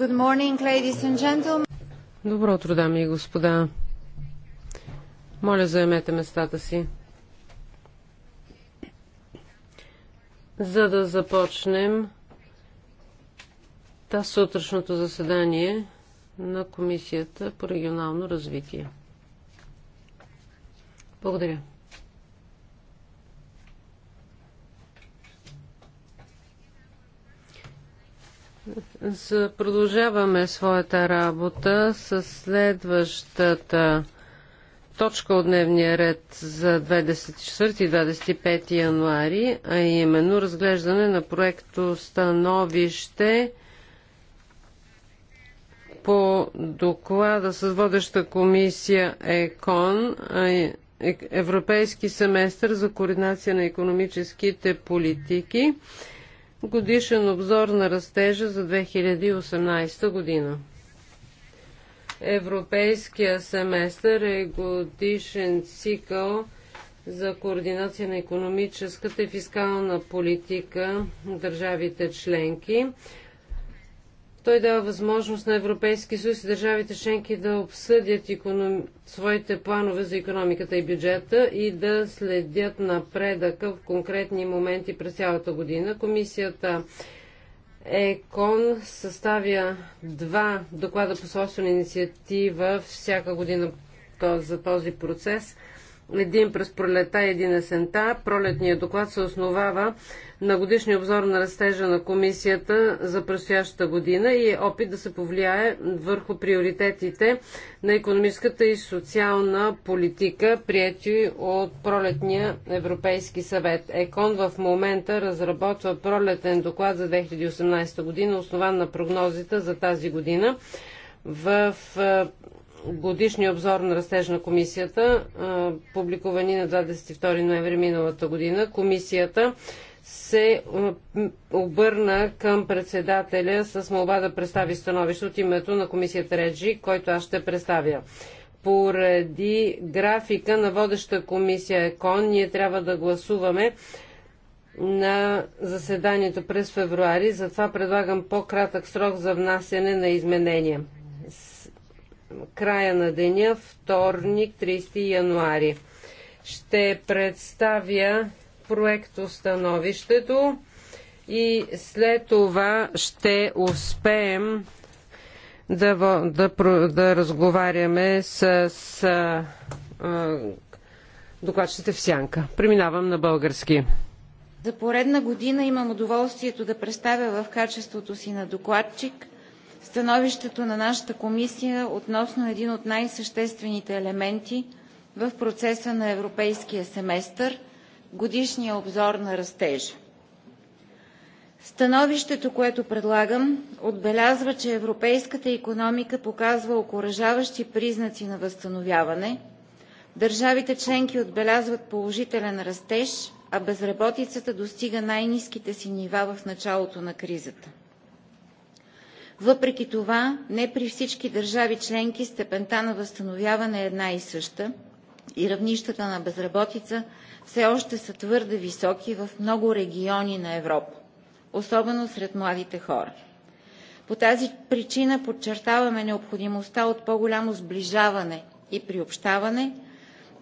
Morning, Добро утро, дами и господа. Моля, заемете местата си. За да започнем та сутрешното заседание на Комисията по регионално развитие. Благодаря. Продължаваме своята работа с следващата точка от дневния ред за 24 и 25 януари, а именно разглеждане на проекто становище по доклада с водеща комисия ЕКОН, Европейски семестър за координация на економическите политики. Годишен обзор на растежа за 2018 година. Европейския семестър е годишен цикъл за координация на економическата и фискална политика на държавите членки той дава възможност на Европейския съюз и държавите членки да обсъдят економ... своите планове за економиката и бюджета и да следят напредъка в конкретни моменти през цялата година. Комисията ЕКОН съставя два доклада по собствена инициатива всяка година за този процес един през пролета и един есента. Пролетният доклад се основава на годишния обзор на растежа на комисията за предстоящата година и е опит да се повлияе върху приоритетите на економическата и социална политика, прияти от пролетния Европейски съвет. ЕКОН в момента разработва пролетен доклад за 2018 година, основан на прогнозите за тази година в годишния обзор на растеж на комисията, публикувани на 22 ноември миналата година, комисията се обърна към председателя с молба да представи становище от името на комисията Реджи, който аз ще представя. Поради графика на водеща комисия ЕКОН, ние трябва да гласуваме на заседанието през февруари, затова предлагам по-кратък срок за внасяне на изменения края на деня, вторник, 30 януари. Ще представя проектостановището и след това ще успеем да, да, да разговаряме с, с а, докладчите в сянка. Преминавам на български. За поредна година имам удоволствието да представя в качеството си на докладчик – становището на нашата комисия относно един от най-съществените елементи в процеса на европейския семестър – годишния обзор на растежа. Становището, което предлагам, отбелязва, че европейската економика показва окоръжаващи признаци на възстановяване, държавите членки отбелязват положителен растеж, а безработицата достига най низките си нива в началото на кризата. Въпреки това, не при всички държави членки степента на възстановяване е една и съща и равнищата на безработица все още са твърде високи в много региони на Европа, особено сред младите хора. По тази причина подчертаваме необходимостта от по-голямо сближаване и приобщаване,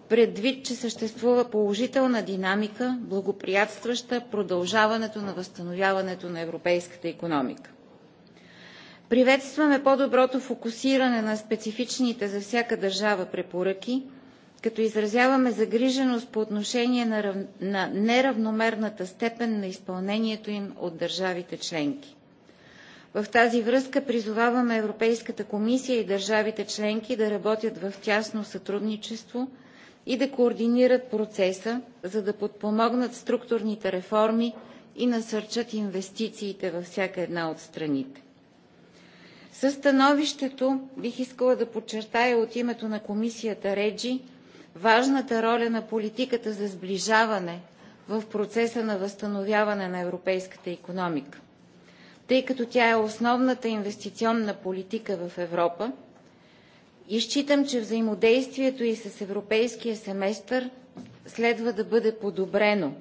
предвид, че съществува положителна динамика, благоприятстваща продължаването на възстановяването на европейската економика. Приветстваме по-доброто фокусиране на специфичните за всяка държава препоръки, като изразяваме загриженост по отношение на, рав... на неравномерната степен на изпълнението им от държавите членки. В тази връзка призоваваме Европейската комисия и държавите членки да работят в тясно сътрудничество и да координират процеса, за да подпомогнат структурните реформи и насърчат инвестициите във всяка една от страните. Със становището бих искала да подчертая от името на комисията Реджи важната роля на политиката за сближаване в процеса на възстановяване на европейската економика. Тъй като тя е основната инвестиционна политика в Европа, и считам, че взаимодействието и с европейския семестър следва да бъде подобрено,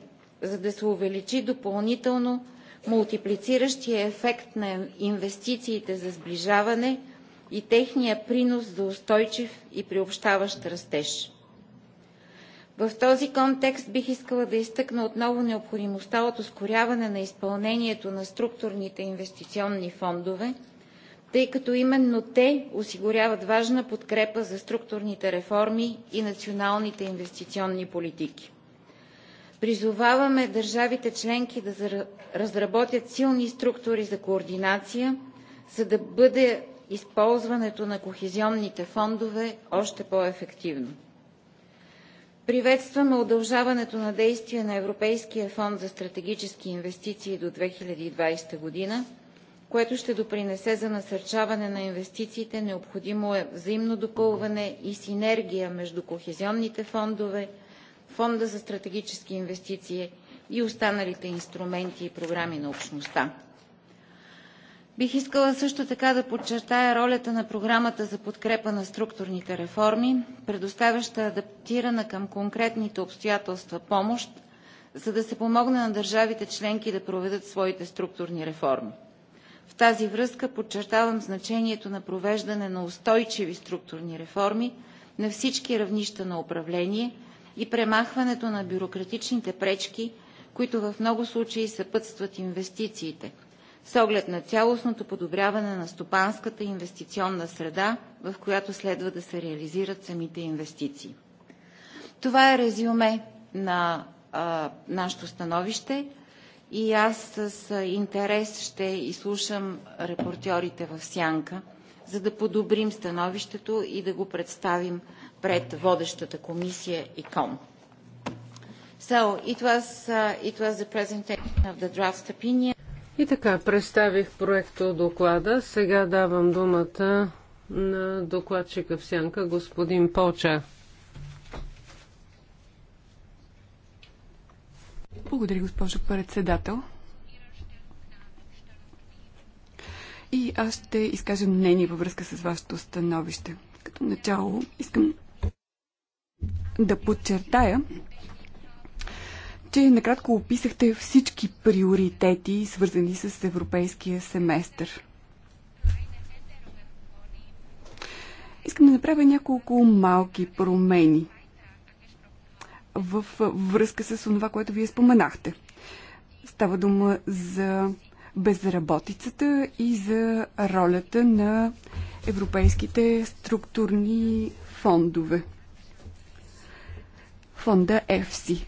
за да се увеличи допълнително мултиплициращия ефект на инвестициите за сближаване и техния принос за устойчив и приобщаващ растеж. В този контекст бих искала да изтъкна отново необходимостта от ускоряване на изпълнението на структурните инвестиционни фондове, тъй като именно те осигуряват важна подкрепа за структурните реформи и националните инвестиционни политики. Призоваваме държавите членки да разработят силни структури за координация, за да бъде използването на кохезионните фондове още по-ефективно. Приветстваме удължаването на действие на Европейския фонд за стратегически инвестиции до 2020 година, което ще допринесе за насърчаване на инвестициите, необходимо е взаимно допълване и синергия между кохезионните фондове – Фонда за стратегически инвестиции и останалите инструменти и програми на общността. Бих искала също така да подчертая ролята на програмата за подкрепа на структурните реформи, предоставяща адаптирана към конкретните обстоятелства помощ, за да се помогне на държавите членки да проведат своите структурни реформи. В тази връзка подчертавам значението на провеждане на устойчиви структурни реформи на всички равнища на управление, и премахването на бюрократичните пречки, които в много случаи съпътстват инвестициите, с оглед на цялостното подобряване на стопанската инвестиционна среда, в която следва да се реализират самите инвестиции. Това е резюме на а, нашето становище и аз с интерес ще изслушам репортьорите в Сянка, за да подобрим становището и да го представим пред водещата комисия ИКОН. Uh, it was, the presentation of the draft opinion. И така, представих проекто доклада. Сега давам думата на докладчика в сянка, господин Полча. Благодаря, госпожо председател. И аз ще изкажа мнение във връзка с вашето становище. Като начало искам да подчертая, че накратко описахте всички приоритети, свързани с европейския семестър. Искам да направя няколко малки промени в връзка с това, което вие споменахте. Става дума за безработицата и за ролята на европейските структурни фондове фонда ЕФСИ.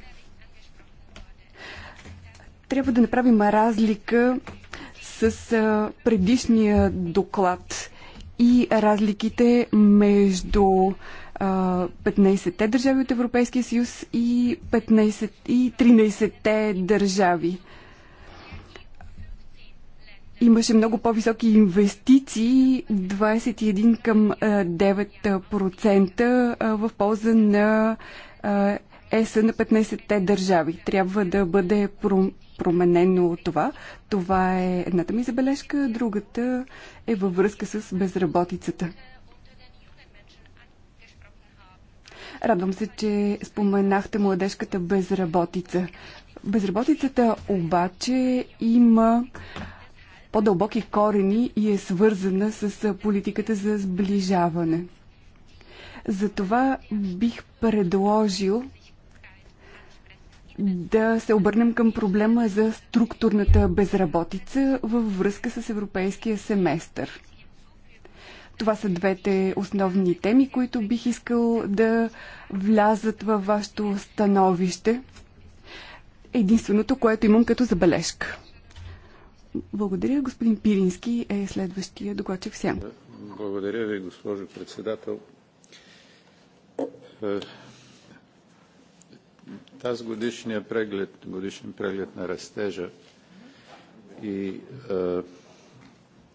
Трябва да направим разлика с предишния доклад и разликите между 15-те държави от Европейския съюз и, 15, и 13-те държави. Имаше много по-високи инвестиции, 21 към 9% в полза на ЕС на 15-те държави. Трябва да бъде променено това. Това е едната ми забележка, другата е във връзка с безработицата. Радвам се, че споменахте младежката безработица. Безработицата обаче има по-дълбоки корени и е свързана с политиката за сближаване. Затова бих предложил да се обърнем към проблема за структурната безработица във връзка с европейския семестър. Това са двете основни теми, които бих искал да влязат във вашето становище. Единственото, което имам като забележка. Благодаря. Господин Пирински е следващия докладчик сян. Благодаря ви, госпожо председател. Е, Аз годишния преглед, годишен преглед на растежа и е,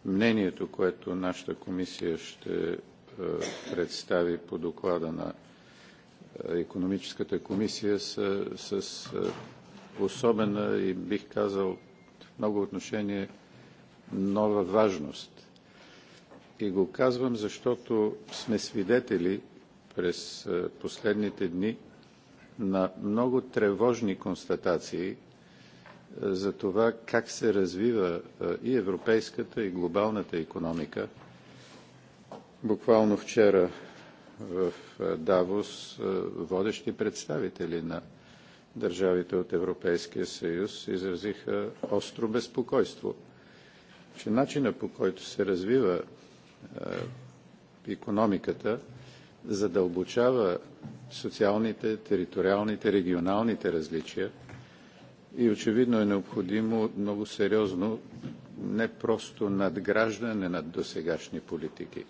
мнението, което нашата комисия ще е, представи по доклада на економическата комисия са с, с особена и бих казал в много отношение нова важност. И го казвам, защото сме свидетели през е, последните дни на много тревожни констатации е, за това как се развива е, и европейската, и глобалната икономика. Буквално вчера в Давос водещи представители на държавите от Европейския съюз изразиха остро безпокойство, че начина по който се развива икономиката задълбочава социалните, териториалните, регионалните различия и очевидно е необходимо много сериозно не просто надграждане над досегашни политики,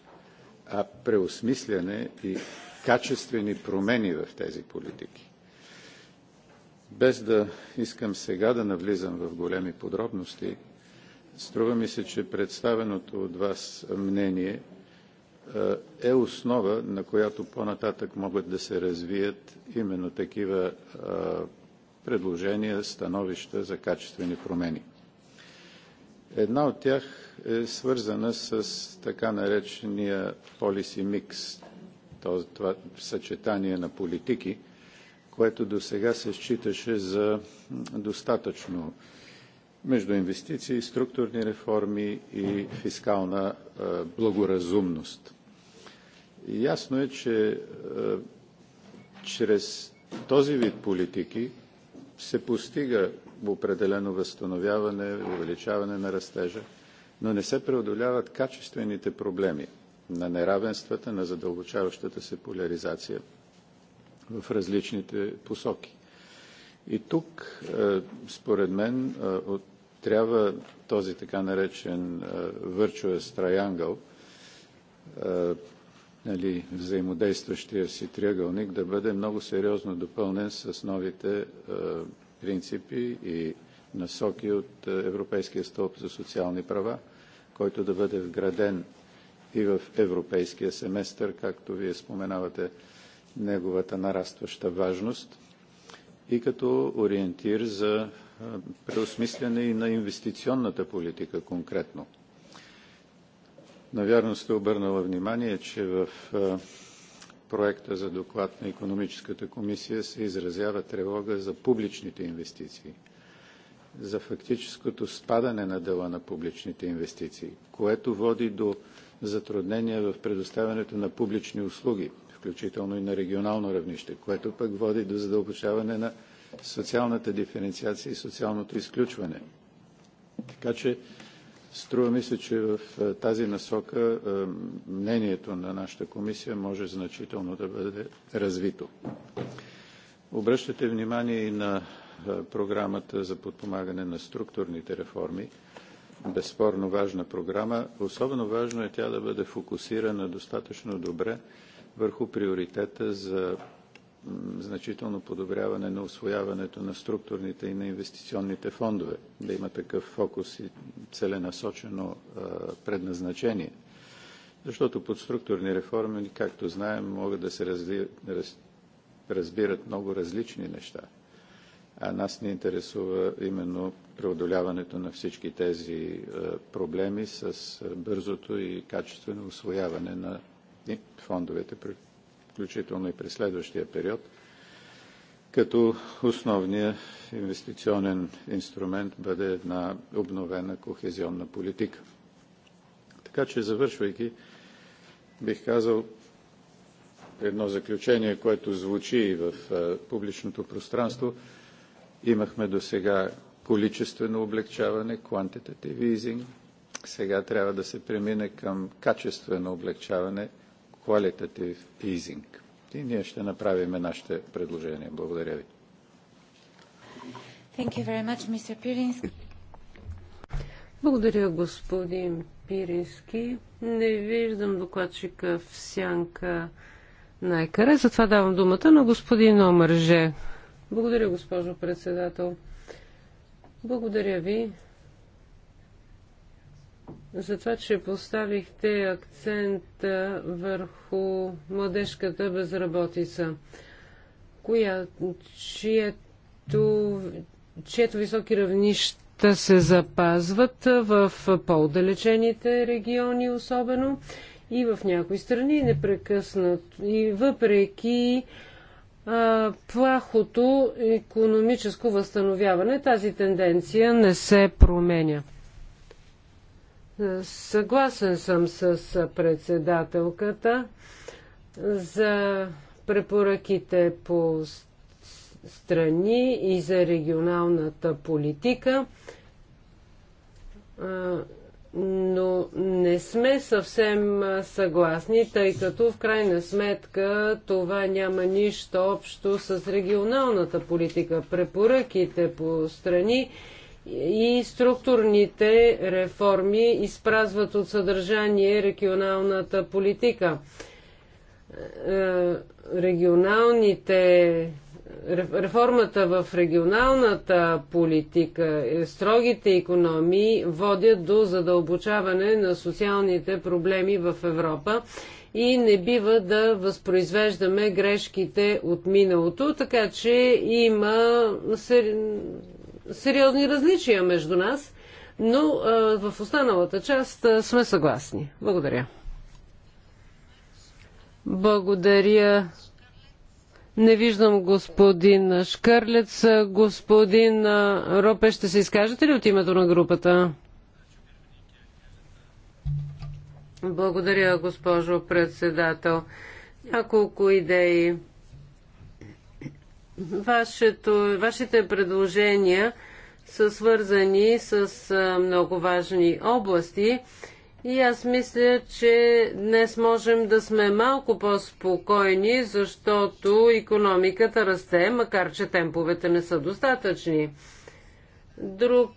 а преосмисляне и качествени промени в тези политики. Без да искам сега да навлизам в големи подробности, струва ми се, че представеното от вас мнение – е, е основа, на която по-нататък могат да се развият именно такива е, предложения, становища за качествени промени. Една от тях е свързана с така наречения policy mix, т.е. това съчетание на политики, което до сега се считаше за достатъчно между инвестиции, структурни реформи и фискална е, благоразумност. Ясно е, че е, чрез този вид политики се постига определено възстановяване, увеличаване на растежа, но не се преодоляват качествените проблеми на неравенствата, на задълбочаващата се поляризация в различните посоки. И тук, е, според мен, е, трябва този така наречен virtuous triangle нали, взаимодействащия си триъгълник да бъде много сериозно допълнен с новите е, принципи и насоки от е, Европейския стълб за социални права, който да бъде вграден и в европейския семестър, както вие споменавате, неговата нарастваща важност и като ориентир за е, преосмисляне и на инвестиционната политика конкретно – Навярно сте обърнала внимание, че в проекта за доклад на економическата комисия се изразява тревога за публичните инвестиции, за фактическото спадане на дела на публичните инвестиции, което води до затруднения в предоставянето на публични услуги, включително и на регионално равнище, което пък води до задълбочаване на социалната диференциация и социалното изключване. Така че Струва ми се, че в е, тази насока е, мнението на нашата комисия може значително да бъде развито. Обръщате внимание и на е, програмата за подпомагане на структурните реформи. Безспорно важна програма. Особено важно е тя да бъде фокусирана достатъчно добре върху приоритета за значително подобряване на освояването на структурните и на инвестиционните фондове, да има такъв фокус и целенасочено предназначение. Защото под структурни реформи, както знаем, могат да се раз... разбират много различни неща. А нас ни интересува именно преодоляването на всички тези проблеми с бързото и качествено освояване на фондовете, включително и през следващия период, като основният инвестиционен инструмент бъде една обновена кохезионна политика. Така че, завършвайки, бих казал едно заключение, което звучи и в е, публичното пространство. Имахме до сега количествено облегчаване, quantitative easing. Сега трябва да се премине към качествено облегчаване – qualitative easing. И ние ще направим нашите предложения. Благодаря ви. Thank you very much, Mr. Pirinski. Благодаря, господин Пирински. Не виждам докладчика в сянка на екаре, затова давам думата на господин Омърже. Благодаря, госпожо председател. Благодаря ви за това, че поставихте акцента върху младежката безработица, коя, чието, чието високи равнища се запазват в по-отдалечените региони особено и в някои страни непрекъснато. И въпреки а, плахото економическо възстановяване, тази тенденция не се променя. Съгласен съм с председателката за препоръките по страни и за регионалната политика, но не сме съвсем съгласни, тъй като в крайна сметка това няма нищо общо с регионалната политика. Препоръките по страни и структурните реформи изпразват от съдържание регионалната политика. Е, регионалните реформата в регионалната политика, е, строгите економии водят до задълбочаване на социалните проблеми в Европа и не бива да възпроизвеждаме грешките от миналото, така че има сериозни различия между нас, но в останалата част сме съгласни. Благодаря. Благодаря. Не виждам господин Шкърлец. Господин Ропе, ще се изкажете ли от името на групата? Благодаря, госпожо председател. Няколко идеи. Вашето, вашите предложения са свързани с много важни области и аз мисля, че днес можем да сме малко по-спокойни, защото економиката расте, макар че темповете не са достатъчни. Друг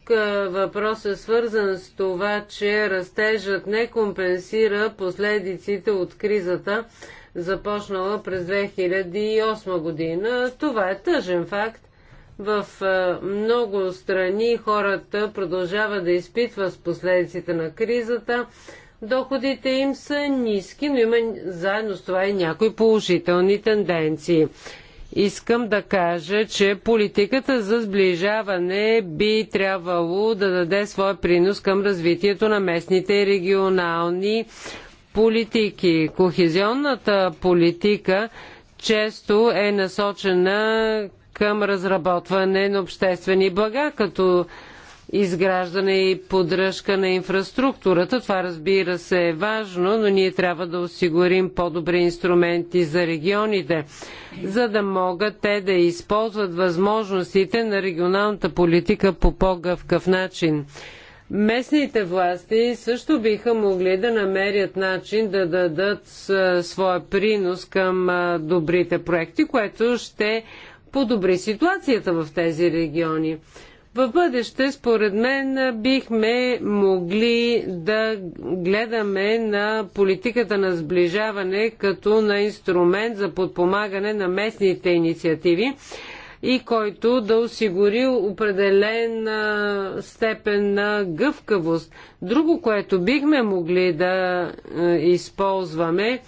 въпрос е свързан с това, че растежът не компенсира последиците от кризата, започнала през 2008 година. Това е тъжен факт. В много страни хората продължават да изпитват с последиците на кризата. Доходите им са ниски, но има заедно с това и някои положителни тенденции. Искам да кажа, че политиката за сближаване би трябвало да даде своя принос към развитието на местните и регионални политики. Кохезионната политика често е насочена към разработване на обществени блага, като изграждане и поддръжка на инфраструктурата. Това разбира се е важно, но ние трябва да осигурим по-добри инструменти за регионите, за да могат те да използват възможностите на регионалната политика по по-гъвкав начин. Местните власти също биха могли да намерят начин да дадат своя принос към добрите проекти, което ще подобри ситуацията в тези региони. В бъдеще, според мен, бихме могли да гледаме на политиката на сближаване като на инструмент за подпомагане на местните инициативи и който да осигури определен степен на гъвкавост. Друго, което бихме могли да използваме,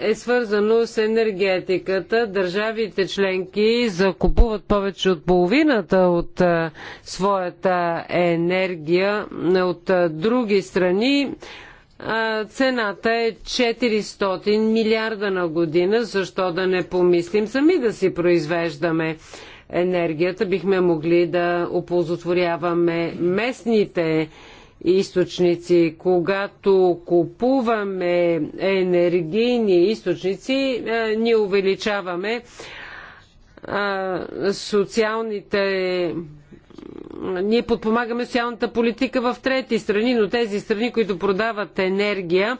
е свързано с енергетиката. Държавите членки закупуват повече от половината от своята енергия от други страни цената е 400 милиарда на година. Защо да не помислим сами да си произвеждаме енергията? Бихме могли да оползотворяваме местните източници. Когато купуваме енергийни източници, е, ние увеличаваме социалните ние подпомагаме социалната политика в трети страни, но тези страни, които продават енергия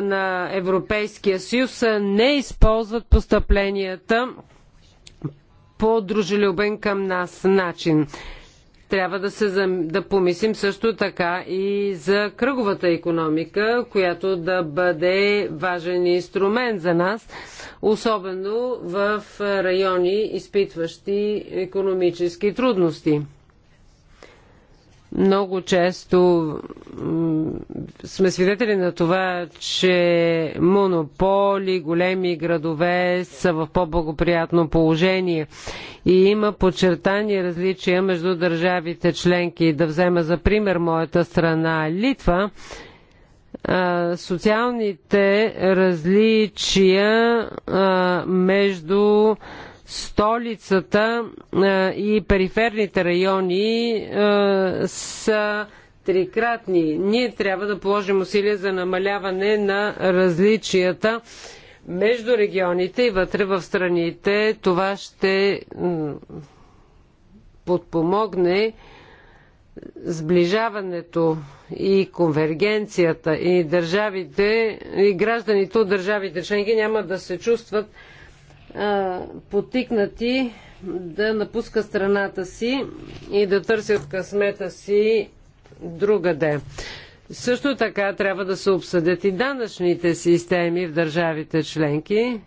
на Европейския съюз, не използват постъпленията по дружелюбен към нас начин. Трябва да, се, да помислим също така и за кръговата економика, която да бъде важен инструмент за нас, особено в райони, изпитващи економически трудности. Много често сме свидетели на това, че монополи, големи градове са в по-благоприятно положение и има подчертани различия между държавите членки. Да взема за пример моята страна Литва. Социалните различия между Столицата и периферните райони са трикратни. Ние трябва да положим усилия за намаляване на различията между регионите и вътре в страните. Това ще подпомогне сближаването и конвергенцията и държавите и гражданите от държавите членки няма да се чувстват потикнати да напуска страната си и да търсят късмета си другаде. Също така трябва да се обсъдят и данъчните системи в държавите членки,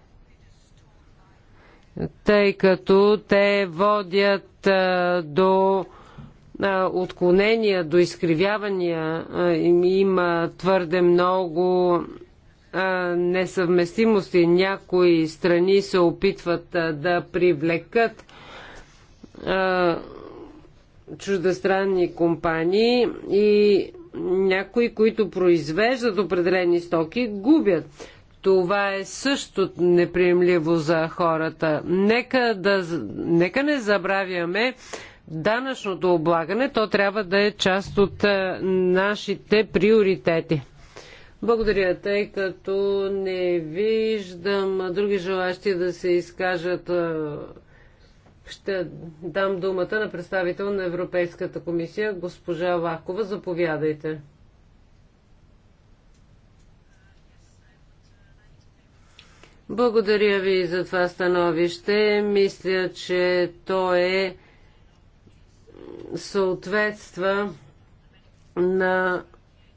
тъй като те водят до отклонения, до изкривявания. Има твърде много несъвместимости. Някои страни се опитват да привлекат чуждестранни компании и някои, които произвеждат определени стоки, губят. Това е също неприемливо за хората. Нека, да, нека не забравяме данъчното облагане. То трябва да е част от нашите приоритети. Благодаря, тъй като не виждам други желащи да се изкажат. Ще дам думата на представител на Европейската комисия, госпожа Лакова. Заповядайте. Благодаря ви за това становище. Мисля, че то е съответства на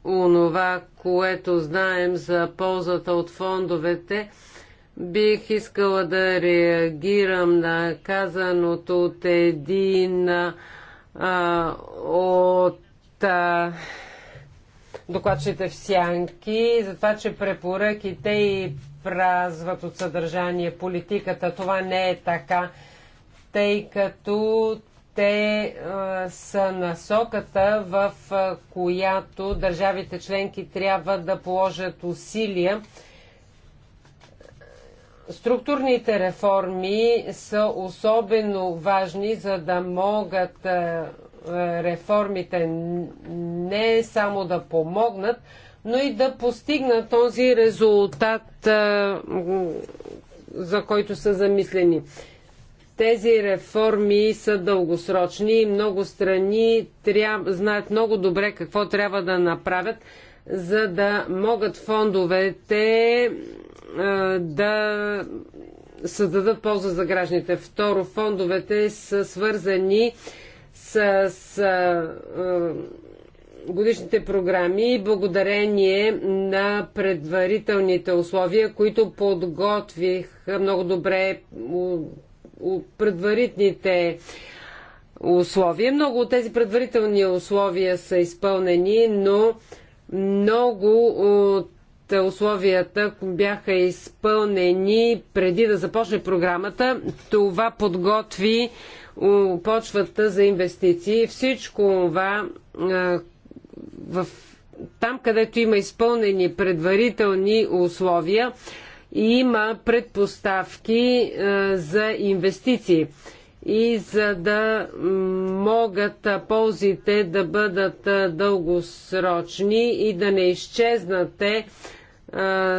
онова, което знаем за ползата от фондовете, бих искала да реагирам на казаното от един а, от а, докладчите в сянки, за това, че препоръките и празват от съдържание политиката. Това не е така, тъй като те а, са насоката, в а, която държавите членки трябва да положат усилия. Структурните реформи са особено важни, за да могат а, реформите не само да помогнат, но и да постигнат този резултат, за който са замислени. Тези реформи са дългосрочни и много страни трябва, знаят много добре какво трябва да направят, за да могат фондовете да създадат полза за гражданите. Второ, фондовете са свързани с, с а, годишните програми благодарение на предварителните условия, които подготвих много добре предварителните условия. Много от тези предварителни условия са изпълнени, но много от условията бяха изпълнени преди да започне програмата. Това подготви почвата за инвестиции. Всичко това в там, където има изпълнени предварителни условия, има предпоставки е, за инвестиции. И за да могат ползите да бъдат е, дългосрочни и да не изчезнат те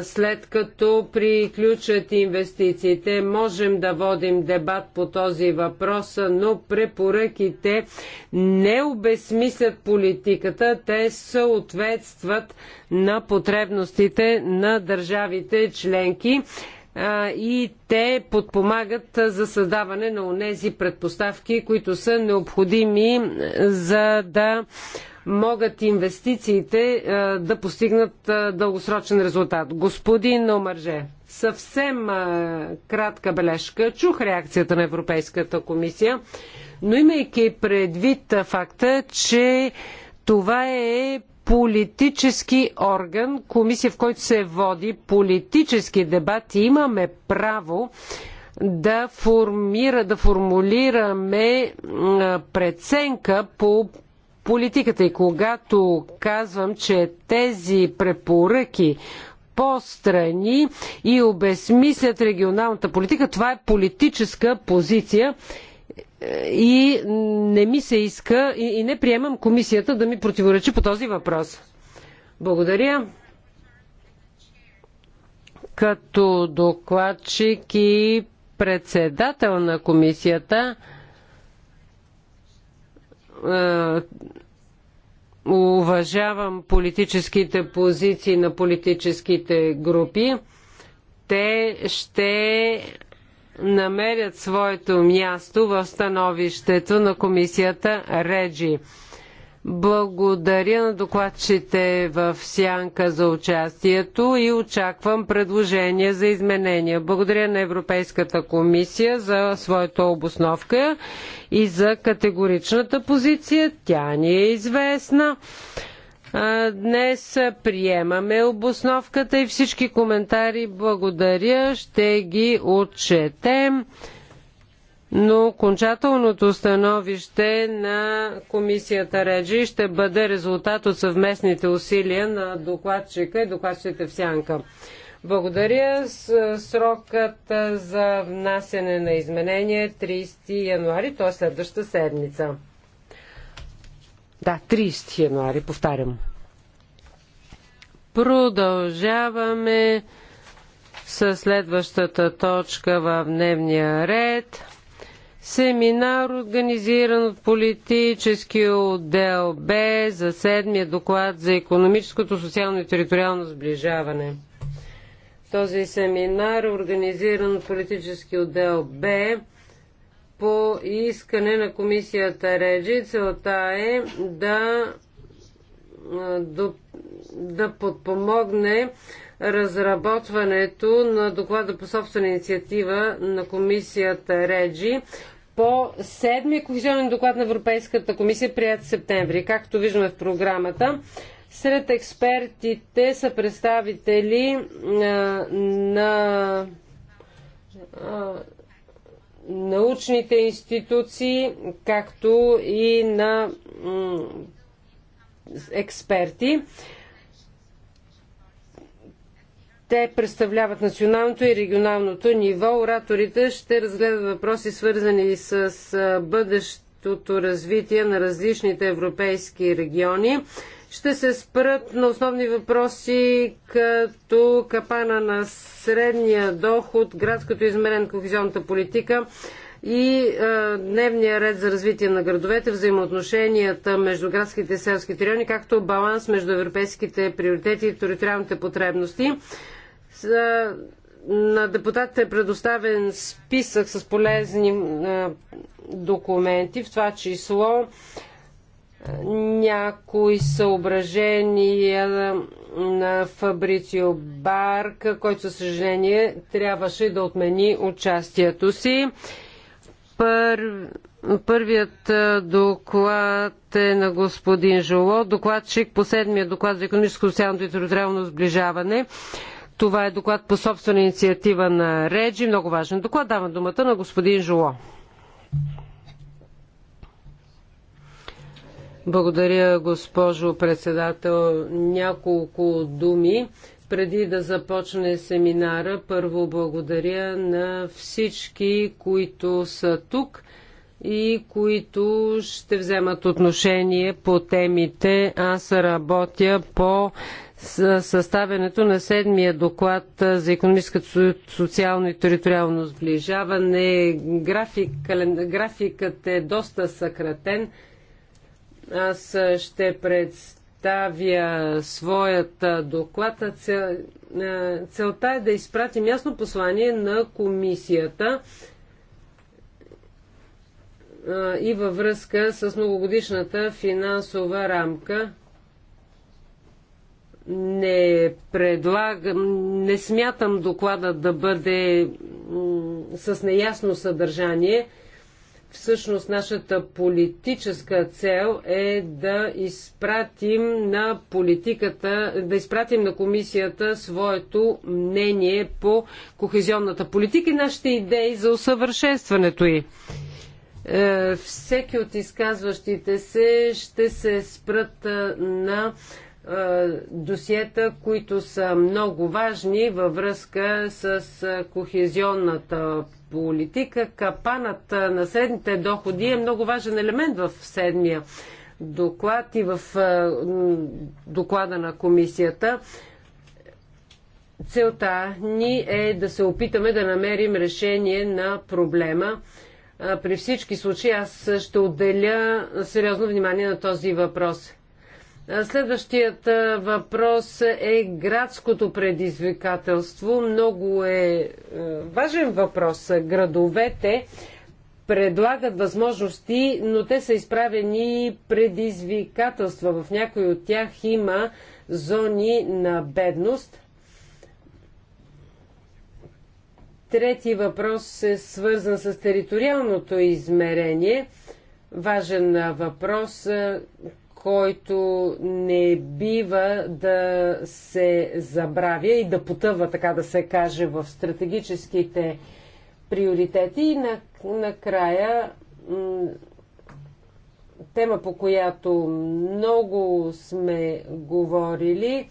след като приключат инвестициите. Можем да водим дебат по този въпрос, но препоръките не обесмислят политиката, те съответстват на потребностите на държавите членки и те подпомагат за създаване на онези предпоставки, които са необходими за да могат инвестициите е, да постигнат е, дългосрочен резултат. Господин Омърже, съвсем е, кратка бележка. Чух реакцията на Европейската комисия, но имайки предвид факта, че това е политически орган, комисия, в който се води политически дебати, имаме право да, формира, да формулираме преценка по политиката. И когато казвам, че тези препоръки по-страни и обезмислят регионалната политика, това е политическа позиция и не ми се иска и не приемам комисията да ми противоречи по този въпрос. Благодаря. Като докладчик и председател на комисията, е, уважавам политическите позиции на политическите групи. Те ще намерят своето място в становището на комисията Реджи. Благодаря на докладчите в Сянка за участието и очаквам предложения за изменения. Благодаря на Европейската комисия за своята обосновка и за категоричната позиция. Тя ни е известна. Днес приемаме обосновката и всички коментари. Благодаря. Ще ги отчетем но окончателното становище на комисията Реджи ще бъде резултат от съвместните усилия на докладчика и докладчите в сянка. Благодаря. Срокът за внасяне на изменение 30 е януари, т.е. следващата седмица. Да, 30 януари, повтарям. Продължаваме с следващата точка в дневния ред. Семинар, организиран от политически отдел Б за седмия доклад за економическото, социално и териториално сближаване. Този семинар, е организиран от политически отдел Б, по искане на комисията Реджи, целта е да, да, да подпомогне разработването на доклада по собствена инициатива на комисията Реджи по седмия кохезионен доклад на Европейската комисия, прият в септември. Както виждаме в програмата, сред експертите са представители а, на а, научните институции, както и на експерти. Те представляват националното и регионалното ниво. Ораторите ще разгледат въпроси, свързани с бъдещото развитие на различните европейски региони. Ще се спрат на основни въпроси като капана на средния доход, градското измерен кохезионната политика, и е, дневния ред за развитие на градовете, взаимоотношенията между градските и селските райони, както баланс между европейските приоритети и териториалните потребности. Е, на депутатите е предоставен списък с полезни е, документи, в това число е, някои съображения на Фабрицио Барк, който със съжаление трябваше да отмени участието си. Пър... Първият доклад е на господин Жоло, докладчик по седмия доклад за економическо, социалното и териториално сближаване. Това е доклад по собствена инициатива на Реджи. Много важен доклад. Давам думата на господин Жоло. Благодаря, госпожо председател. Няколко думи. Преди да започне семинара, първо благодаря на всички, които са тук и които ще вземат отношение по темите. Аз работя по съставянето на седмия доклад за економическото, социално и териториално сближаване. График, графикът е доста съкратен. Аз ще представя своят доклад. Цел, целта е да изпратим ясно послание на комисията и във връзка с многогодишната финансова рамка. Не предлагам, не смятам доклада да бъде с неясно съдържание. Всъщност нашата политическа цел е да изпратим на политиката, да изпратим на комисията своето мнение по кохезионната политика и нашите идеи за усъвършенстването й. Е, всеки от изказващите се ще се спрат е, на е, досиета, които са много важни във връзка с кохезионната политика. Капанът на средните доходи е много важен елемент в седмия доклад и в доклада на комисията. Целта ни е да се опитаме да намерим решение на проблема при всички случаи аз ще отделя сериозно внимание на този въпрос. Следващият въпрос е градското предизвикателство. Много е, е важен въпрос. Градовете предлагат възможности, но те са изправени предизвикателства. В някои от тях има зони на бедност – Трети въпрос е свързан с териториалното измерение. Важен въпрос, който не бива да се забравя и да потъва, така да се каже, в стратегическите приоритети. И накрая тема, по която много сме говорили,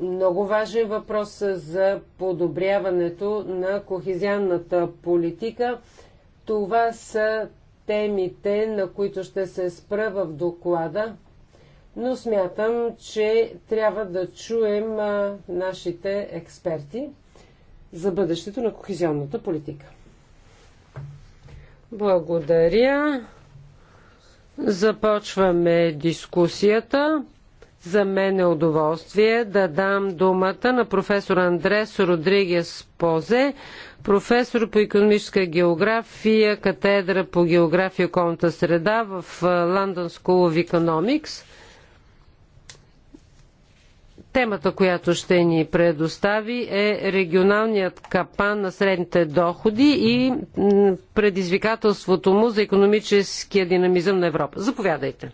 много важен въпрос за подобряването на кохезианната политика. Това са темите, на които ще се спра в доклада, но смятам, че трябва да чуем нашите експерти за бъдещето на кохезионната политика. Благодаря. Започваме дискусията. За мен е удоволствие да дам думата на професор Андрес Родригес Позе, професор по економическа география, катедра по география и околната среда в London School of Economics. Темата, която ще ни предостави е регионалният капан на средните доходи и предизвикателството му за економическия динамизъм на Европа. Заповядайте.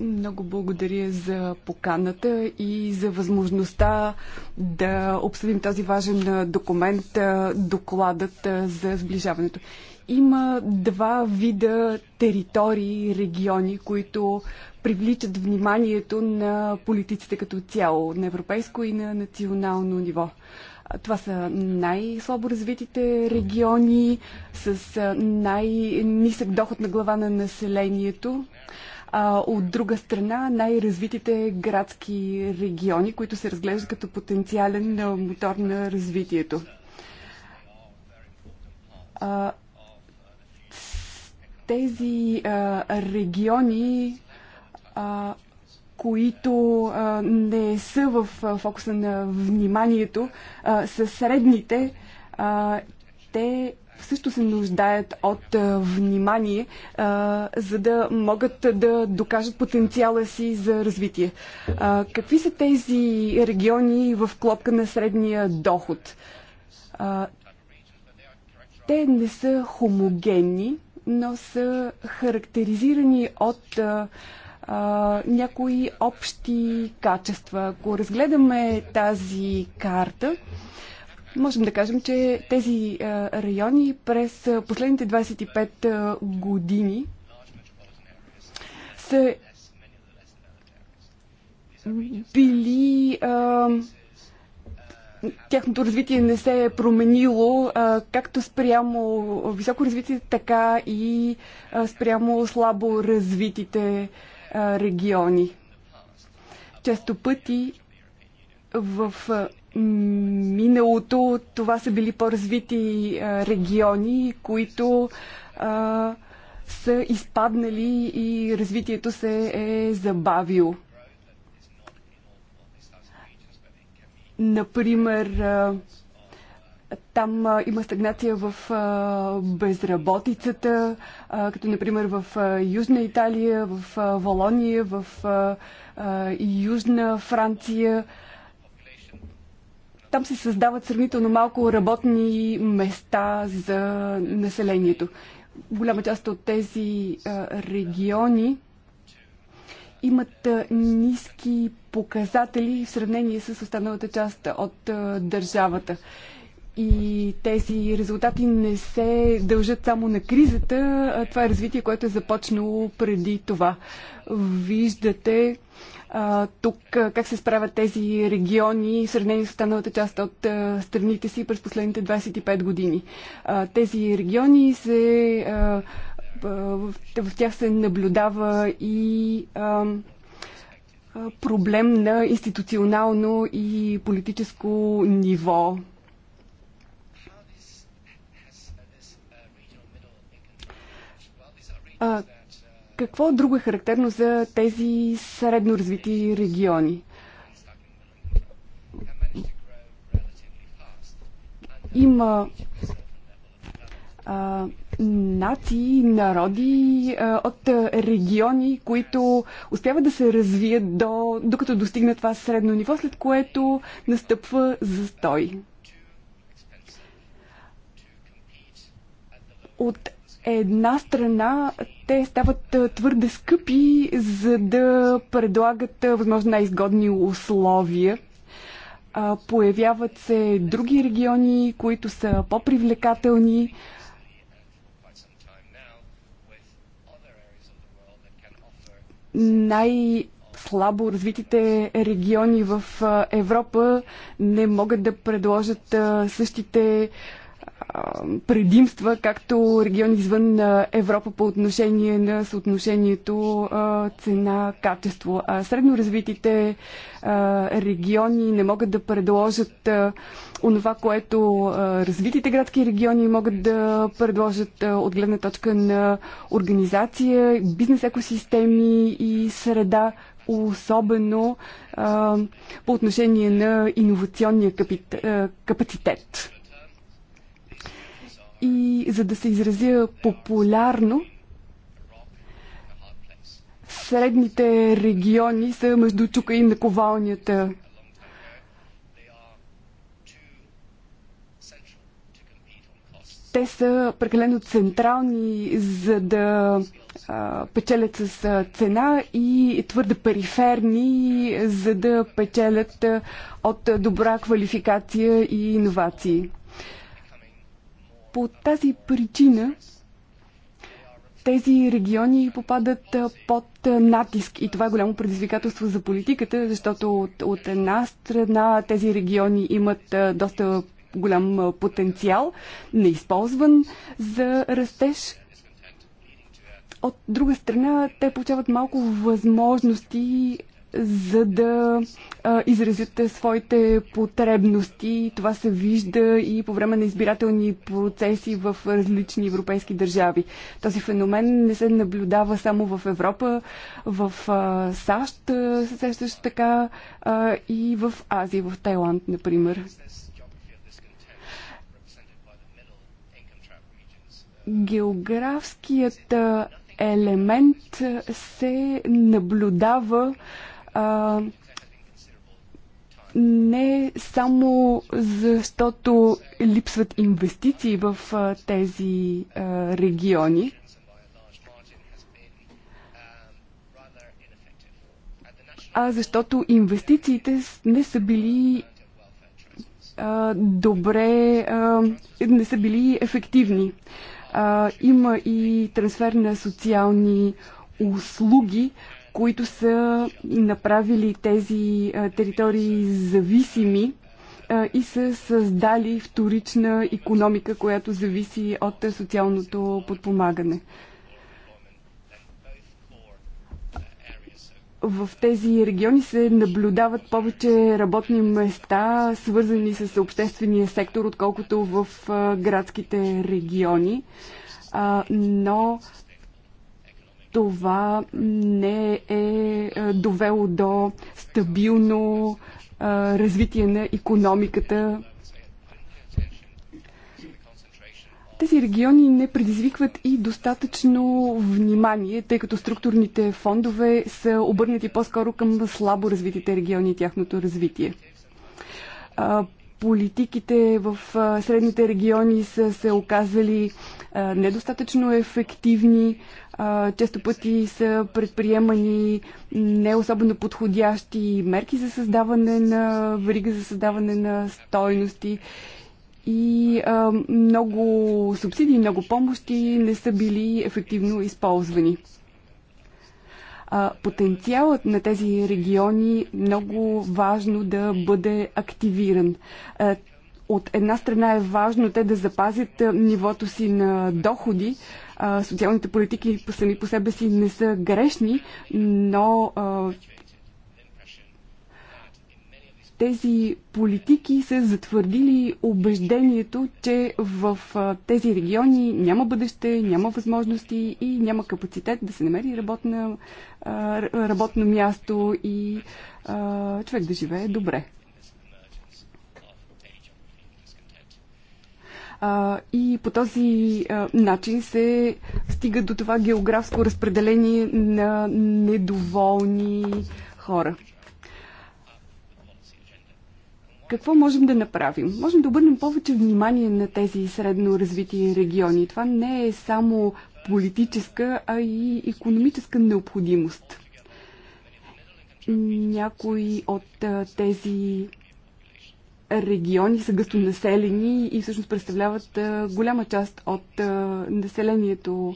Много благодаря за поканата и за възможността да обсъдим този важен документ, докладът за сближаването. Има два вида територии, региони, които привличат вниманието на политиците като цяло, на европейско и на национално ниво. Това са най-слабо развитите региони с най-нисък доход на глава на населението а от друга страна най-развитите градски региони, които се разглеждат като потенциален мотор на развитието. А, тези а, региони, а, които а, не са в а, фокуса на вниманието, а, са средните. А, те също се нуждаят от внимание, за да могат да докажат потенциала си за развитие. Какви са тези региони в клопка на средния доход? Те не са хомогенни, но са характеризирани от а, някои общи качества. Ако разгледаме тази карта, Можем да кажем, че тези райони през последните 25 години са били тяхното развитие не се е променило както спрямо високо развитие, така и спрямо слабо развитите региони. Често пъти в миналото това са били по-развити региони, които а, са изпаднали и развитието се е забавило. Например, а, там а, има стагнация в а, безработицата, а, като например в а, Южна Италия, в а, Волония, в а, а, Южна Франция. А, там се създават сравнително малко работни места за населението. Голяма част от тези региони имат ниски показатели в сравнение с останалата част от държавата. И тези резултати не се дължат само на кризата, а това е развитие, което е започнало преди това. Виждате а, тук как се справят тези региони в сравнение с останалата част от а, страните си през последните 25 години. А, тези региони се. А, в, в тях се наблюдава и а, проблем на институционално и политическо ниво. А, какво друго е характерно за тези средно развити региони? Има а, нации, народи а, от региони, които успяват да се развият до, докато достигнат това средно ниво, след което настъпва застой. От една страна те стават твърде скъпи, за да предлагат възможно най-изгодни условия. Появяват се други региони, които са по-привлекателни. Най- слабо развитите региони в Европа не могат да предложат същите предимства, както региони извън Европа по отношение на съотношението цена-качество. А средно развитите региони не могат да предложат онова, което развитите градски региони могат да предложат от гледна точка на организация, бизнес екосистеми и среда, особено по отношение на иновационния капит... капацитет и за да се изразя популярно, средните региони са между чука и наковалнията. Те са прекалено централни, за да а, печелят с а, цена и твърде периферни, за да печелят а, от добра квалификация и иновации. По тази причина тези региони попадат под натиск и това е голямо предизвикателство за политиката, защото от, от една страна тези региони имат доста голям потенциал, неизползван за растеж. От друга страна, те получават малко възможности за да а, изразят своите потребности. Това се вижда и по време на избирателни процеси в различни европейски държави. Този феномен не се наблюдава само в Европа, в а, САЩ, се също така а, и в Азия, в Тайланд, например. Географският елемент се наблюдава а, не само защото липсват инвестиции в а, тези а, региони, а защото инвестициите не са били а, добре, а, не са били ефективни. А, има и трансфер на социални услуги, които са направили тези територии зависими и са създали вторична економика, която зависи от социалното подпомагане. в тези региони се наблюдават повече работни места, свързани с обществения сектор, отколкото в градските региони. Но това не е, е довело до стабилно е, развитие на економиката. Тези региони не предизвикват и достатъчно внимание, тъй като структурните фондове са обърнати по-скоро към слабо развитите региони и тяхното развитие. политиките в средните региони са се оказали недостатъчно ефективни, често пъти са предприемани не особено подходящи мерки за създаване на верига, за създаване на стойности и много субсидии, много помощи не са били ефективно използвани. потенциалът на тези региони много важно да бъде активиран. От една страна е важно те да запазят нивото си на доходи. Социалните политики сами по себе си не са грешни, но тези политики са затвърдили убеждението, че в тези региони няма бъдеще, няма възможности и няма капацитет да се намери работно място и човек да живее добре. А, и по този а, начин се стига до това географско разпределение на недоволни хора. Какво можем да направим? Можем да обърнем повече внимание на тези средно развити региони. Това не е само политическа, а и економическа необходимост. Някои от тези региони са гъстонаселени и всъщност представляват голяма част от населението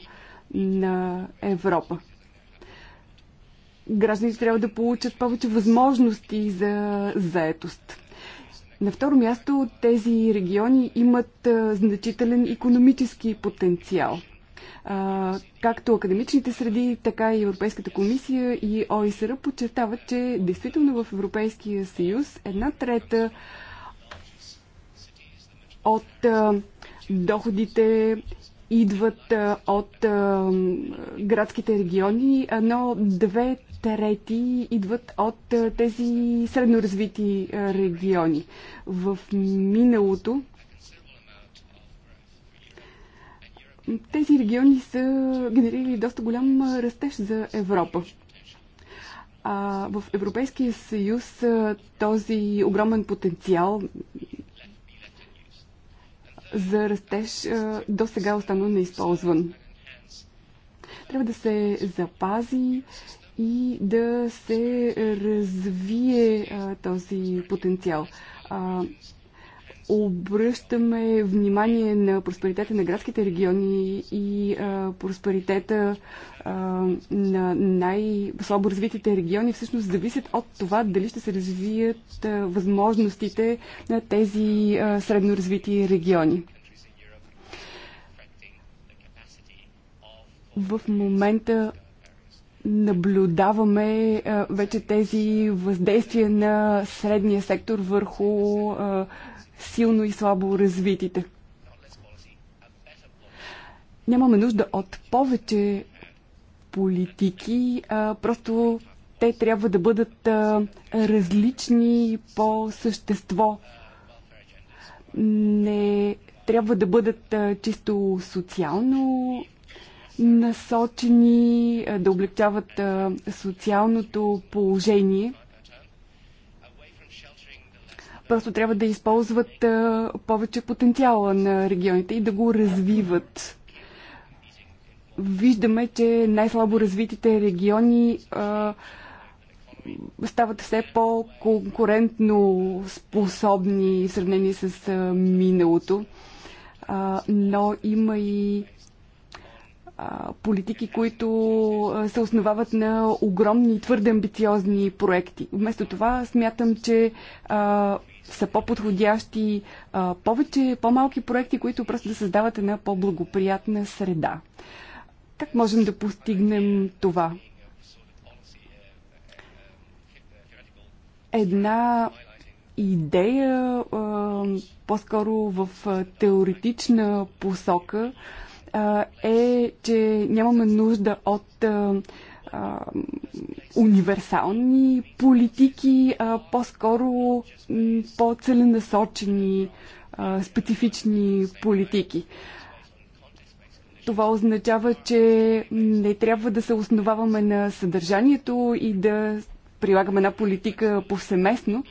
на Европа. Гражданите трябва да получат повече възможности за заетост. На второ място, тези региони имат значителен економически потенциал. Както академичните среди, така и Европейската комисия и ОИСР подчертават, че действително в Европейския съюз една трета от доходите идват от градските региони, но две трети идват от тези средноразвити региони. В миналото тези региони са генерирали доста голям растеж за Европа. А в Европейския съюз този огромен потенциал, за растеж до сега остана неизползван. Трябва да се запази и да се развие този потенциал обръщаме внимание на просперитета на градските региони и а, просперитета а, на най-слабо развитите региони всъщност зависят от това дали ще се развият а, възможностите на тези а, средно развити региони. В момента наблюдаваме а, вече тези въздействия на средния сектор върху а, силно и слабо развитите. Нямаме нужда от повече политики, а просто те трябва да бъдат а, различни по същество. Не трябва да бъдат а, чисто социално насочени, а, да облегчават а, социалното положение – Просто трябва да използват повече потенциала на регионите и да го развиват. Виждаме, че най-слабо развитите региони а, стават все по-конкурентно способни в сравнение с миналото. А, но има и политики, които се основават на огромни и твърде амбициозни проекти. Вместо това смятам, че са по-подходящи повече, по-малки проекти, които просто да създават една по-благоприятна среда. Как можем да постигнем това? Една идея, по-скоро в теоретична посока, е, че нямаме нужда от а, универсални политики, а по-скоро по-целенасочени специфични политики. Това означава, че не трябва да се основаваме на съдържанието и да прилагаме една политика повсеместно,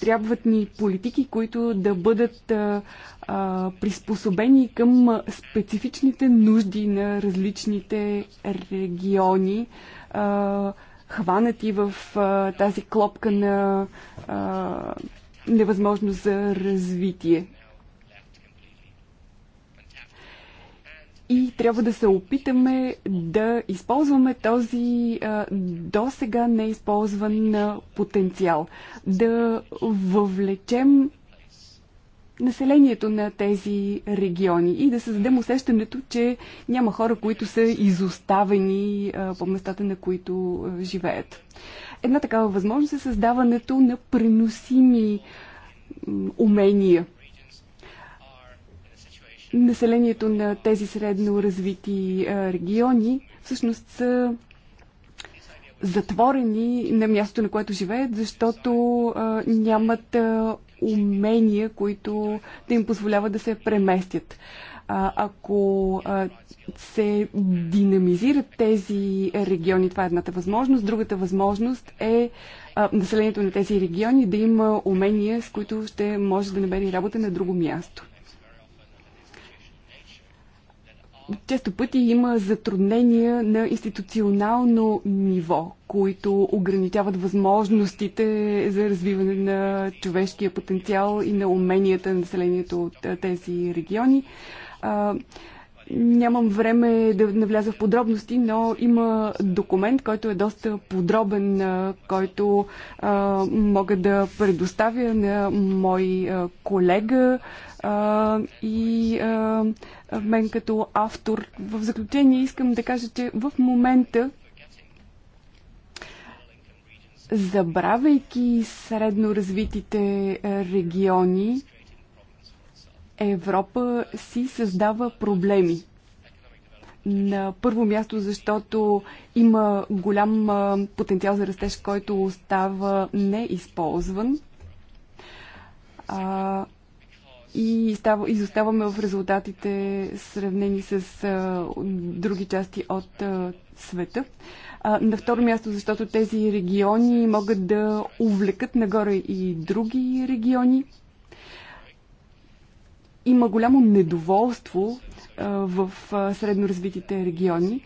Трябват ни политики, които да бъдат а, а, приспособени към специфичните нужди на различните региони, а, хванати в а, тази клопка на а, невъзможност за развитие. и трябва да се опитаме да използваме този до сега неизползван потенциал. Да въвлечем населението на тези региони и да създадем усещането, че няма хора, които са изоставени по местата, на които живеят. Една такава възможност е създаването на преносими умения – населението на тези средно развити региони всъщност са затворени на мястото, на което живеят, защото нямат умения, които да им позволяват да се преместят. А, ако а, се динамизират тези региони, това е едната възможност. Другата възможност е а, населението на тези региони да има умения, с които ще може да намери работа на друго място. често пъти има затруднения на институционално ниво, които ограничават възможностите за развиване на човешкия потенциал и на уменията на населението от тези региони. Нямам време да навляза в подробности, но има документ, който е доста подробен, който а, мога да предоставя на мой колега а, и а, мен като автор. В заключение искам да кажа, че в момента забравяйки средно развитите е, региони, Европа си създава проблеми. На първо място, защото има голям е, потенциал за растеж, който остава неизползван и става, изоставаме в резултатите сравнени с а, други части от а, света. А, на второ място, защото тези региони могат да увлекат нагоре и други региони. Има голямо недоволство а, в а, средноразвитите региони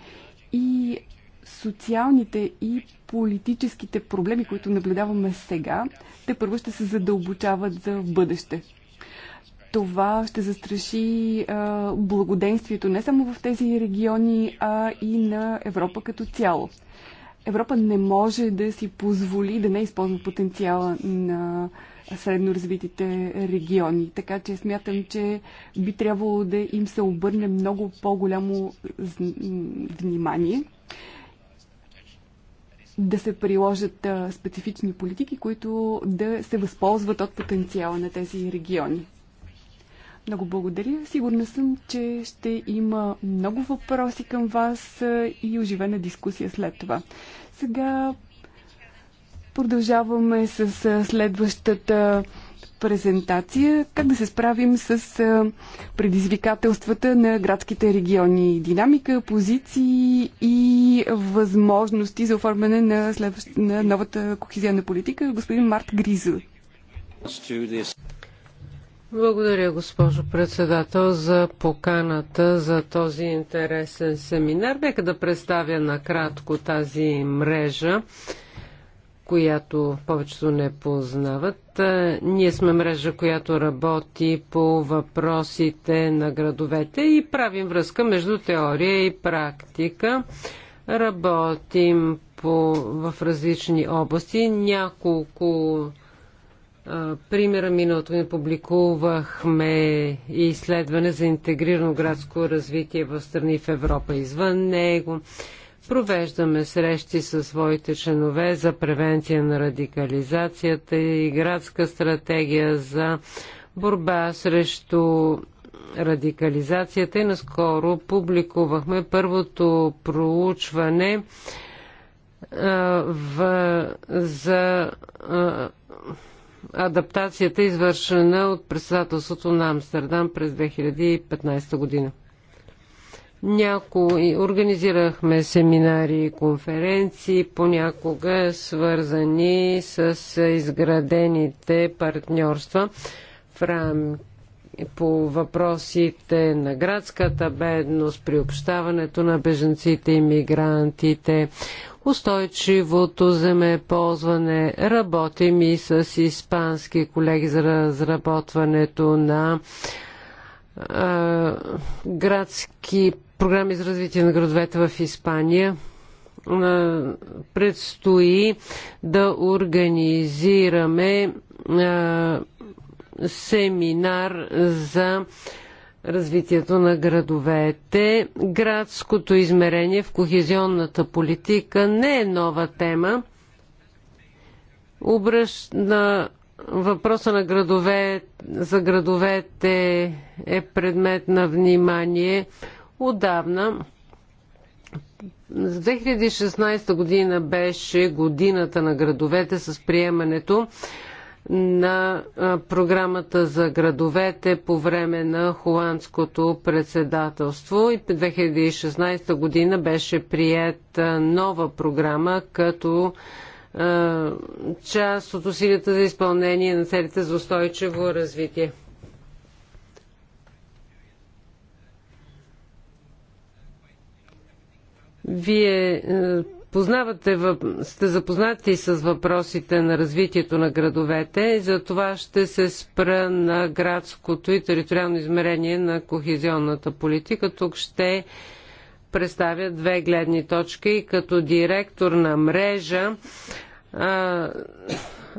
и социалните и политическите проблеми, които наблюдаваме сега, те първо ще се задълбочават за бъдеще това ще застраши а, благоденствието не само в тези региони, а и на Европа като цяло. Европа не може да си позволи да не използва потенциала на средно развитите региони. Така че смятам, че би трябвало да им се обърне много по-голямо внимание да се приложат специфични политики, които да се възползват от потенциала на тези региони. Много благодаря. Сигурна съм, че ще има много въпроси към вас и оживена дискусия след това. Сега продължаваме с следващата презентация как да се справим с предизвикателствата на градските региони. Динамика, позиции и възможности за оформяне на, следващ, на новата кохезионна политика. Господин Март Гризо. Благодаря, госпожо председател, за поканата за този интересен семинар. Нека да представя накратко тази мрежа, която повечето не познават. Е, ние сме мрежа, която работи по въпросите на градовете и правим връзка между теория и практика. Работим по, в различни области. Няколко примера миналото ми публикувахме изследване за интегрирано градско развитие в страни в Европа извън него. Провеждаме срещи със своите членове за превенция на радикализацията и градска стратегия за борба срещу радикализацията и наскоро публикувахме първото проучване а, в, за а, адаптацията, извършена от председателството на Амстердам през 2015 година. Някои организирахме семинари и конференции, понякога свързани с изградените партньорства в рам... по въпросите на градската бедност, приобщаването на беженците и мигрантите, устойчивото земеползване. Работим и с испански колеги за разработването на а, градски програми за развитие на градовете в Испания. А, предстои да организираме а, семинар за развитието на градовете. Градското измерение в кохезионната политика не е нова тема. Обръщ на въпроса на градове, за градовете е предмет на внимание отдавна. За 2016 година беше годината на градовете с приемането на програмата за градовете по време на холандското председателство и 2016 година беше прият нова програма като част от усилията за изпълнение на целите за устойчиво развитие. Вие Познавате, сте запознати с въпросите на развитието на градовете, за това ще се спра на градското и териториално измерение на кохезионната политика. Тук ще представя две гледни точки като директор на мрежа,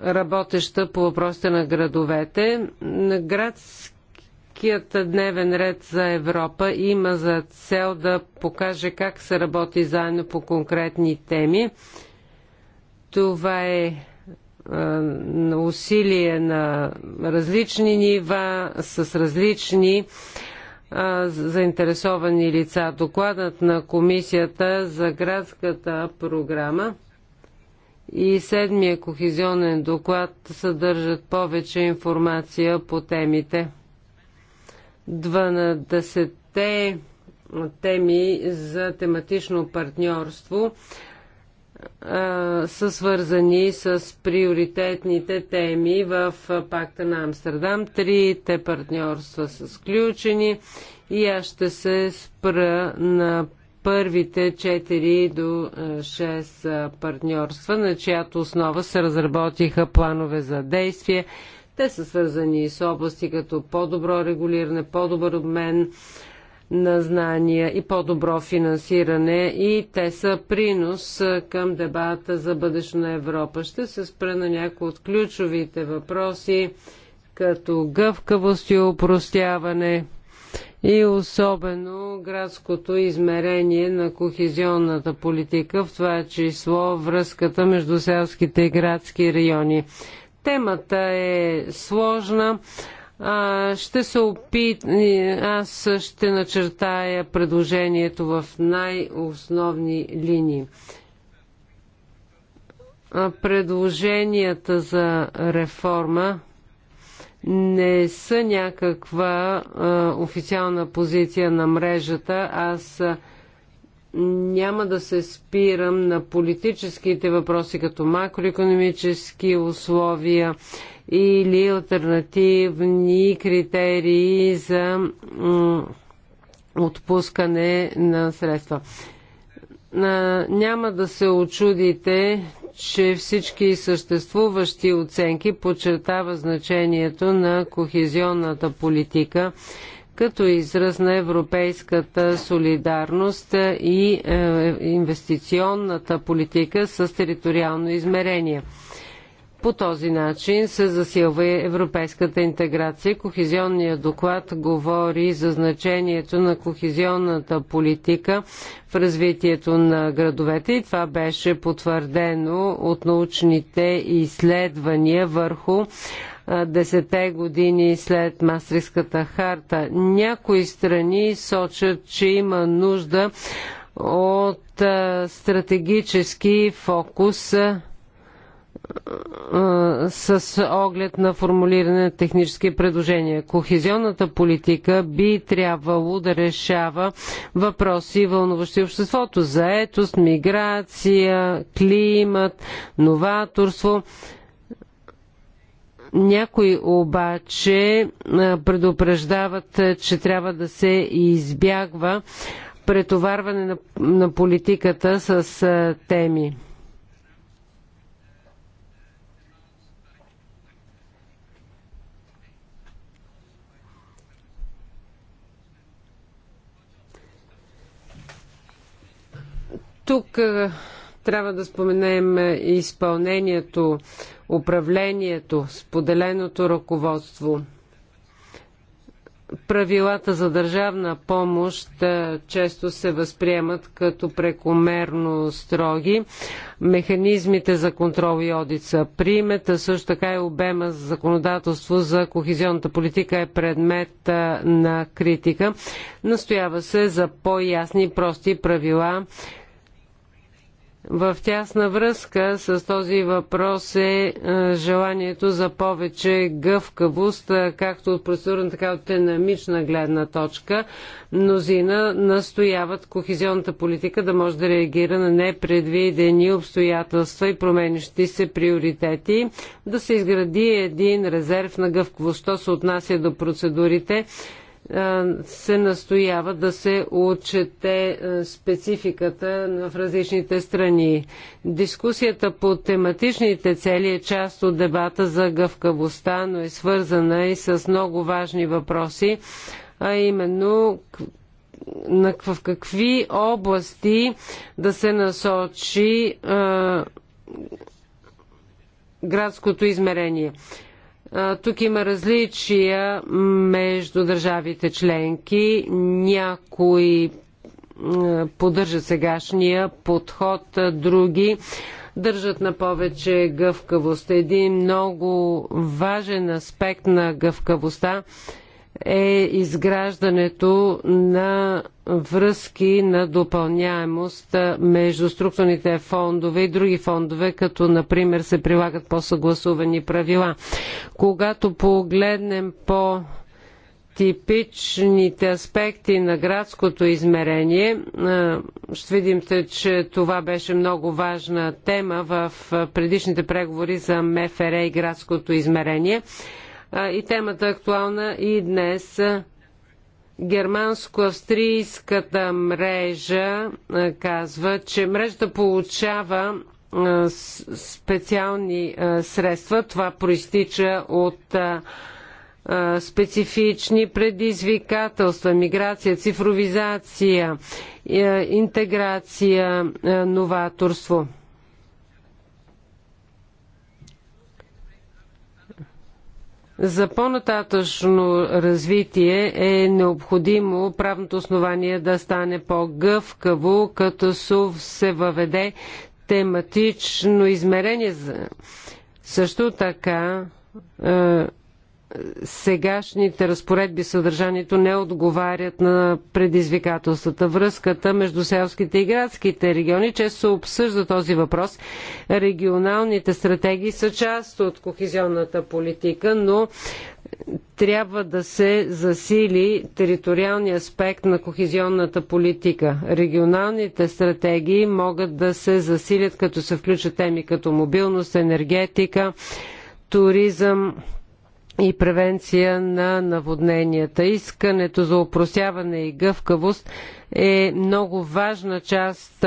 работеща по въпросите на градовете. Град Европейският дневен ред за Европа има за цел да покаже как се работи заедно по конкретни теми. Това е, е усилие на различни нива, с различни е, заинтересовани лица. Докладът на Комисията за градската програма и седмия кохезионен доклад съдържат повече информация по темите. 12-те теми за тематично партньорство са свързани с приоритетните теми в пакта на Амстердам. Трите партньорства са сключени и аз ще се спра на първите 4 до 6 партньорства, на чиято основа се разработиха планове за действие те са свързани с области като по-добро регулиране, по-добър обмен на знания и по-добро финансиране и те са принос към дебата за бъдещето на Европа. Ще се спра на някои от ключовите въпроси, като гъвкавост и упростяване и особено градското измерение на кохезионната политика, в това число връзката между селските и градски райони. Темата е сложна. А, ще се опит... Аз ще начертая предложението в най-основни линии. А, предложенията за реформа не са някаква а, официална позиция на мрежата. Аз а, няма да се спирам на политическите въпроси като макроекономически условия или альтернативни критерии за отпускане на средства. Няма да се очудите, че всички съществуващи оценки подчертава значението на кохезионната политика като израз на европейската солидарност и е, инвестиционната политика с териториално измерение. По този начин се засилва европейската интеграция. Кохезионният доклад говори за значението на кохезионната политика в развитието на градовете и това беше потвърдено от научните изследвания върху десете години след Мастриската харта. Някои страни сочат, че има нужда от стратегически фокус с оглед на формулиране на технически предложения. Кохезионната политика би трябвало да решава въпроси, вълнуващи обществото. Заетост, миграция, климат, новаторство. Някои обаче предупреждават, че трябва да се избягва претоварване на, на политиката с теми. Тук трябва да споменем изпълнението управлението, споделеното ръководство, правилата за държавна помощ често се възприемат като прекомерно строги. Механизмите за контрол и одит са а също така и обема за законодателство за кохезионната политика е предмет на критика. Настоява се за по-ясни и прости правила в тясна връзка с този въпрос е, е желанието за повече гъвкавост, е, както от процедурна, така от динамична гледна точка. Мнозина настояват кохезионната политика да може да реагира на непредвидени обстоятелства и променящи се приоритети, да се изгради един резерв на гъвкавост. Що се отнася до процедурите, се настоява да се отчете спецификата в различните страни. Дискусията по тематичните цели е част от дебата за гъвкавостта, но е свързана и с много важни въпроси, а именно в какви области да се насочи градското измерение. Тук има различия между държавите членки. Някои поддържат сегашния подход, други държат на повече гъвкавост. Един много важен аспект на гъвкавостта е изграждането на връзки на допълняемост между структурните фондове и други фондове, като например се прилагат по-съгласувани правила. Когато погледнем по типичните аспекти на градското измерение. Ще видим, че това беше много важна тема в предишните преговори за МФР и градското измерение и темата е актуална и днес. Германско-австрийската мрежа казва, че мрежата получава специални средства. Това проистича от специфични предизвикателства, миграция, цифровизация, интеграция, новаторство. За по-нататъчно развитие е необходимо правното основание да стане по-гъвкаво, като СУВ се въведе тематично измерение. Също така е, сегашните разпоредби съдържанието не отговарят на предизвикателствата. Връзката между селските и градските региони често се обсъжда този въпрос. Регионалните стратегии са част от кохезионната политика, но трябва да се засили териториалния аспект на кохезионната политика. Регионалните стратегии могат да се засилят, като се включат теми като мобилност, енергетика, туризъм, и превенция на наводненията. Искането за опросяване и гъвкавост е много важна част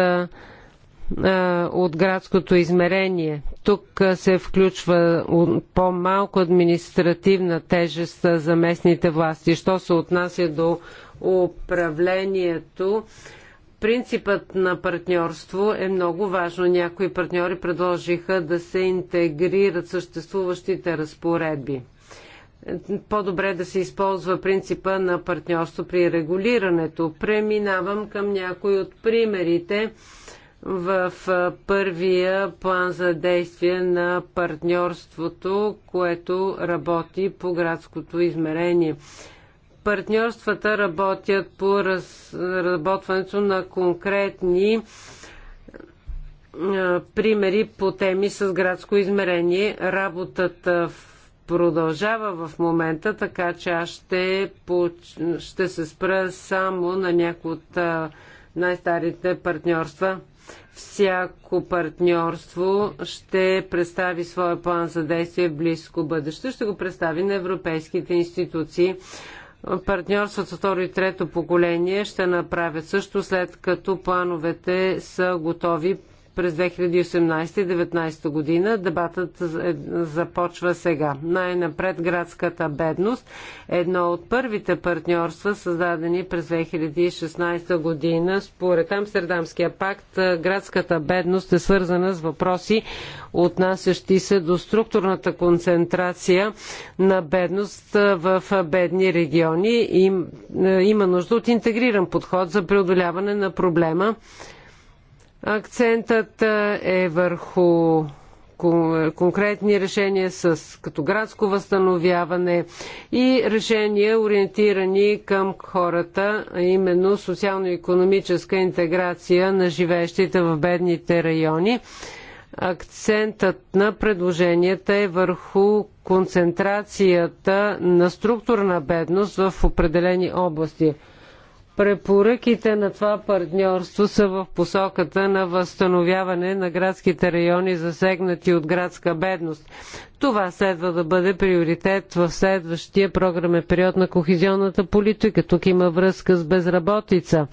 от градското измерение. Тук се включва по-малко административна тежест за местните власти. Що се отнася до управлението, принципът на партньорство е много важно. Някои партньори предложиха да се интегрират съществуващите разпоредби по-добре да се използва принципа на партньорство при регулирането. Преминавам към някои от примерите в първия план за действие на партньорството, което работи по градското измерение. Партньорствата работят по разработването на конкретни примери по теми с градско измерение. Работата в продължава в момента, така че аз ще, ще се спра само на някои от най-старите партньорства. Всяко партньорство ще представи своя план за действие в близко бъдеще. Ще го представи на европейските институции. Партньорството второ и трето поколение ще направят също след като плановете са готови през 2018-2019 година. Дебатът е- започва сега. Най-напред градската бедност е едно от първите партньорства, създадени през 2016 година. Според Амстердамския пакт, градската бедност е свързана с въпроси, отнасящи се до структурната концентрация на бедност в бедни региони. И има нужда от интегриран подход за преодоляване на проблема. Акцентът е, е върху конкретни решения с, като градско възстановяване и решения ориентирани към хората, а именно социално-економическа интеграция на живеещите в бедните райони. Акцентът на предложенията е върху концентрацията на структурна бедност в определени области – Препоръките на това партньорство са в посоката на възстановяване на градските райони, засегнати от градска бедност. Това следва да бъде приоритет в следващия програмен период на кохезионната политика. Тук има връзка с безработица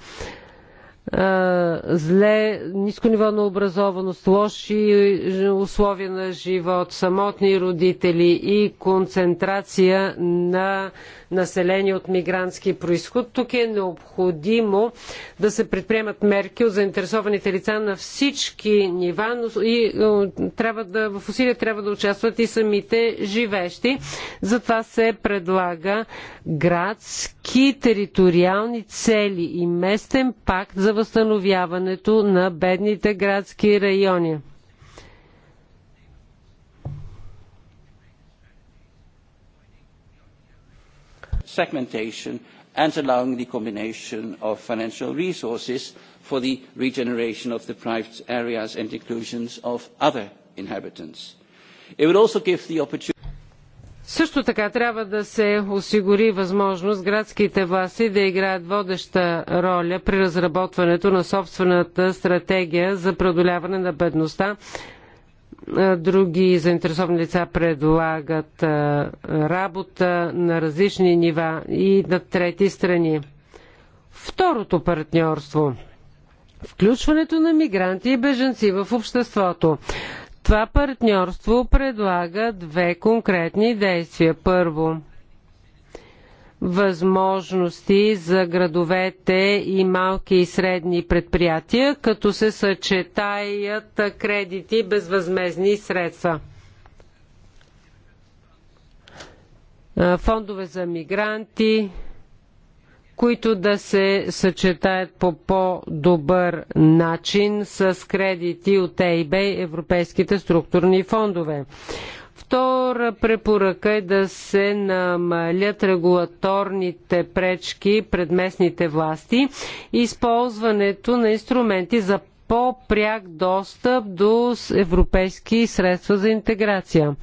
зле, ниско ниво на образованост, лоши условия на живот, самотни родители и концентрация на население от мигрантски происход. Тук е необходимо да се предприемат мерки от заинтересованите лица на всички нива, но и е, трябва да, в усилия трябва да участват и самите живещи. Затова се предлага градски териториални цели и местен пакт за възстановяването на бедните градски райони. segmentation and allowing the combination of financial resources for the regeneration of deprived areas and inclusions of other inhabitants. It would also give the opportunity също така трябва да се осигури възможност градските власти да играят водеща роля при разработването на собствената стратегия за преодоляване на бедността. Други заинтересовани лица предлагат работа на различни нива и на трети страни. Второто партньорство включването на мигранти и беженци в обществото. Това партньорство предлага две конкретни действия. Първо, възможности за градовете и малки и средни предприятия, като се съчетаят кредити, безвъзмезни средства. Фондове за мигранти, които да се съчетаят по по-добър начин с кредити от ЕИБ и Европейските структурни фондове. Втора препоръка е да се намалят регулаторните пречки пред местните власти и използването на инструменти за по-пряк достъп до европейски средства за интеграция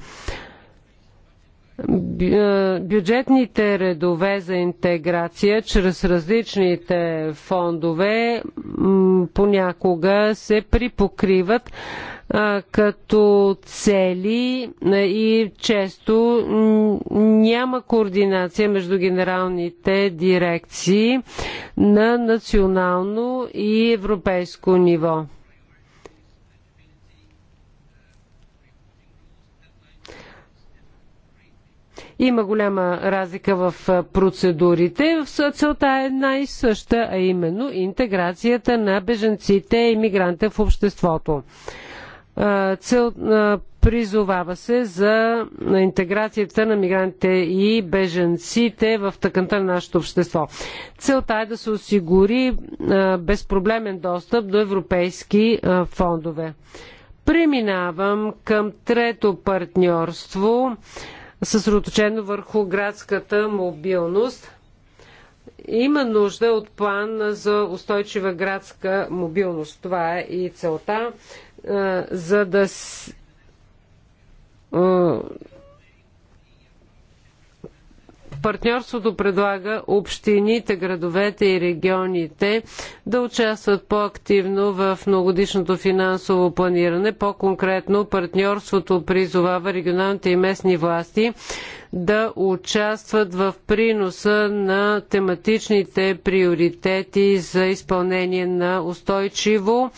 бюджетните редове за интеграция чрез различните фондове понякога се припокриват като цели и често няма координация между генералните дирекции на национално и европейско ниво. Има голяма разлика в процедурите. Целта е една и съща, а именно интеграцията на беженците и мигранте в обществото. Цел, призовава се за интеграцията на мигрантите и беженците в тъканта на нашето общество. Целта е да се осигури безпроблемен достъп до европейски фондове. Преминавам към трето партньорство съсредоточено върху градската мобилност. Има нужда от план за устойчива градска мобилност. Това е и целта, за да партньорството предлага общините, градовете и регионите да участват по-активно в многодишното финансово планиране. По-конкретно партньорството призовава регионалните и местни власти да участват в приноса на тематичните приоритети за изпълнение на устойчиво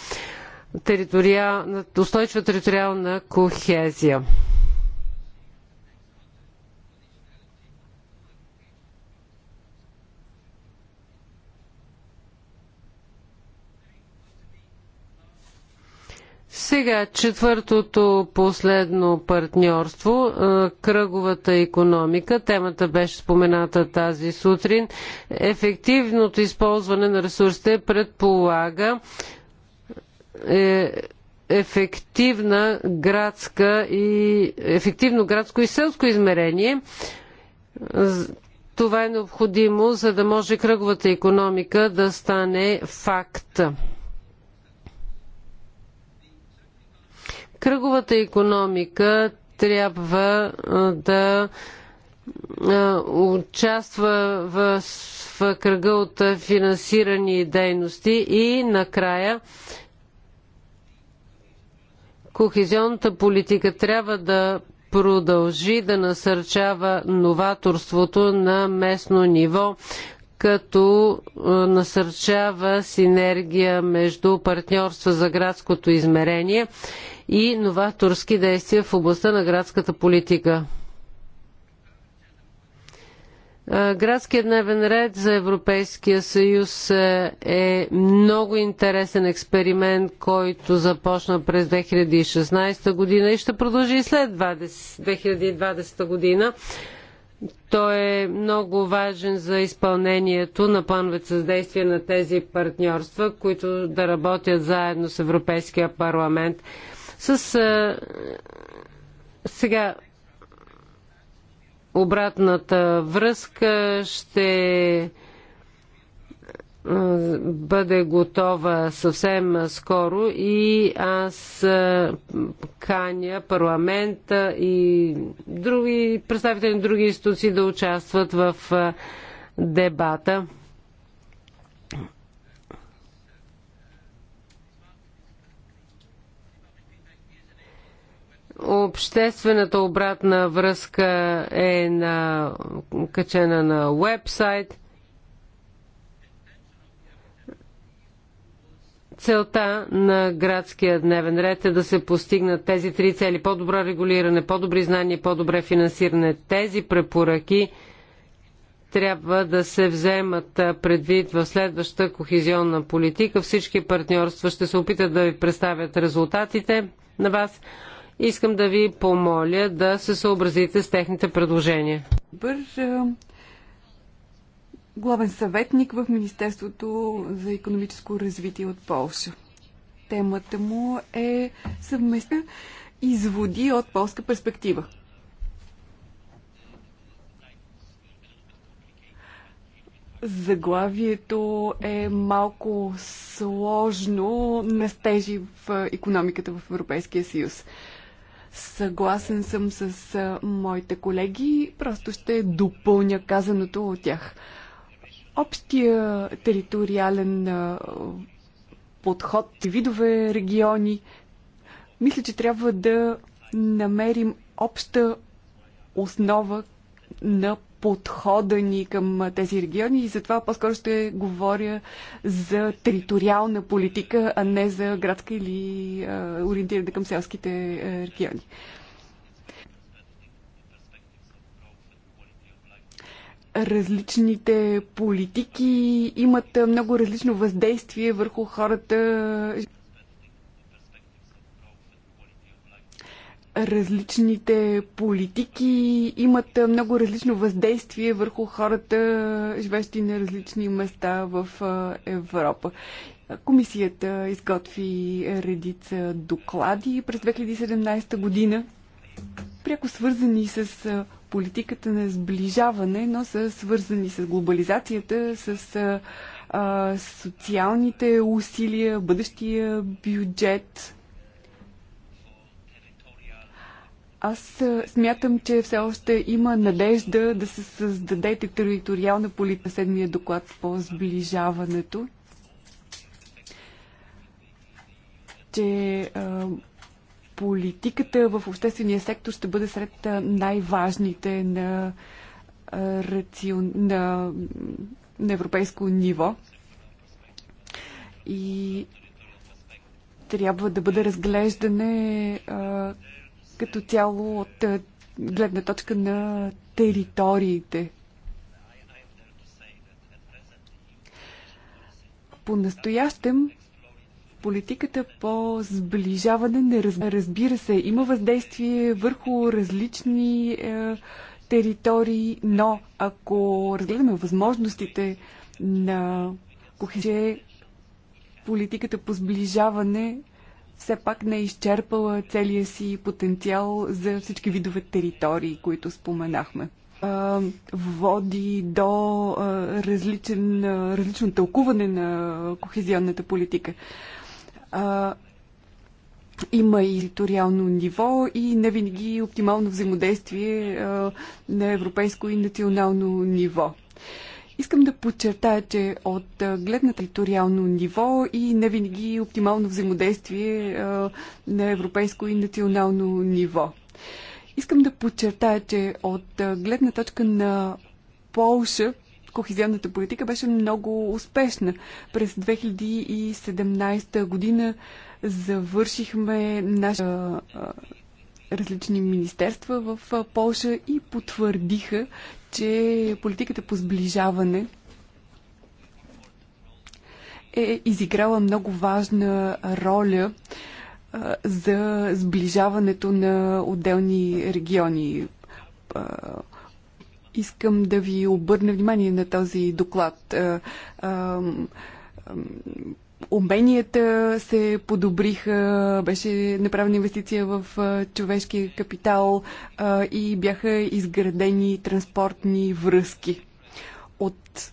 устойчива териториална кохезия. Сега четвъртото последно партньорство, е, кръговата економика. Темата беше спомената тази сутрин. Ефективното използване на ресурсите предполага е, ефективна градска и ефективно градско и селско измерение. Това е необходимо, за да може кръговата економика да стане факт. Кръговата економика трябва да участва в, в кръга от финансирани дейности и накрая кохезионната политика трябва да продължи да насърчава новаторството на местно ниво, като насърчава синергия между партньорства за градското измерение и новаторски действия в областта на градската политика. Градският дневен ред за Европейския съюз е, е много интересен експеримент, който започна през 2016 година и ще продължи и след 20, 2020 година. Той е много важен за изпълнението на плановете с действие на тези партньорства, които да работят заедно с Европейския парламент. С а, сега обратната връзка ще бъде готова съвсем скоро и аз каня парламента и други представители на други институции да участват в дебата. Обществената обратна връзка е на, качена на вебсайт. Целта на градския дневен ред е да се постигнат тези три цели. По-добро регулиране, по-добри знания, по-добре финансиране. Тези препоръки трябва да се вземат предвид в следваща кохезионна политика. Всички партньорства ще се опитат да ви представят резултатите на вас. Искам да ви помоля да се съобразите с техните предложения. Бър е, главен съветник в Министерството за економическо развитие от Полша. Темата му е съвместна изводи от полска перспектива. Заглавието е малко сложно на стежи в е, економиката в Европейския съюз. Съгласен съм с а, моите колеги, просто ще допълня казаното от тях. Общия териториален а, подход, видове региони, мисля, че трябва да намерим обща основа на подхода ни към тези региони и затова по-скоро ще говоря за териториална политика, а не за градска или а, ориентирана към селските региони. различните политики имат много различно въздействие върху хората. различните политики имат много различно въздействие върху хората, живещи на различни места в Европа. Комисията изготви редица доклади през 2017 година, пряко свързани с политиката на сближаване, но са свързани с глобализацията, с социалните усилия, бъдещия бюджет, Аз смятам, че все още има надежда да се създадете териториална политика. Седмия доклад по сближаването. Че а, политиката в обществения сектор ще бъде сред най-важните на, на, на европейско ниво. И трябва да бъде разглеждане а, като цяло от е, гледна точка на териториите. По-настоящем политиката по сближаване не разбира се, има въздействие върху различни е, територии, но ако разгледаме възможностите на кохеже, политиката по сближаване все пак не е изчерпала целия си потенциал за всички видове територии, които споменахме. Води до различен, различно тълкуване на кохезионната политика. Има и териториално ниво и не винаги оптимално взаимодействие на европейско и национално ниво Искам да подчертая, че от гледна териториално ниво и не винаги оптимално взаимодействие на европейско и национално ниво. Искам да подчертая, че от гледна точка на Полша кохезионната политика беше много успешна. През 2017 година завършихме наша различни министерства в Польша и потвърдиха, че политиката по сближаване е изиграла много важна роля за сближаването на отделни региони. Искам да ви обърна внимание на този доклад уменията се подобриха, беше направена инвестиция в човешки капитал и бяха изградени транспортни връзки. От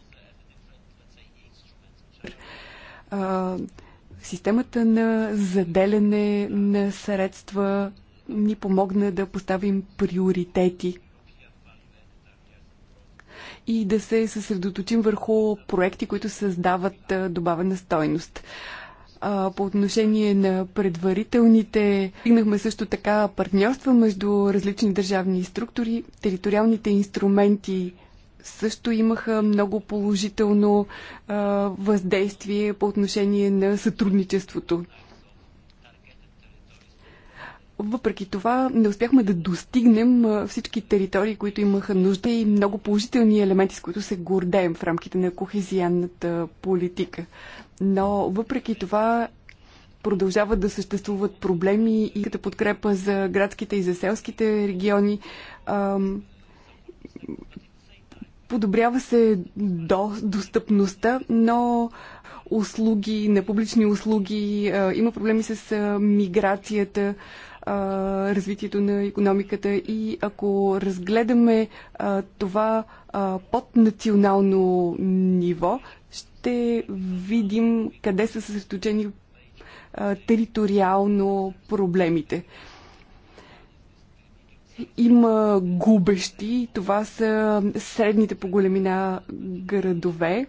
системата на заделяне на средства ни помогна да поставим приоритети и да се съсредоточим върху проекти, които създават добавена стойност. По отношение на предварителните, стигнахме също така партньорства между различни държавни структури, териториалните инструменти също имаха много положително въздействие по отношение на сътрудничеството въпреки това не успяхме да достигнем всички територии, които имаха нужда и много положителни елементи, с които се гордеем в рамките на кохезианната политика. Но въпреки това продължават да съществуват проблеми и като подкрепа за градските и за селските региони. Подобрява се до, достъпността, но услуги, на публични услуги, има проблеми с миграцията, развитието на економиката и ако разгледаме това под национално ниво, ще видим къде са съсредоточени териториално проблемите. Има губещи, това са средните по големина градове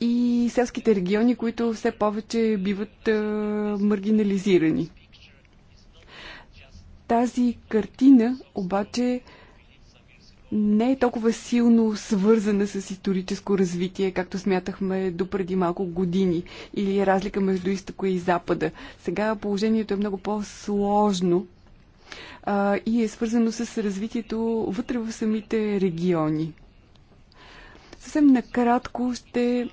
и селските региони, които все повече биват маргинализирани. Тази картина обаче не е толкова силно свързана с историческо развитие, както смятахме до преди малко години, или е разлика между изтока и запада. Сега положението е много по-сложно а, и е свързано с развитието вътре в самите региони. Съвсем накратко ще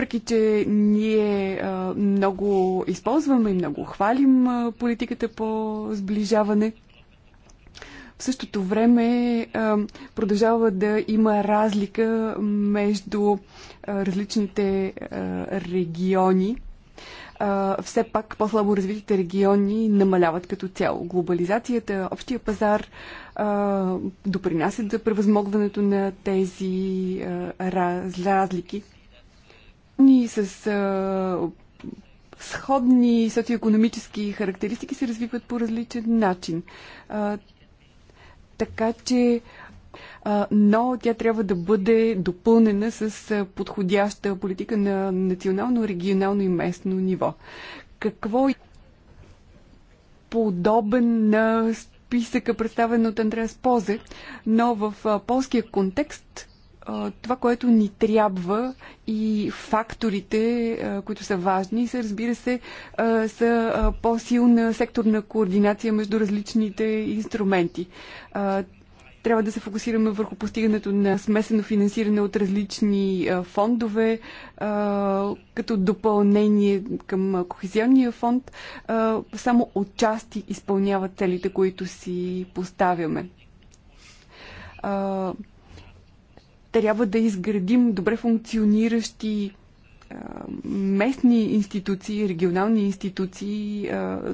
въпреки, че ние много използваме и много хвалим политиката по сближаване, в същото време продължава да има разлика между различните региони. Все пак по-слабо развитите региони намаляват като цяло. Глобализацията, общия пазар допринасят за превъзмогването на тези разлики страни с а, сходни социоекономически характеристики се развиват по различен начин. А, така че, а, но тя трябва да бъде допълнена с подходяща политика на национално, регионално и местно ниво. Какво е подобен на списъка, представен от Андреас Позе, но в полския контекст това, което ни трябва и факторите, които са важни, са, разбира се, са по-силна секторна координация между различните инструменти. Трябва да се фокусираме върху постигането на смесено финансиране от различни фондове, като допълнение към Кохезионния фонд. Само отчасти изпълняват целите, които си поставяме трябва да изградим добре функциониращи местни институции, регионални институции.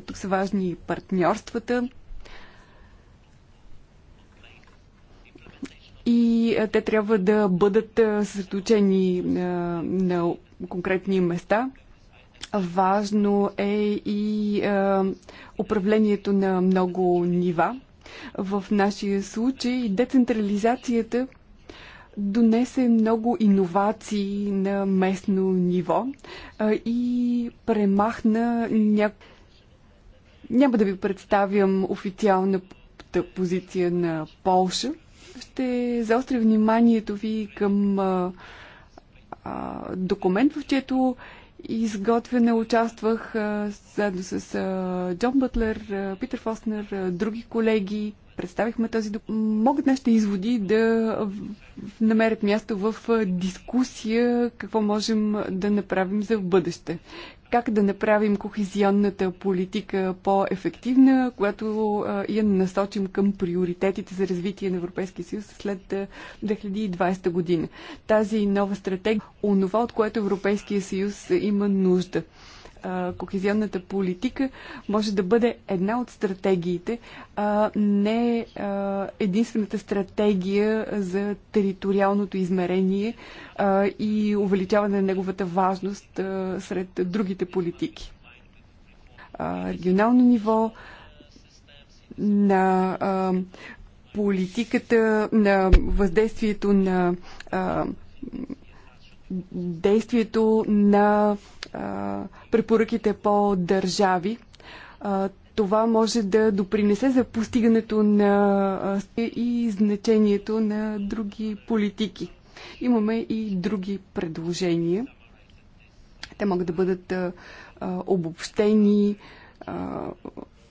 Тук са важни партньорствата. И те трябва да бъдат съсредоточени на конкретни места. Важно е и управлението на много нива. В нашия случай децентрализацията донесе много иновации на местно ниво и премахна ня... Няма да ви представям официалната позиция на Полша. Ще заостря вниманието ви към а, а, документ, в чието изготвяне участвах а, заедно с а, Джон Бътлер, а, Питер Фоснер, а, други колеги, представихме този могат нашите изводи да намерят място в дискусия какво можем да направим за в бъдеще. Как да направим кохезионната политика по-ефективна, която я насочим към приоритетите за развитие на Европейския съюз след 2020 година. Тази нова стратегия, е онова, от което Европейския съюз има нужда кохезионната политика може да бъде една от стратегиите, а не а, единствената стратегия за териториалното измерение а, и увеличаване на неговата важност а, сред другите политики. А, регионално ниво на а, политиката на въздействието на а, действието на а, препоръките по държави. А, това може да допринесе за постигането на и значението на други политики. Имаме и други предложения. Те могат да бъдат а, обобщени а,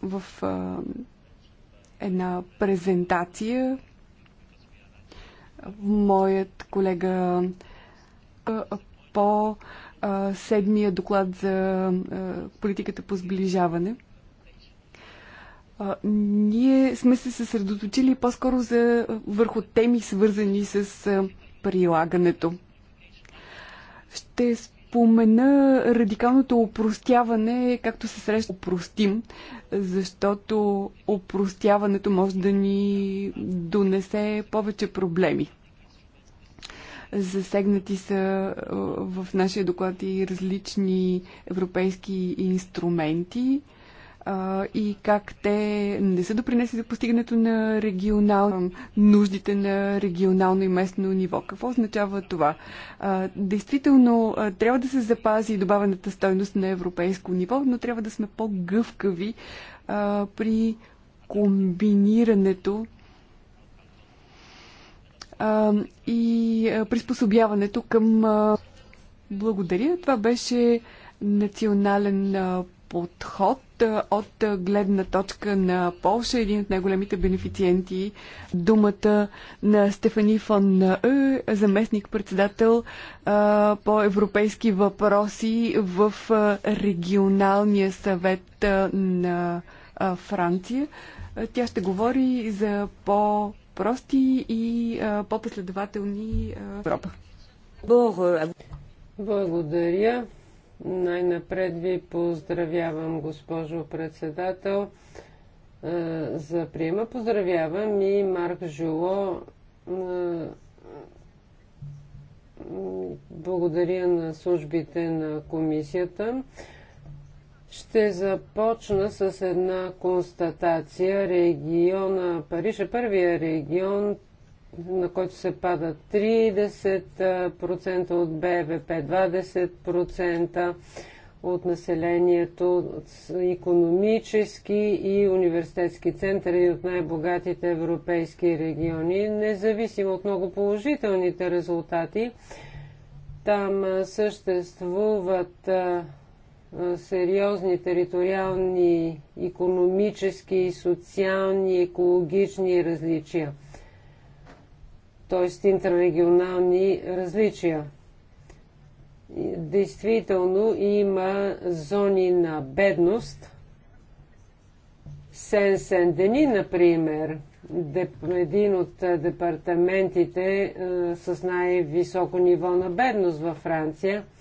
в а, една презентация. Моят колега по седмия доклад за политиката по сближаване. Ние сме се съсредоточили по-скоро за, върху теми, свързани с прилагането. Ще спомена радикалното опростяване, както се среща опростим, защото опростяването може да ни донесе повече проблеми. Засегнати са в нашия доклад и различни европейски инструменти и как те не са допринесли за постигането на регионал, нуждите на регионално и местно ниво. Какво означава това? действително, трябва да се запази добавената стойност на европейско ниво, но трябва да сме по-гъвкави при комбинирането и приспособяването към. Благодаря. Това беше национален подход от гледна точка на Полша, един от най-големите бенефициенти. Думата на Стефани фон Ю, заместник-председател по европейски въпроси в регионалния съвет на Франция. Тя ще говори за по прости и по-последователни Европа. Благодаря. Най-напред ви поздравявам, госпожо председател, за приема. Поздравявам и Марк Жуло. Благодаря на службите на комисията. Ще започна с една констатация. Региона Париж е първия регион, на който се пада 30% от БВП, 20% от населението, економически и университетски центъри от най-богатите европейски региони, независимо от много положителните резултати. Там съществуват сериозни териториални, економически, социални, екологични различия, т.е. интеррегионални различия. Действително има зони на бедност. Сен-Сен-Дени, например, един от департаментите с най-високо ниво на бедност във Франция –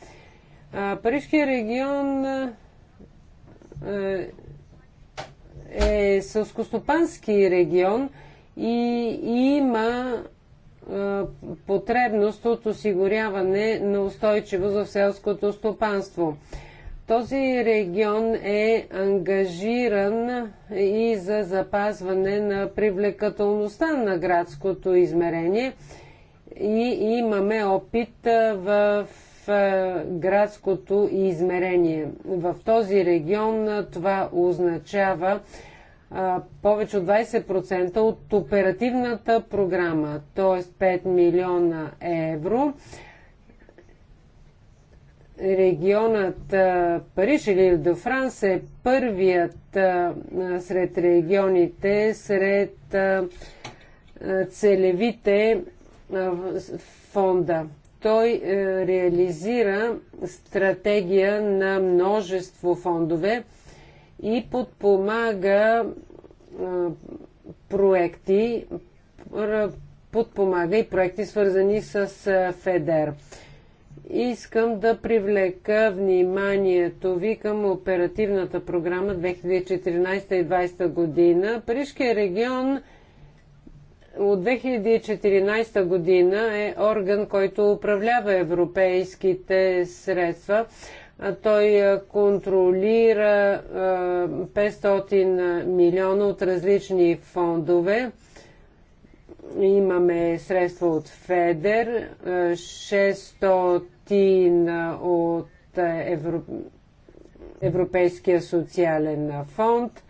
Парижкият регион е, е сълскостопански регион и има потребност от осигуряване на устойчивост в селското стопанство. Този регион е ангажиран и за запазване на привлекателността на градското измерение и имаме опит в е, градското измерение. В този регион е, това означава е, повече от 20% от оперативната програма, т.е. 5 милиона евро. Регионът Париж или Де Франс е първият сред регионите, сред целевите фонда той е, реализира стратегия на множество фондове и подпомага е, проекти, подпомага и проекти свързани с е, ФЕДЕР. Искам да привлека вниманието ви към оперативната програма 2014-2020 година. Парижкият регион – от 2014 година е орган, който управлява европейските средства. Той контролира 500 милиона от различни фондове. Имаме средства от ФЕДЕР, 600 от Европейския социален фонд,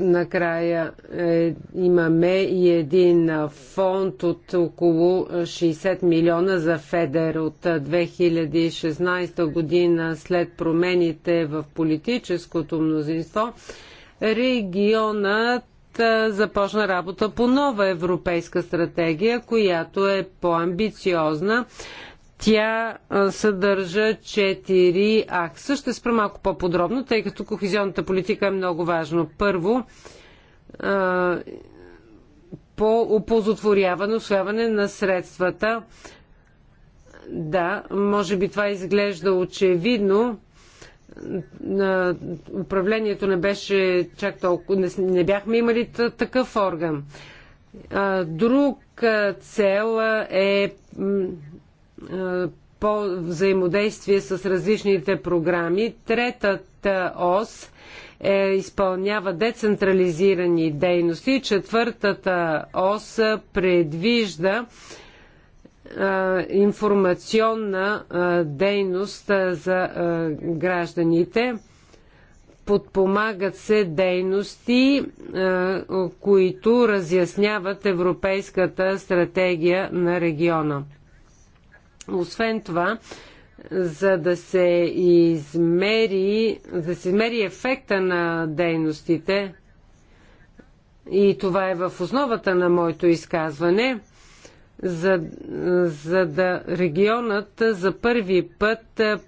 накрая е, имаме и един фонд от около 60 милиона за Федер от 2016 е, година след промените в политическото мнозинство. Регионът е, започна работа по нова европейска стратегия, която е по-амбициозна тя съдържа четири акса. Ще спра малко по-подробно, тъй като кохезионната политика е много важно. Първо, по опозотворяване, освяване на средствата. Да, може би това изглежда очевидно. Управлението не беше чак толкова. Не бяхме имали такъв орган. Друг цел е е, по взаимодействие с различните програми. Третата ОС е, изпълнява децентрализирани дейности. Четвъртата ОС предвижда е, информационна е, дейност за гражданите. Подпомагат се дейности, които разясняват Европейската стратегия на региона. Освен това, за да се измери, за да се измери ефекта на дейностите, и това е в основата на моето изказване, за, за да регионът за първи път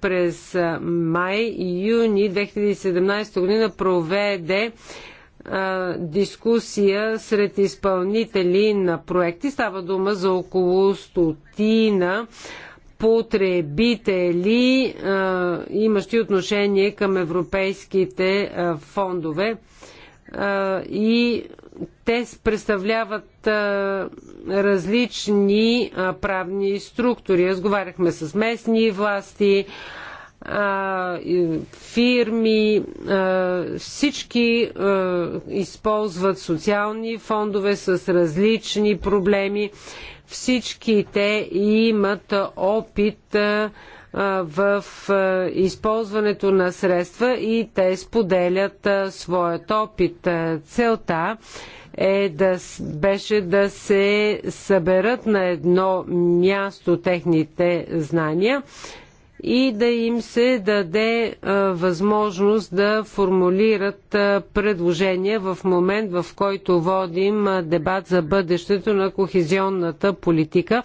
през май и юни 2017 година проведе а, дискусия сред изпълнители на проекти. Става дума за около стотина а, потребители, имащи отношение към европейските фондове. И те представляват различни правни структури. Разговаряхме с местни власти, фирми, всички използват социални фондове с различни проблеми. Всички те имат опит в използването на средства и те споделят своят опит. Целта е да, беше да се съберат на едно място техните знания и да им се даде а, възможност да формулират а, предложения в момент, в който водим а, дебат за бъдещето на кохезионната политика.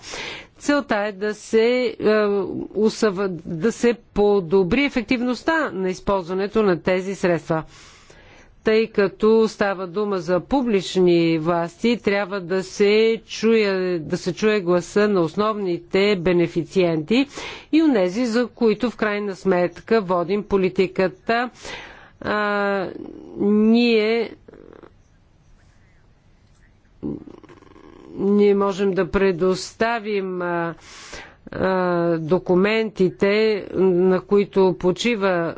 Целта е да се, усъв... да се подобри ефективността на използването на тези средства тъй като става дума за публични власти, трябва да се чуе, да се чуе гласа на основните бенефициенти и нези, за които в крайна сметка водим политиката. А, ние ние можем да предоставим а, документите, на които почива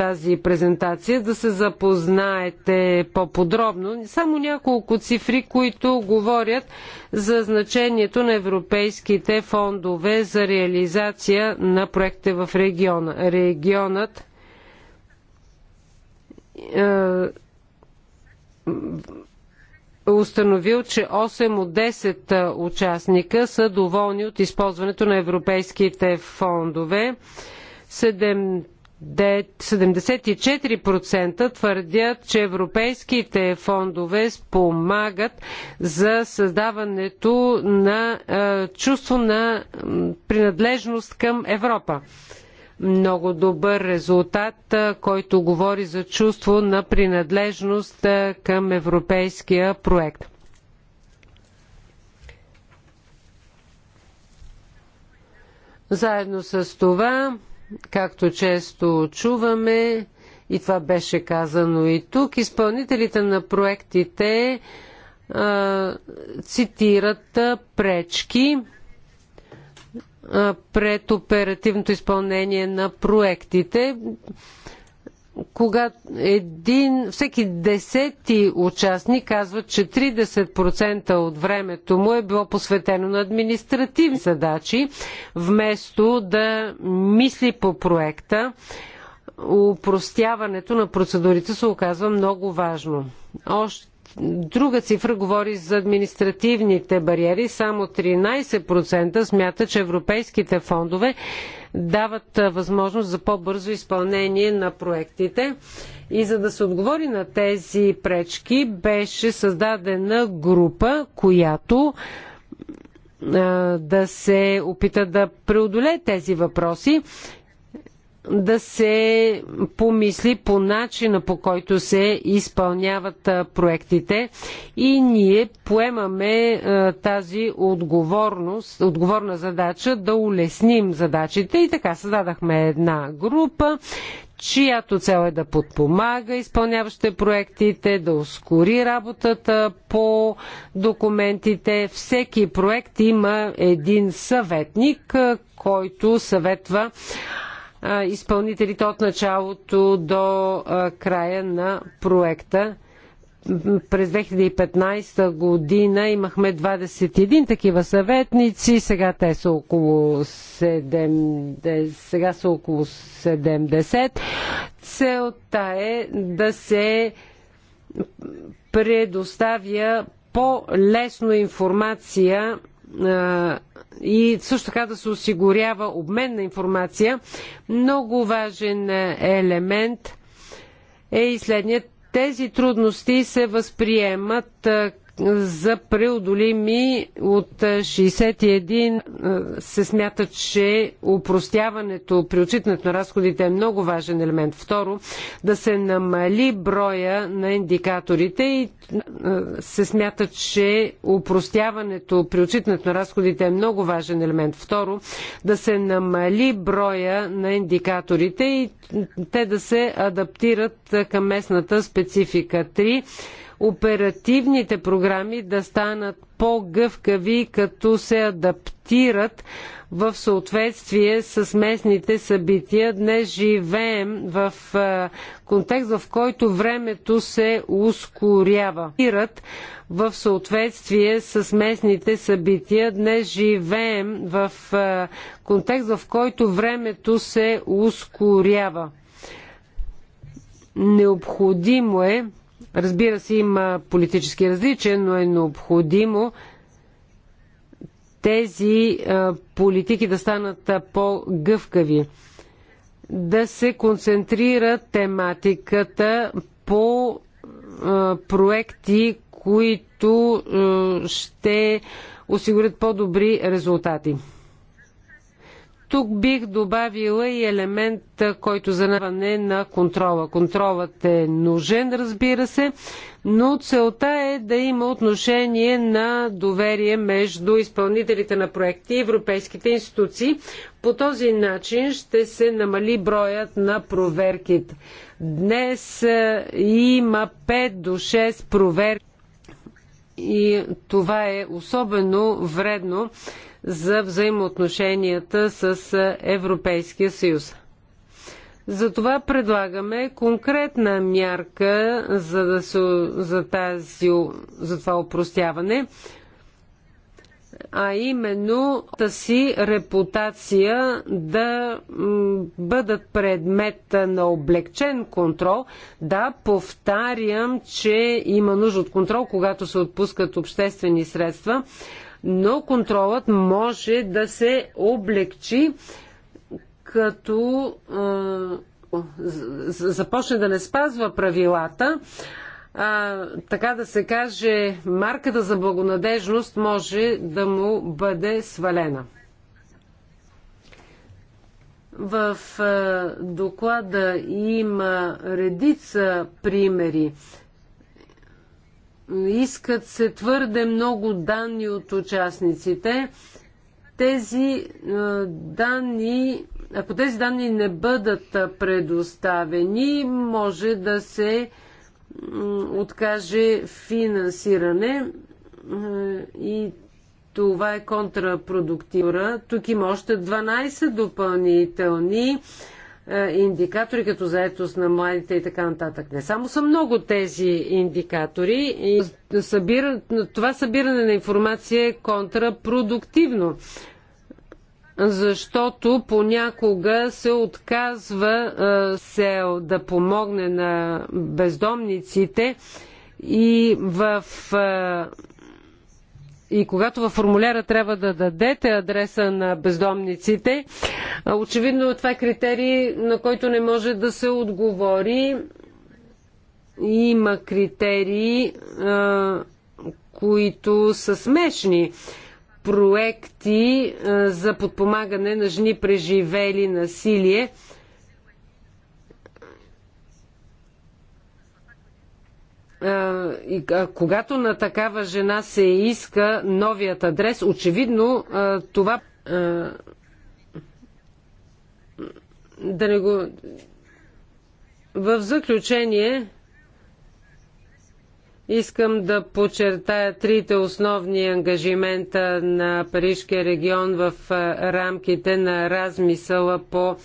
тази презентация, да се запознаете по-подробно. Само няколко цифри, които говорят за значението на европейските фондове за реализация на проекта в региона. Регионът е, установил, че 8 от 10 е, участника са доволни от използването на европейските фондове. 74% твърдят, че европейските фондове спомагат за създаването на е, чувство на принадлежност към Европа. Много добър резултат, е, който говори за чувство на принадлежност е, към европейския проект. Заедно с това Както често чуваме, и това беше казано и тук, изпълнителите на проектите а, цитират пречки а, пред оперативното изпълнение на проектите когато един, всеки десети участник казва, че 30% от времето му е било посветено на административни задачи, вместо да мисли по проекта. Упростяването на процедурите се оказва много важно. Още Друга цифра говори за административните бариери. Само 13% смята, че европейските фондове дават възможност за по-бързо изпълнение на проектите. И за да се отговори на тези пречки, беше създадена група, която да се опита да преодолее тези въпроси да се помисли по начина по който се изпълняват проектите и ние поемаме тази отговорност, отговорна задача да улесним задачите и така създадахме една група, чиято цел е да подпомага изпълняващите проектите, да ускори работата по документите. Всеки проект има един съветник, който съветва изпълнителите от началото до края на проекта. През 2015 година имахме 21 такива съветници, сега те са около 70, сега са около 70. Целта е да се предоставя по-лесно информация и също така да се осигурява обмен на информация. Много важен е, елемент е и следният. Тези трудности се възприемат за преодолими от 61 се смята, че упростяването при отчитането на разходите е много важен елемент. Второ, да се намали броя на индикаторите и се смята, че упростяването при отчитането на разходите е много важен елемент. Второ, да се намали броя на индикаторите и те да се адаптират към местната специфика. Три, оперативните програми да станат по-гъвкави, като се адаптират в съответствие с местните събития. Днес живеем в е, контекст, в който времето се ускорява. В съответствие с местните събития. Днес живеем в е, контекст, в който времето се ускорява. Необходимо е Разбира се, има политически различия, но е необходимо тези политики да станат по-гъвкави, да се концентрира тематиката по проекти, които ще осигурят по-добри резултати. Тук бих добавила и елемент, който занаване на контрола. Контролът е нужен, разбира се, но целта е да има отношение на доверие между изпълнителите на проекти и европейските институции. По този начин ще се намали броят на проверките. Днес е, има 5 до 6 проверки и това е особено вредно за взаимоотношенията с Европейския съюз. Затова предлагаме конкретна мярка за, да се, за, тази, за това упростяване, а именно си репутация да бъдат предмет на облегчен контрол. Да, повтарям, че има нужда от контрол, когато се отпускат обществени средства, но контролът може да се облегчи като а, започне да не спазва правилата, а, така да се каже, марката за благонадежност може да му бъде свалена. В а, доклада има редица примери. Искат се твърде много данни от участниците. Тези е, данни, ако тези данни не бъдат предоставени, може да се откаже финансиране е, и това е контрапродуктивна. Тук има още 12 допълнителни е, индикатори като заедост на младите и така нататък. Не само са много тези индикатори и събира, това събиране на информация е контрапродуктивно, защото понякога се отказва е, се да помогне на бездомниците и в е, и когато във формуляра трябва да дадете адреса на бездомниците, очевидно това е критерий, на който не може да се отговори. Има критерии, които са смешни. Проекти за подпомагане на жени преживели насилие – Е, и когато на такава жена се иска новият адрес, очевидно е, това е, да не го... В заключение искам да подчертая трите основни ангажимента на Парижкия регион в рамките на размисъла по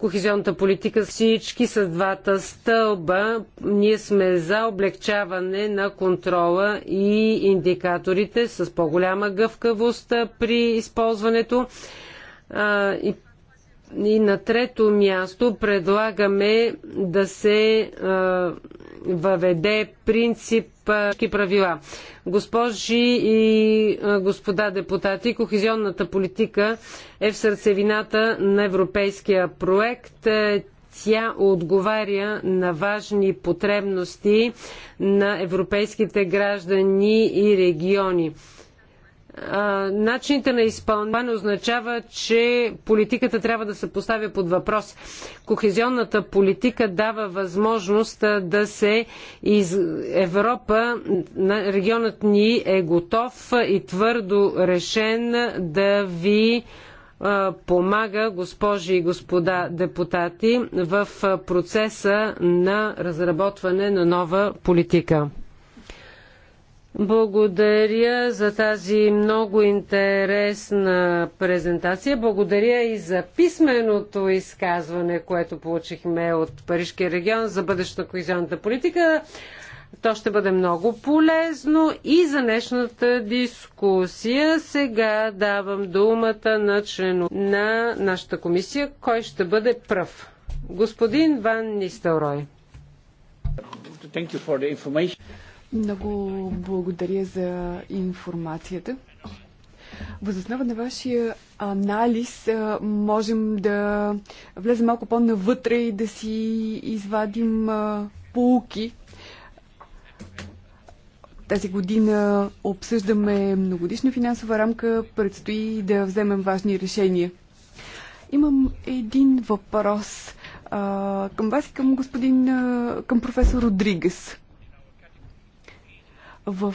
кохезионната политика всички с двата стълба. Ние сме за облегчаване на контрола и индикаторите с по-голяма гъвкавост при използването. А, и, и на трето място предлагаме да се а, въведе принцип правила. Госпожи и господа депутати, кохезионната политика е в сърцевината на европейския проект. Е, тя отговаря на важни потребности на европейските граждани и региони начините на изпълнение означава, че политиката трябва да се поставя под въпрос. Кохезионната политика дава възможност да се из Европа, регионът ни е готов и твърдо решен да ви помага, госпожи и господа депутати, в процеса на разработване на нова политика. Благодаря за тази много интересна презентация. Благодаря и за писменото изказване, което получихме от Парижкия регион за бъдещата на кохезионната политика. То ще бъде много полезно и за днешната дискусия. Сега давам думата на члену на нашата комисия, кой ще бъде пръв. Господин Ван Нистелрой. Много благодаря за информацията. Възоснова на вашия анализ можем да влезем малко по-навътре и да си извадим полуки. Тази година обсъждаме многодишна финансова рамка, предстои да вземем важни решения. Имам един въпрос към вас и към господин, към професор Родригес. В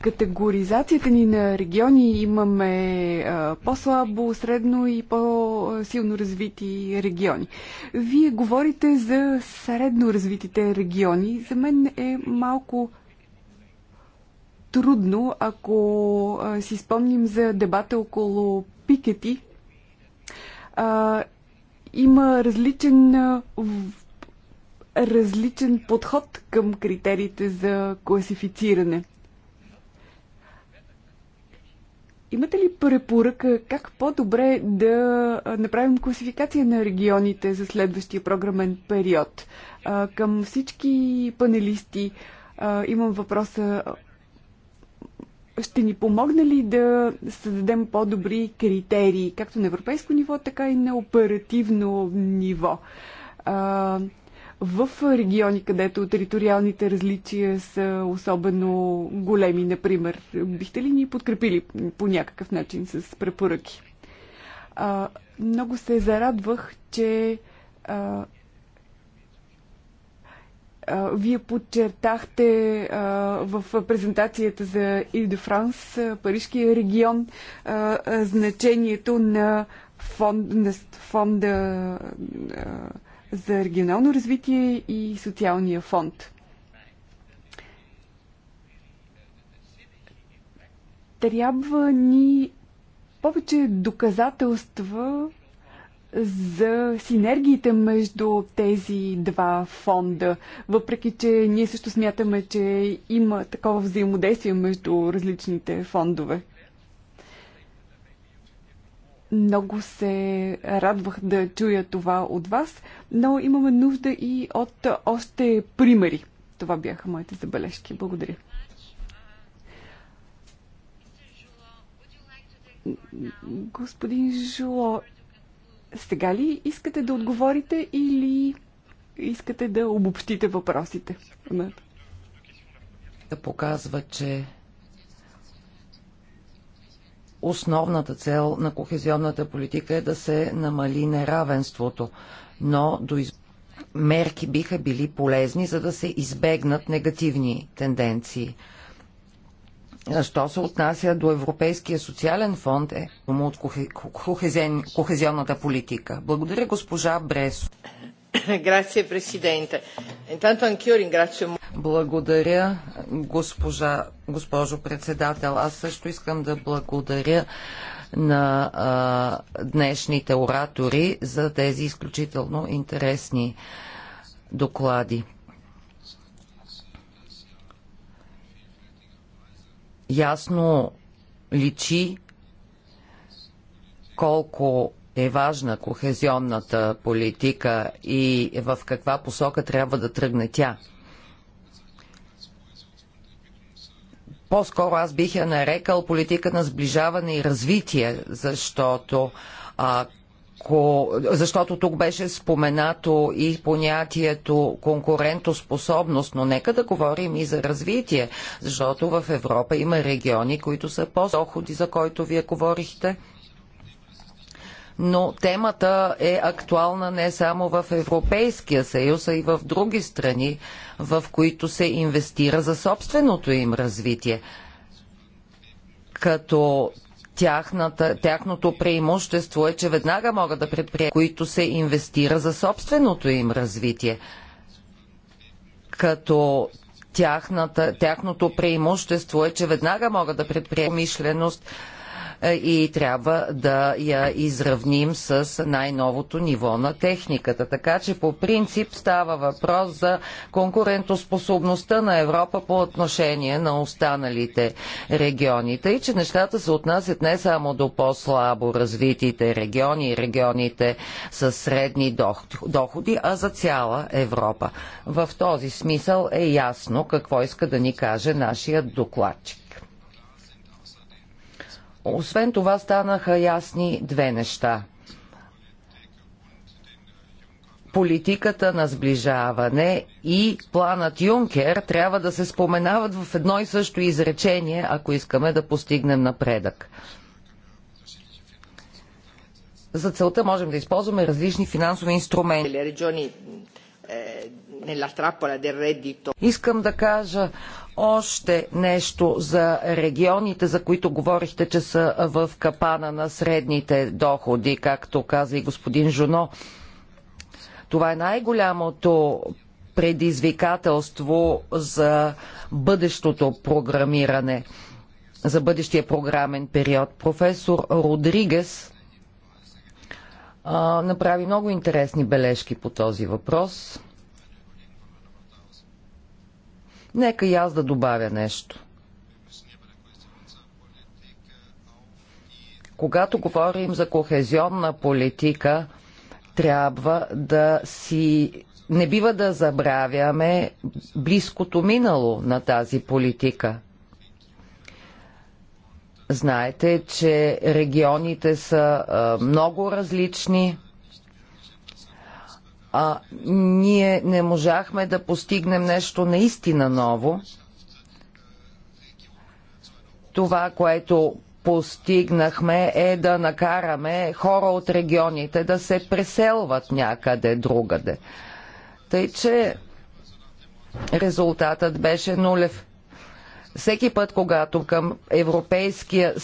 категоризацията ни на региони имаме по-слабо, средно и по-силно развити региони. Вие говорите за средно развитите региони. За мен е малко трудно, ако си спомним за дебата около Пикети. има различен различен подход към критериите за класифициране. Имате ли препоръка как по-добре да направим класификация на регионите за следващия програмен период? Към всички панелисти имам въпроса ще ни помогне ли да създадем по-добри критерии, както на европейско ниво, така и на оперативно ниво? в региони, където териториалните различия са особено големи, например. Бихте ли ни подкрепили по някакъв начин с препоръки? А, много се зарадвах, че а, а, вие подчертахте а, в презентацията за Ил де Франс, Парижкия регион, а, а, значението на фонд, на фонда а, за регионално развитие и социалния фонд. Трябва ни повече доказателства за синергиите между тези два фонда, въпреки че ние също смятаме, че има такова взаимодействие между различните фондове. Много се радвах да чуя това от вас, но имаме нужда и от още примери. Това бяха моите забележки. Благодаря. Господин Жуло, сега ли искате да отговорите или искате да обобщите въпросите? Да показва, че основната цел на кохезионната политика е да се намали неравенството, но до из... мерки биха били полезни, за да се избегнат негативни тенденции. Що се отнася до Европейския социален фонд е от кохезионната политика. Благодаря госпожа Бресо. Благодаря, госпожа, госпожо председател. Аз също искам да благодаря на а, днешните оратори за тези изключително интересни доклади. Ясно личи колко е важна кохезионната политика и в каква посока трябва да тръгне тя. По-скоро аз бих я нарекал политика на сближаване и развитие, защото ако, защото тук беше споменато и понятието конкурентоспособност, но нека да говорим и за развитие, защото в Европа има региони, които са по-доходи, за който вие говорихте но темата е актуална не само в Европейския съюз, а и в други страни, в които се инвестира за собственото им развитие. Като тяхната, тяхното преимущество е, че веднага могат да предприемат, които се инвестира за собственото им развитие. Като тяхната, тяхното преимущество е, че веднага могат да предприемат мишленост е, и трябва да я изравним с най-новото ниво на техниката. Така че по принцип става въпрос за конкурентоспособността на Европа по отношение на останалите региони. Тъй, че нещата се отнасят не само до по-слабо развитите региони и регионите с средни доходи, а за цяла Европа. В този смисъл е ясно какво иска да ни каже нашия докладчик. Освен това станаха ясни две неща. Политиката на сближаване и планът Юнкер трябва да се споменават в едно и също изречение, ако искаме да постигнем напредък. За целта можем да използваме различни финансови инструменти. Искам да кажа още нещо за регионите, за които говорихте, че са в капана на средните доходи, както каза и господин Жуно. Това е най-голямото предизвикателство за бъдещото програмиране, за бъдещия програмен период. Професор Родригес а, направи много интересни бележки по този въпрос. Нека и аз да добавя нещо. Когато говорим за кохезионна политика, трябва да си не бива да забравяме близкото минало на тази политика. Знаете, че регионите са много различни а, ние не можахме да постигнем нещо наистина ново. Това, което постигнахме е да накараме хора от регионите да се преселват някъде другаде. Тъй, че резултатът беше нулев. Всеки път, когато към Европейския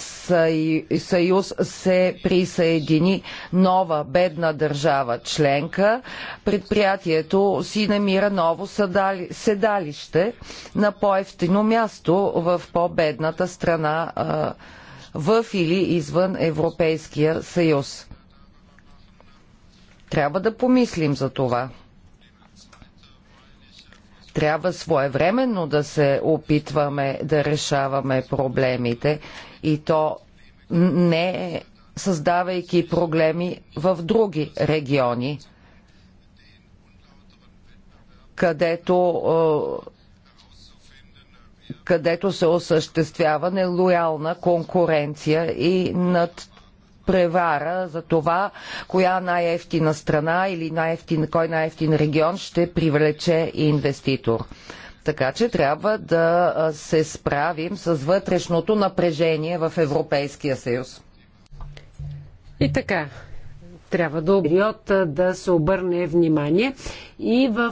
съюз се присъедини нова бедна държава членка, предприятието си намира ново седалище на по-ефтино място в по-бедната страна в или извън Европейския съюз. Трябва да помислим за това. Трябва своевременно да се опитваме да решаваме проблемите и то не създавайки проблеми в други региони, където, е, където се осъществява нелоялна конкуренция и над превара за това, коя най-ефтина страна или най-ефтин, кой най-ефтин регион ще привлече инвеститор. Така че трябва да се справим с вътрешното напрежение в Европейския съюз. И така, трябва да период да се обърне внимание и в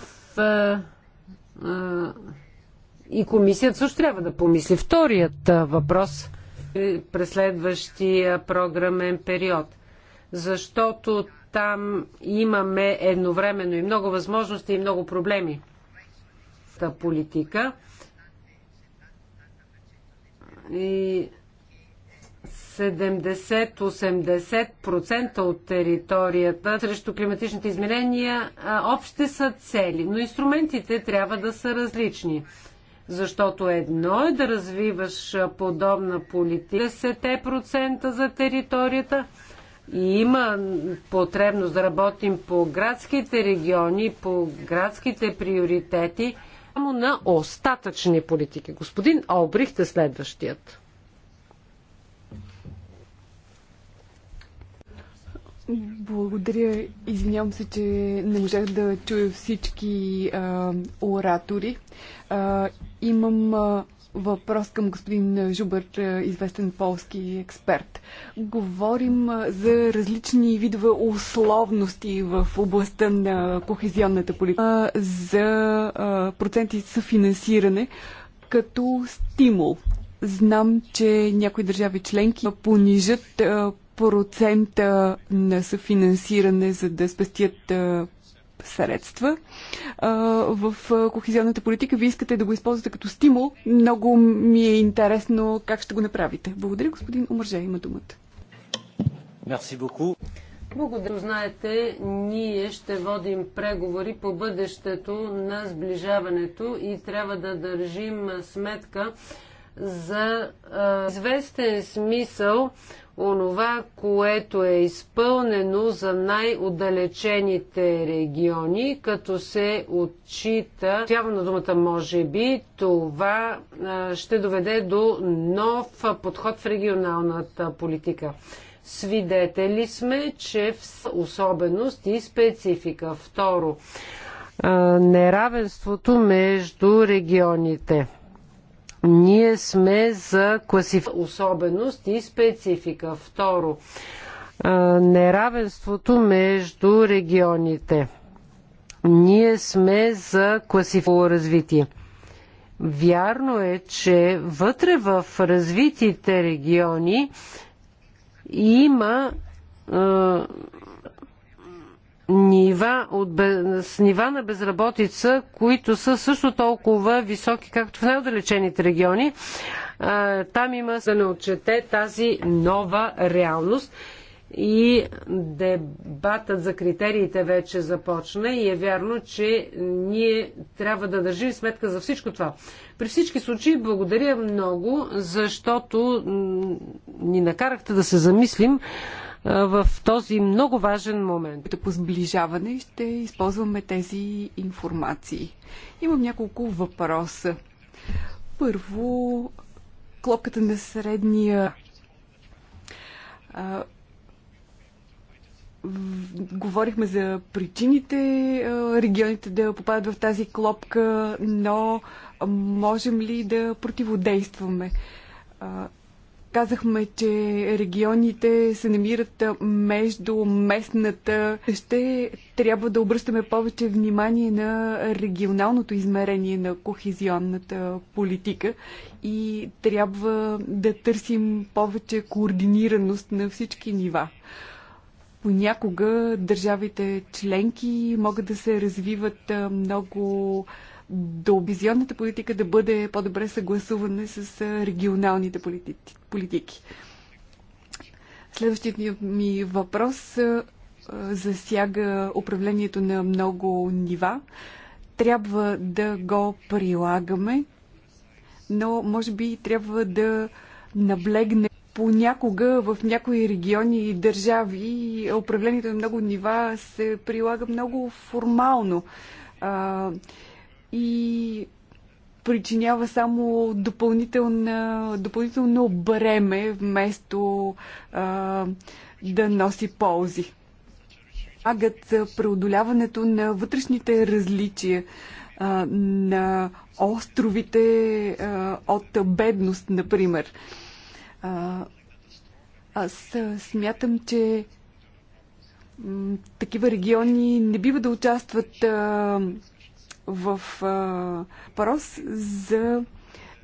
и комисията също трябва да помисли. Вторият въпрос – е, през следващия програмен период. Защото там имаме едновременно и много възможности и много проблеми. Та политика и 70-80% от територията срещу климатичните изменения общи са цели, но инструментите трябва да са различни. Защото едно е да развиваш подобна политика 10% за територията и има потребност да работим по градските региони, по градските приоритети, само на остатъчни политики. Господин Обрихте следващият. Благодаря. Извинявам се, че не можах да чуя всички а, оратори. А, имам а, въпрос към господин Жубър, известен полски експерт. Говорим за различни видове условности в областта на кохезионната политика, за проценти съфинансиране като стимул. Знам, че някои държави членки понижат процента на съфинансиране, за да спестят средства в кохезионната политика. Вие искате да го използвате като стимул. Много ми е интересно как ще го направите. Благодаря, господин Омърже. Има думата. Мерси beaucoup. Благодаря. Знаете, ние ще водим преговори по бъдещето на сближаването и трябва да държим сметка за а, известен смисъл онова, което е изпълнено за най-отдалечените региони, като се отчита, на думата може би, това а, ще доведе до нов подход в регионалната политика. Свидетели сме, че в особеност и специфика. Второ, а, неравенството между регионите ние сме за класиф... особеност и специфика. Второ, неравенството между регионите. Ние сме за класифо развитие. Вярно е, че вътре в развитите региони има нива, от, с нива на безработица, които са също толкова високи, както в най-отдалечените региони. Там има да не отчете тази нова реалност и дебатът за критериите вече започна и е вярно, че ние трябва да държим сметка за всичко това. При всички случаи благодаря много, защото ни накарахте да се замислим в този много важен момент. По сближаване ще използваме тези информации. Имам няколко въпроса. Първо, клопката на средния говорихме за причините регионите да попадат в тази клопка, но можем ли да противодействаме? Казахме, че регионите се намират между местната. Ще трябва да обръщаме повече внимание на регионалното измерение на кохезионната политика и трябва да търсим повече координираност на всички нива. Понякога държавите членки могат да се развиват много до визионната политика да бъде по-добре съгласуване с регионалните политики. Следващият ми въпрос засяга управлението на много нива. Трябва да го прилагаме, но може би трябва да наблегне понякога в някои региони и държави управлението на много нива се прилага много формално и причинява само допълнително, допълнително бреме, вместо а, да носи ползи. Агът за преодоляването на вътрешните различия а, на островите а, от бедност, например. А, аз смятам, че такива региони не бива да участват а, в въпрос за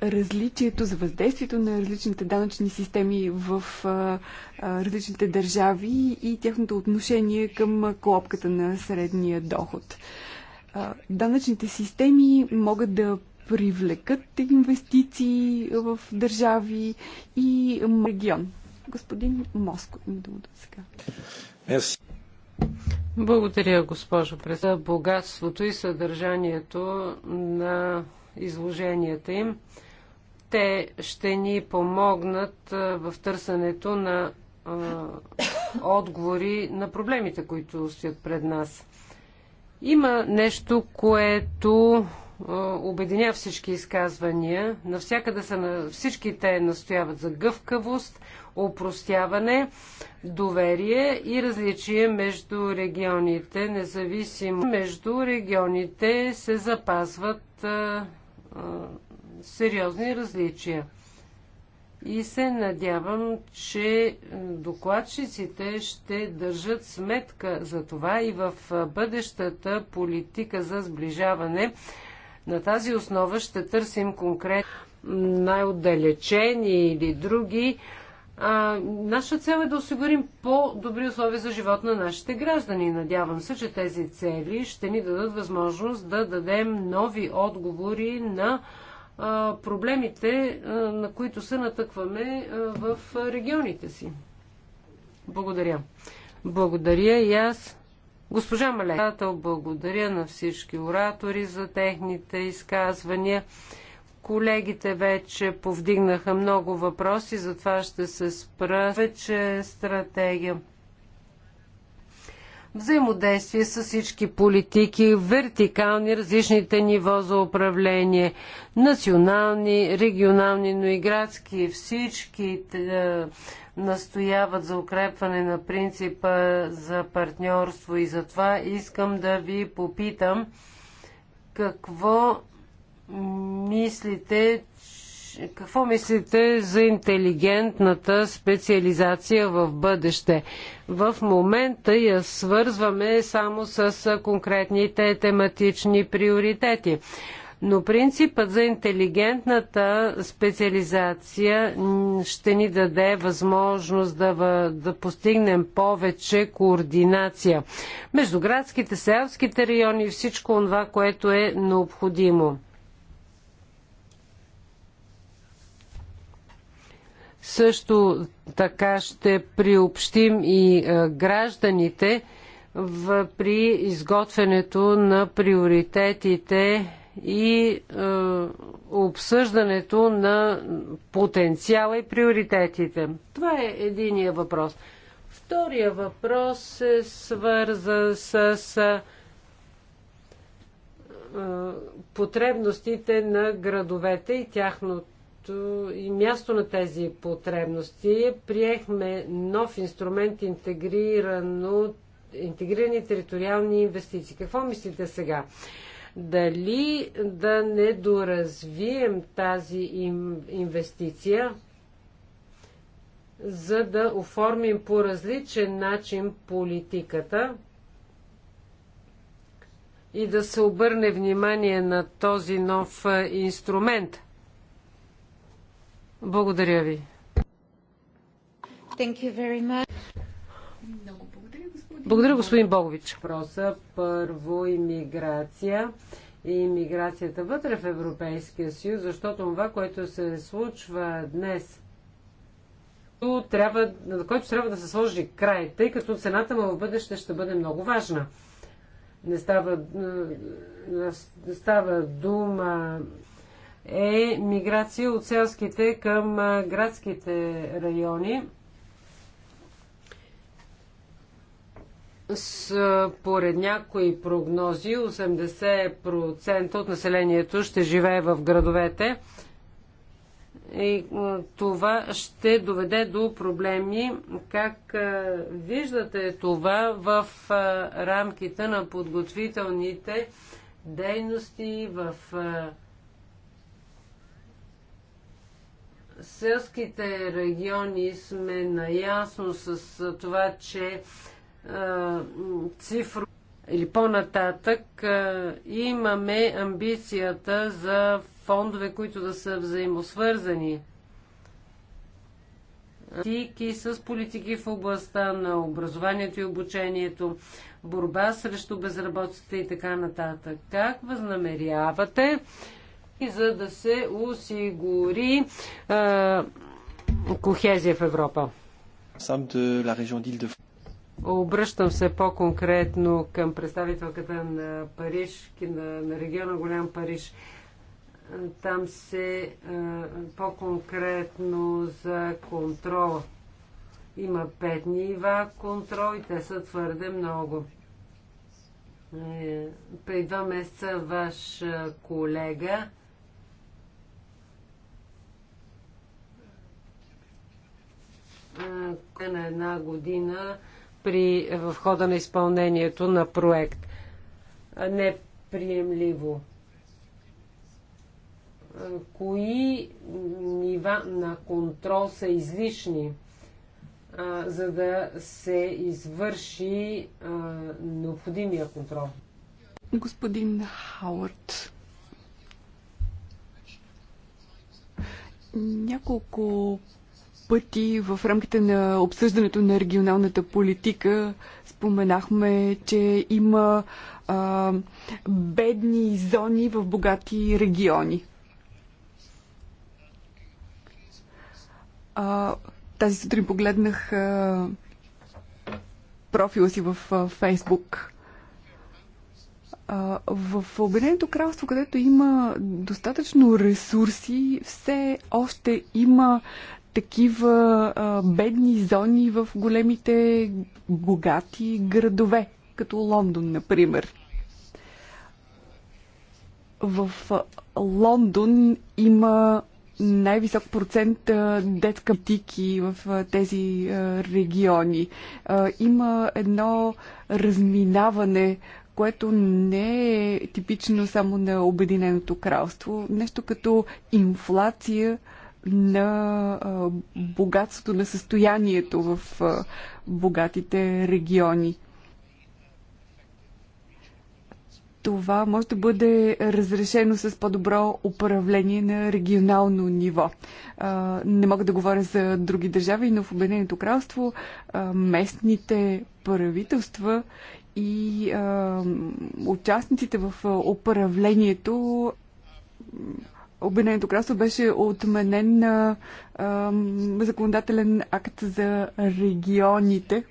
различието, за въздействието на различните данъчни системи в а, а, различните държави и тяхното отношение към клопката на средния доход. А, данъчните системи могат да привлекат инвестиции в държави и регион. Господин Моско има думата сега. Благодаря, госпожо Преса. Богатството и съдържанието на изложенията им. Те ще ни помогнат в търсенето на отговори на проблемите, които стоят пред нас. Има нещо, което обединя всички изказвания. Навсякъде са, на... всички те настояват за гъвкавост – упростяване, доверие и различие между регионите. Независимо между регионите се запазват а, а, сериозни различия. И се надявам, че докладчиците ще държат сметка за това и в бъдещата политика за сближаване. На тази основа ще търсим конкретно най-отдалечени или други а, наша цел е да осигурим по-добри условия за живот на нашите граждани. Надявам се, че тези цели ще ни дадат възможност да дадем нови отговори на а, проблемите, а, на които се натъкваме а, в регионите си. Благодаря. Благодаря и аз. Госпожа Мале, благодаря на всички оратори за техните изказвания. Колегите вече повдигнаха много въпроси, затова ще се спра вече стратегия. Взаимодействие с всички политики, вертикални, различните ниво за управление, национални, регионални, но и градски, всички е, настояват за укрепване на принципа за партньорство и затова искам да ви попитам какво мислите, какво мислите за интелигентната специализация в бъдеще? В момента я свързваме само с конкретните тематични приоритети. Но принципът за интелигентната специализация ще ни даде възможност да, да постигнем повече координация между градските, селските райони и всичко това, което е необходимо. Също така ще приобщим и е, гражданите при изготвянето на приоритетите и е, обсъждането на потенциала и приоритетите. Това е единия въпрос. Втория въпрос се свърза с е, потребностите на градовете и тяхното времето и място на тези потребности. Приехме нов инструмент интегрирано, интегрирани териториални инвестиции. Какво мислите сега? Дали да не доразвием тази инвестиция, за да оформим по различен начин политиката и да се обърне внимание на този нов инструмент – благодаря ви. Thank you very much. Много благодаря, господин. Благодаря, господин Богович. Проса първо иммиграция и иммиграцията вътре в Европейския съюз, защото това, което се случва днес, трябва, на който трябва да се сложи край, тъй като цената му в бъдеще ще бъде много важна. Не става, не става дума е миграция от селските към градските райони. Според някои прогнози 80% от населението ще живее в градовете и това ще доведе до проблеми. Как виждате това в рамките на подготвителните дейности в селските региони сме наясно с това, че цифро или по-нататък имаме амбицията за фондове, които да са взаимосвързани политики, с политики в областта на образованието и обучението, борба срещу безработицата и така нататък. Как възнамерявате и за да се осигури а, кохезия в Европа. Обръщам се по-конкретно към представителката на Париж, на, на региона Голям Париж. Там се по-конкретно за контрола. Има пет нива контрол и те са твърде много. Е, преди два месеца ваш колега Е на една година при, в хода на изпълнението на проект. Неприемливо. Кои нива на контрол са излишни, а, за да се извърши а, необходимия контрол? Господин Хауърд, няколко пъти в рамките на обсъждането на регионалната политика споменахме, че има а, бедни зони в богати региони. А, тази сутрин погледнах а, профила си в а, Фейсбук. в Обединеното кралство, където има достатъчно ресурси, все още има такива а, бедни зони в големите богати градове, като Лондон, например. В Лондон има най-висок процент детска птики в тези региони. Има едно разминаване, което не е типично само на Обединеното кралство. Нещо като инфлация на богатството, на състоянието в богатите региони. Това може да бъде разрешено с по-добро управление на регионално ниво. Не мога да говоря за други държави, но в Обединеното кралство местните правителства и участниците в управлението Обединеното кралство беше отменен а, а, законодателен акт за регионите.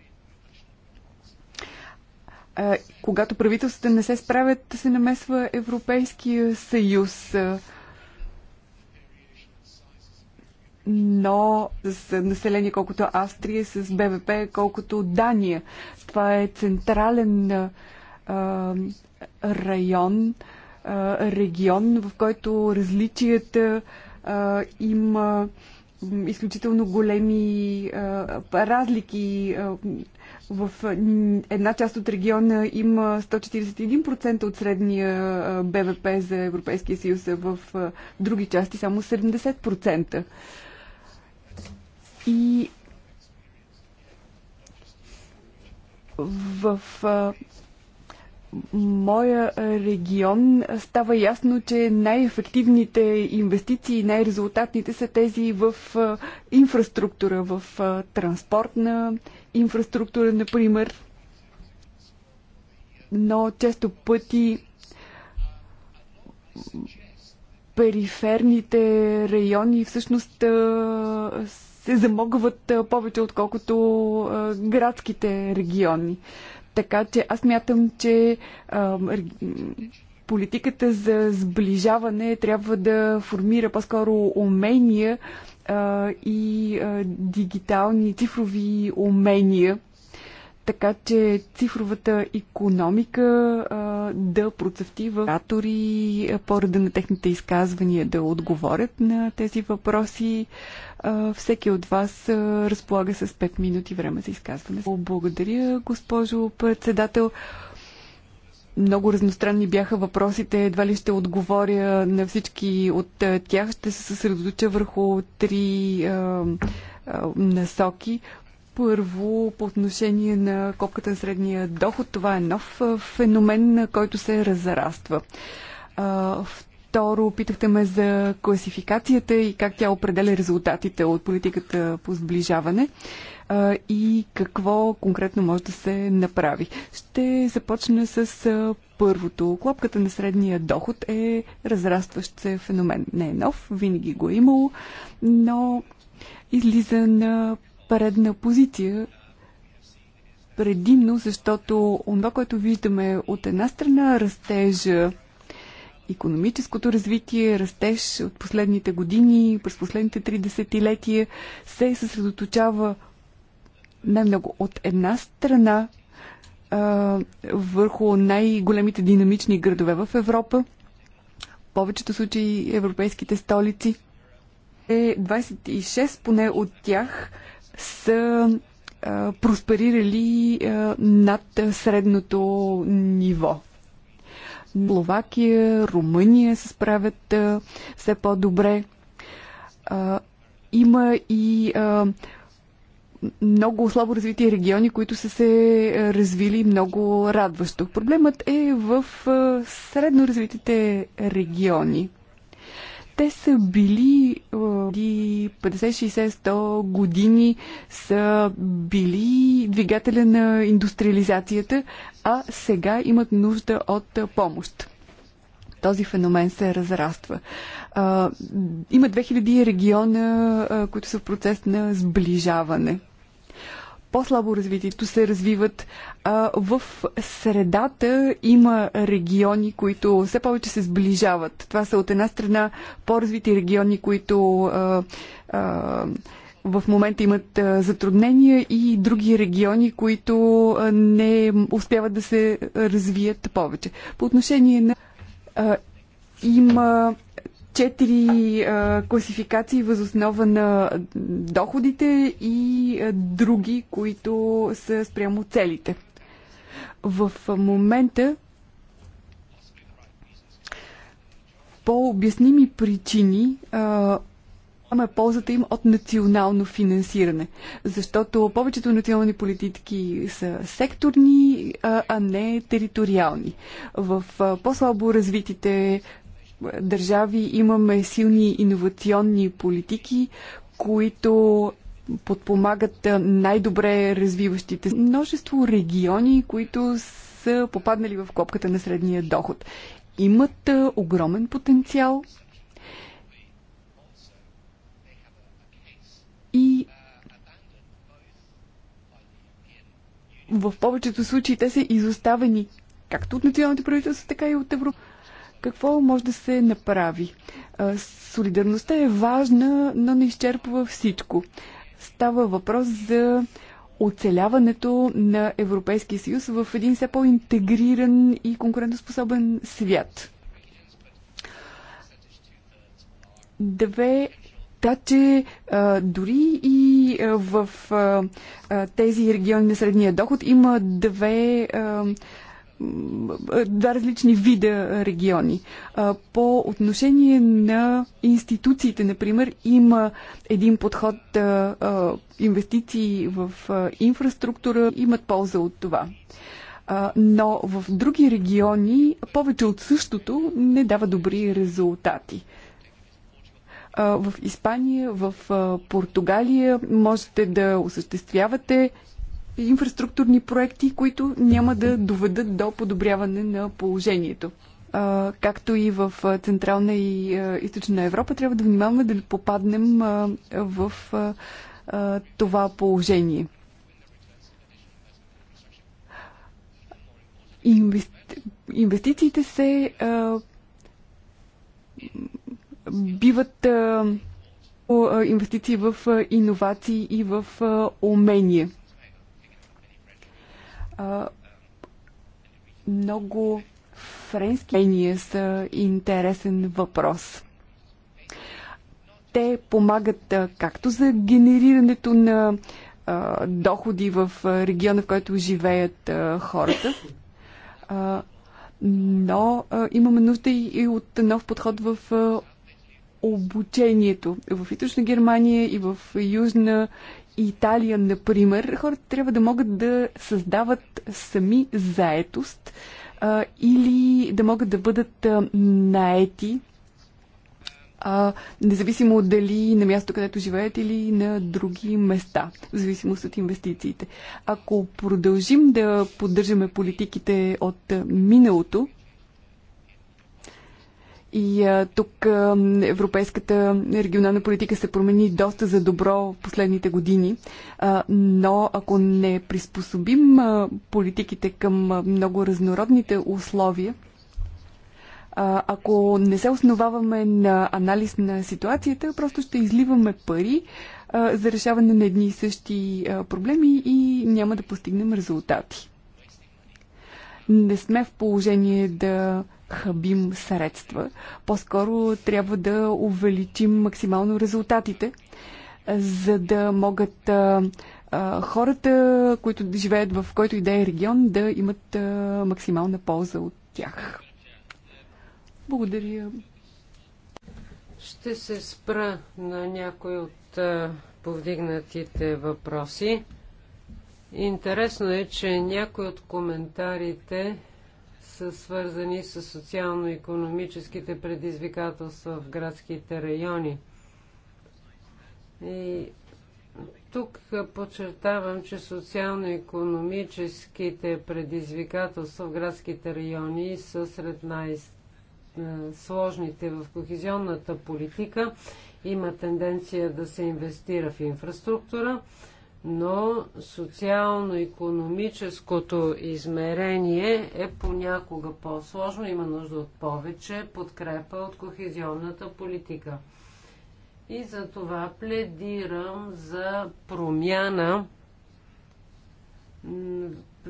А, когато правителствата не се справят, се намесва Европейския съюз. Но с население колкото Австрия, с БВП колкото Дания. Това е централен а, район. А, регион, в който различията има изключително големи разлики. В една част от региона има 141% от средния БВП за Европейския съюз, в други части само 70%. И в моя регион става ясно, че най-ефективните инвестиции, най-резултатните са тези в инфраструктура, в транспортна инфраструктура, например. Но често пъти периферните райони всъщност се замогват повече, отколкото градските региони. Така че аз мятам, че а, политиката за сближаване трябва да формира по-скоро умения а, и а, дигитални цифрови умения, така че цифровата економика а, да процъфти в автори по реда на техните изказвания да отговорят на тези въпроси. Всеки от вас разполага с 5 минути време за изказване. Благодаря, госпожо председател. Много разностранни бяха въпросите. Едва ли ще отговоря на всички от тях. Ще се съсредоточа върху три а, а, насоки първо по отношение на копката на средния доход. Това е нов феномен, който се разраства. Второ, питахте ме за класификацията и как тя определя резултатите от политиката по сближаване и какво конкретно може да се направи. Ще започна с първото. Клопката на средния доход е разрастващ се феномен. Не е нов, винаги го е имало, но излиза на предна позиция предимно, защото това, което виждаме от една страна, растежа економическото развитие, растеж от последните години, през последните три десетилетия се съсредоточава най-много от една страна а, върху най-големите динамични градове в Европа, в повечето случаи европейските столици. 26 е, поне от тях са а, просперирали а, над средното ниво. Словакия, Румъния се справят а, все по-добре. има и а, много слабо развити региони, които са се развили много радващо. Проблемът е в средно развитите региони. Те са били 50-60-100 години, са били двигателя на индустриализацията, а сега имат нужда от помощ този феномен се разраства. А, има 2000 региона, а, които са в процес на сближаване по-слабо развитието се развиват. А, в средата има региони, които все повече се сближават. Това са от една страна по-развити региони, които а, а, в момента имат затруднения и други региони, които не успяват да се развият повече. По отношение на има четири а, класификации възоснова на доходите и а, други, които са спрямо целите. В момента по обясними причини имаме ползата им от национално финансиране. Защото повечето национални политики са секторни, а не териториални. В по-слабо развитите държави имаме силни иновационни политики, които подпомагат най-добре развиващите множество региони, които са попаднали в копката на средния доход. Имат огромен потенциал и в повечето случаи те са изоставени както от националните правителства, така и от Европа. Какво може да се направи? Солидарността е важна, но не изчерпва всичко. Става въпрос за оцеляването на Европейския съюз в един все по-интегриран и конкурентоспособен свят. Две така че а, дори и а, в а, тези региони на средния доход има две а, да, различни вида региони. По отношение на институциите, например, има един подход инвестиции в инфраструктура имат полза от това. Но в други региони повече от същото не дава добри резултати в Испания, в Португалия можете да осъществявате инфраструктурни проекти, които няма да доведат до подобряване на положението. Както и в Централна и Източна Европа, трябва да внимаваме да попаднем в това положение. Инвести... Инвестициите се биват инвестиции в иновации и в умения а, много френски мнения са интересен въпрос. Те помагат а, както за генерирането на а, доходи в региона, в който живеят а, хората, а, но а, имаме нужда и, и от нов подход в а, обучението. В Източна Германия и в Южна Италия, например, хората трябва да могат да създават сами заетост а, или да могат да бъдат а, наети, а, независимо дали на място, където живеят или на други места, в зависимост от инвестициите. Ако продължим да поддържаме политиките от миналото, и а, тук а, европейската регионална политика се промени доста за добро в последните години, а, но ако не приспособим а, политиките към а, много разнородните условия, а, ако не се основаваме на анализ на ситуацията, просто ще изливаме пари а, за решаване на едни и същи а, проблеми и няма да постигнем резултати. Не сме в положение да хабим средства. По-скоро трябва да увеличим максимално резултатите, за да могат хората, които живеят в който и да е регион, да имат максимална полза от тях. Благодаря. Ще се спра на някои от повдигнатите въпроси. Интересно е, че някои от коментарите са свързани с социално-економическите предизвикателства в градските райони. И тук подчертавам, че социално-економическите предизвикателства в градските райони са сред най-сложните в кохезионната политика. Има тенденция да се инвестира в инфраструктура но социално-економическото измерение е понякога по-сложно, има нужда от повече подкрепа от кохезионната политика. И за това пледирам за промяна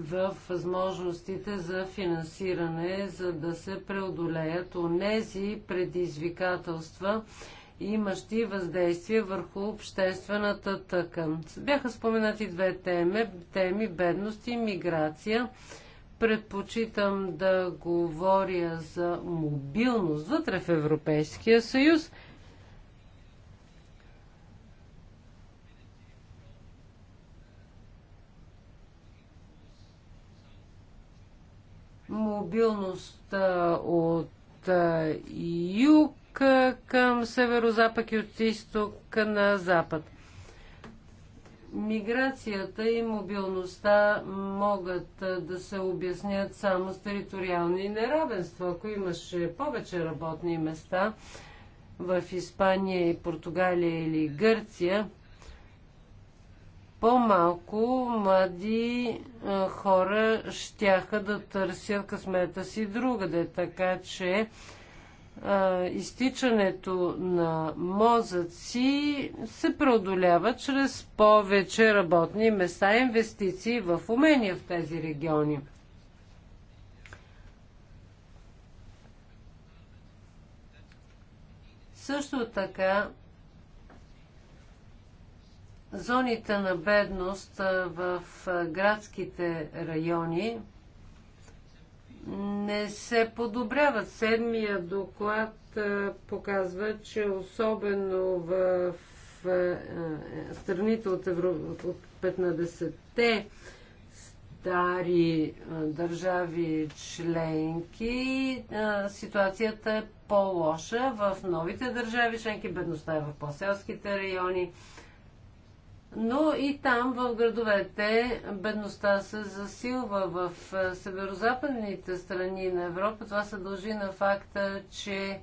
в възможностите за финансиране, за да се преодолеят онези предизвикателства, имащи въздействие върху обществената тъкан. Бяха споменати две теми, теми бедност и миграция. Предпочитам да говоря за мобилност вътре в Европейския съюз. Мобилност от юг към северо-запад и от изток на запад. Миграцията и мобилността могат да се обяснят само с териториални неравенства. Ако имаше повече работни места в Испания и Португалия или Гърция, по-малко млади хора щяха да търсят късмета си другаде. Така че а, изтичането на мозъци се преодолява чрез повече работни места, инвестиции в умения в тези региони. Също така, зоните на бедност в градските райони – не се подобряват. Седмия доклад показва, че особено в, страните от, Евро... от 15-те стари държави членки ситуацията е по-лоша. В новите държави членки бедността е в по-селските райони. Но и там, в градовете, бедността се засилва. В северо-западните страни на Европа това се дължи на факта, че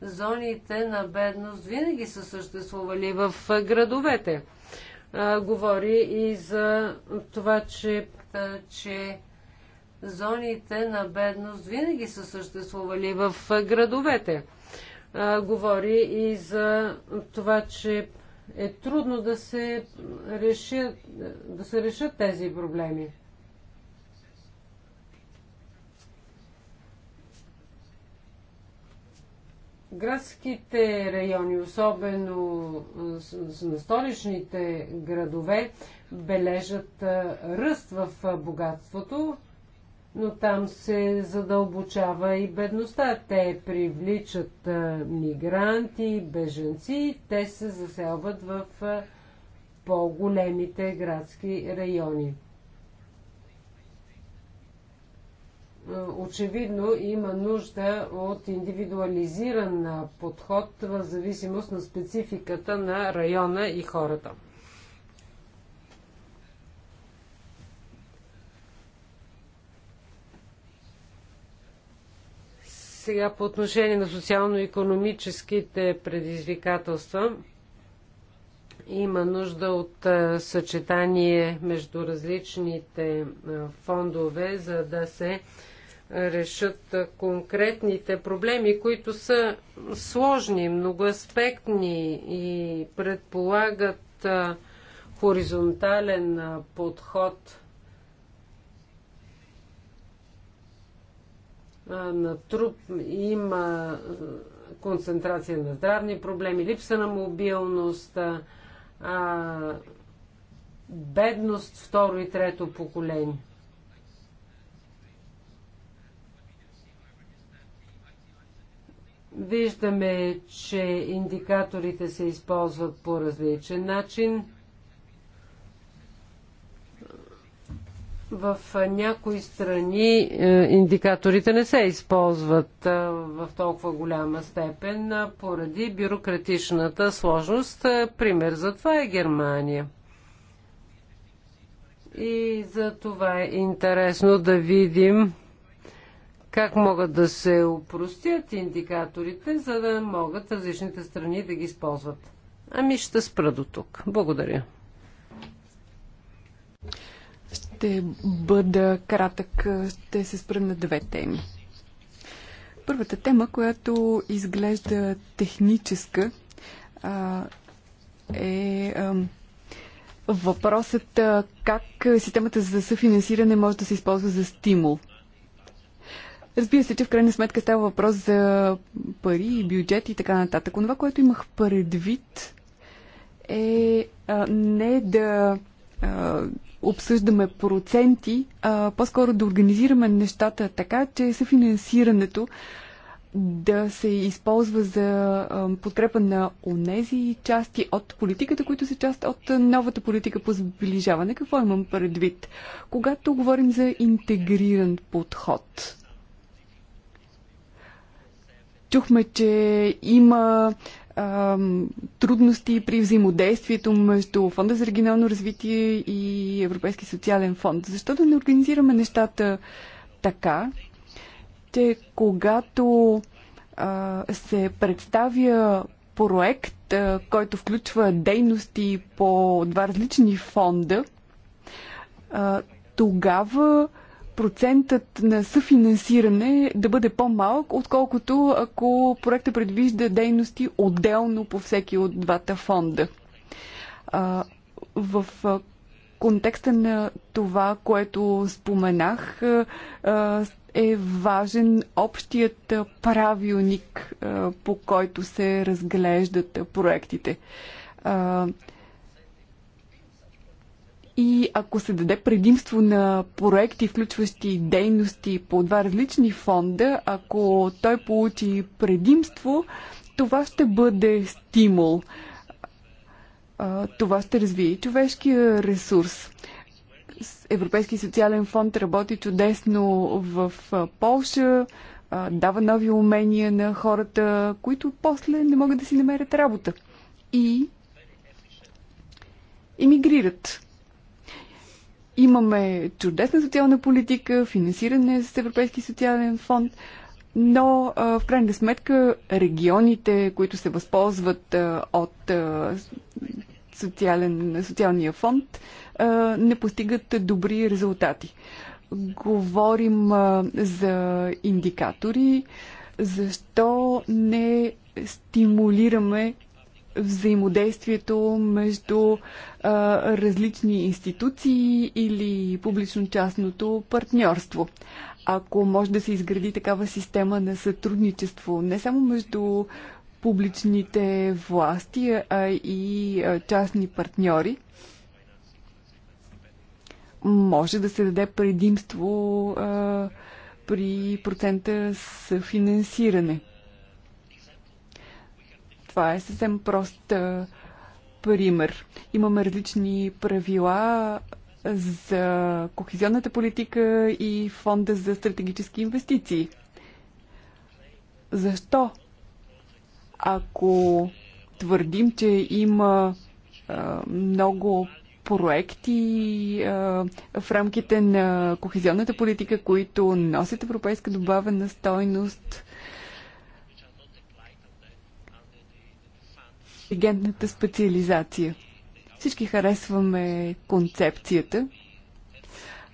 зоните на бедност винаги са съществували в градовете. говори и за това, че, че зоните на бедност винаги са съществували в градовете. говори и за това, че е трудно да се, решат, да се решат тези проблеми. градските райони, особено на столичните градове, бележат ръст в богатството но там се задълбочава и бедността. Те привличат мигранти, беженци, те се заселват в по-големите градски райони. Очевидно има нужда от индивидуализиран подход в зависимост на спецификата на района и хората. Сега по отношение на социално-економическите предизвикателства има нужда от съчетание между различните фондове, за да се решат конкретните проблеми, които са сложни, многоаспектни и предполагат хоризонтален подход – на труп, има концентрация на здравни проблеми, липса на мобилност, а, бедност второ и трето поколение. Виждаме, че индикаторите се използват по различен начин. В някои страни е, индикаторите не се използват в толкова голяма степен поради бюрократичната сложност. Е, пример за това е Германия. И за това е интересно да видим как могат да се упростят индикаторите, за да могат различните страни да ги използват. Ами ще спра до тук. Благодаря. Ще бъда кратък, ще се спра на две теми. Първата тема, която изглежда техническа, е въпросът как системата за съфинансиране може да се използва за стимул. Разбира се, че в крайна сметка става въпрос за пари бюджет и така нататък. Това, което имах предвид е а, не да обсъждаме проценти, а по-скоро да организираме нещата така, че съфинансирането да се използва за подкрепа на онези части от политиката, които са част от новата политика по сближаване. Какво имам предвид? Когато говорим за интегриран подход, чухме, че има трудности при взаимодействието между Фонда за регионално развитие и Европейски социален фонд. Защо да не организираме нещата така, че когато а, се представя проект, а, който включва дейности по два различни фонда, а, тогава а, процентът на съфинансиране да бъде по-малък, отколкото ако проекта предвижда дейности отделно по всеки от двата фонда. В контекста на това, което споменах, е важен общият правилник, по който се разглеждат проектите и ако се даде предимство на проекти, включващи дейности по два различни фонда, ако той получи предимство, това ще бъде стимул. Това ще развие човешкия ресурс. Европейски социален фонд работи чудесно в Полша, дава нови умения на хората, които после не могат да си намерят работа. И иммигрират. Имаме чудесна социална политика, финансиране с Европейски социален фонд, но в крайна сметка регионите, които се възползват от социален, социалния фонд, не постигат добри резултати. Говорим за индикатори, защо не стимулираме взаимодействието между а, различни институции или публично-частното партньорство. Ако може да се изгради такава система на сътрудничество не само между публичните власти, а и частни партньори, може да се даде предимство а, при процента с финансиране. Това е съвсем прост пример. Имаме различни правила за кохезионната политика и фонда за стратегически инвестиции. Защо? Ако твърдим, че има а, много проекти а, в рамките на кохезионната политика, които носят европейска добавена стойност, интелигентната специализация. Всички харесваме концепцията.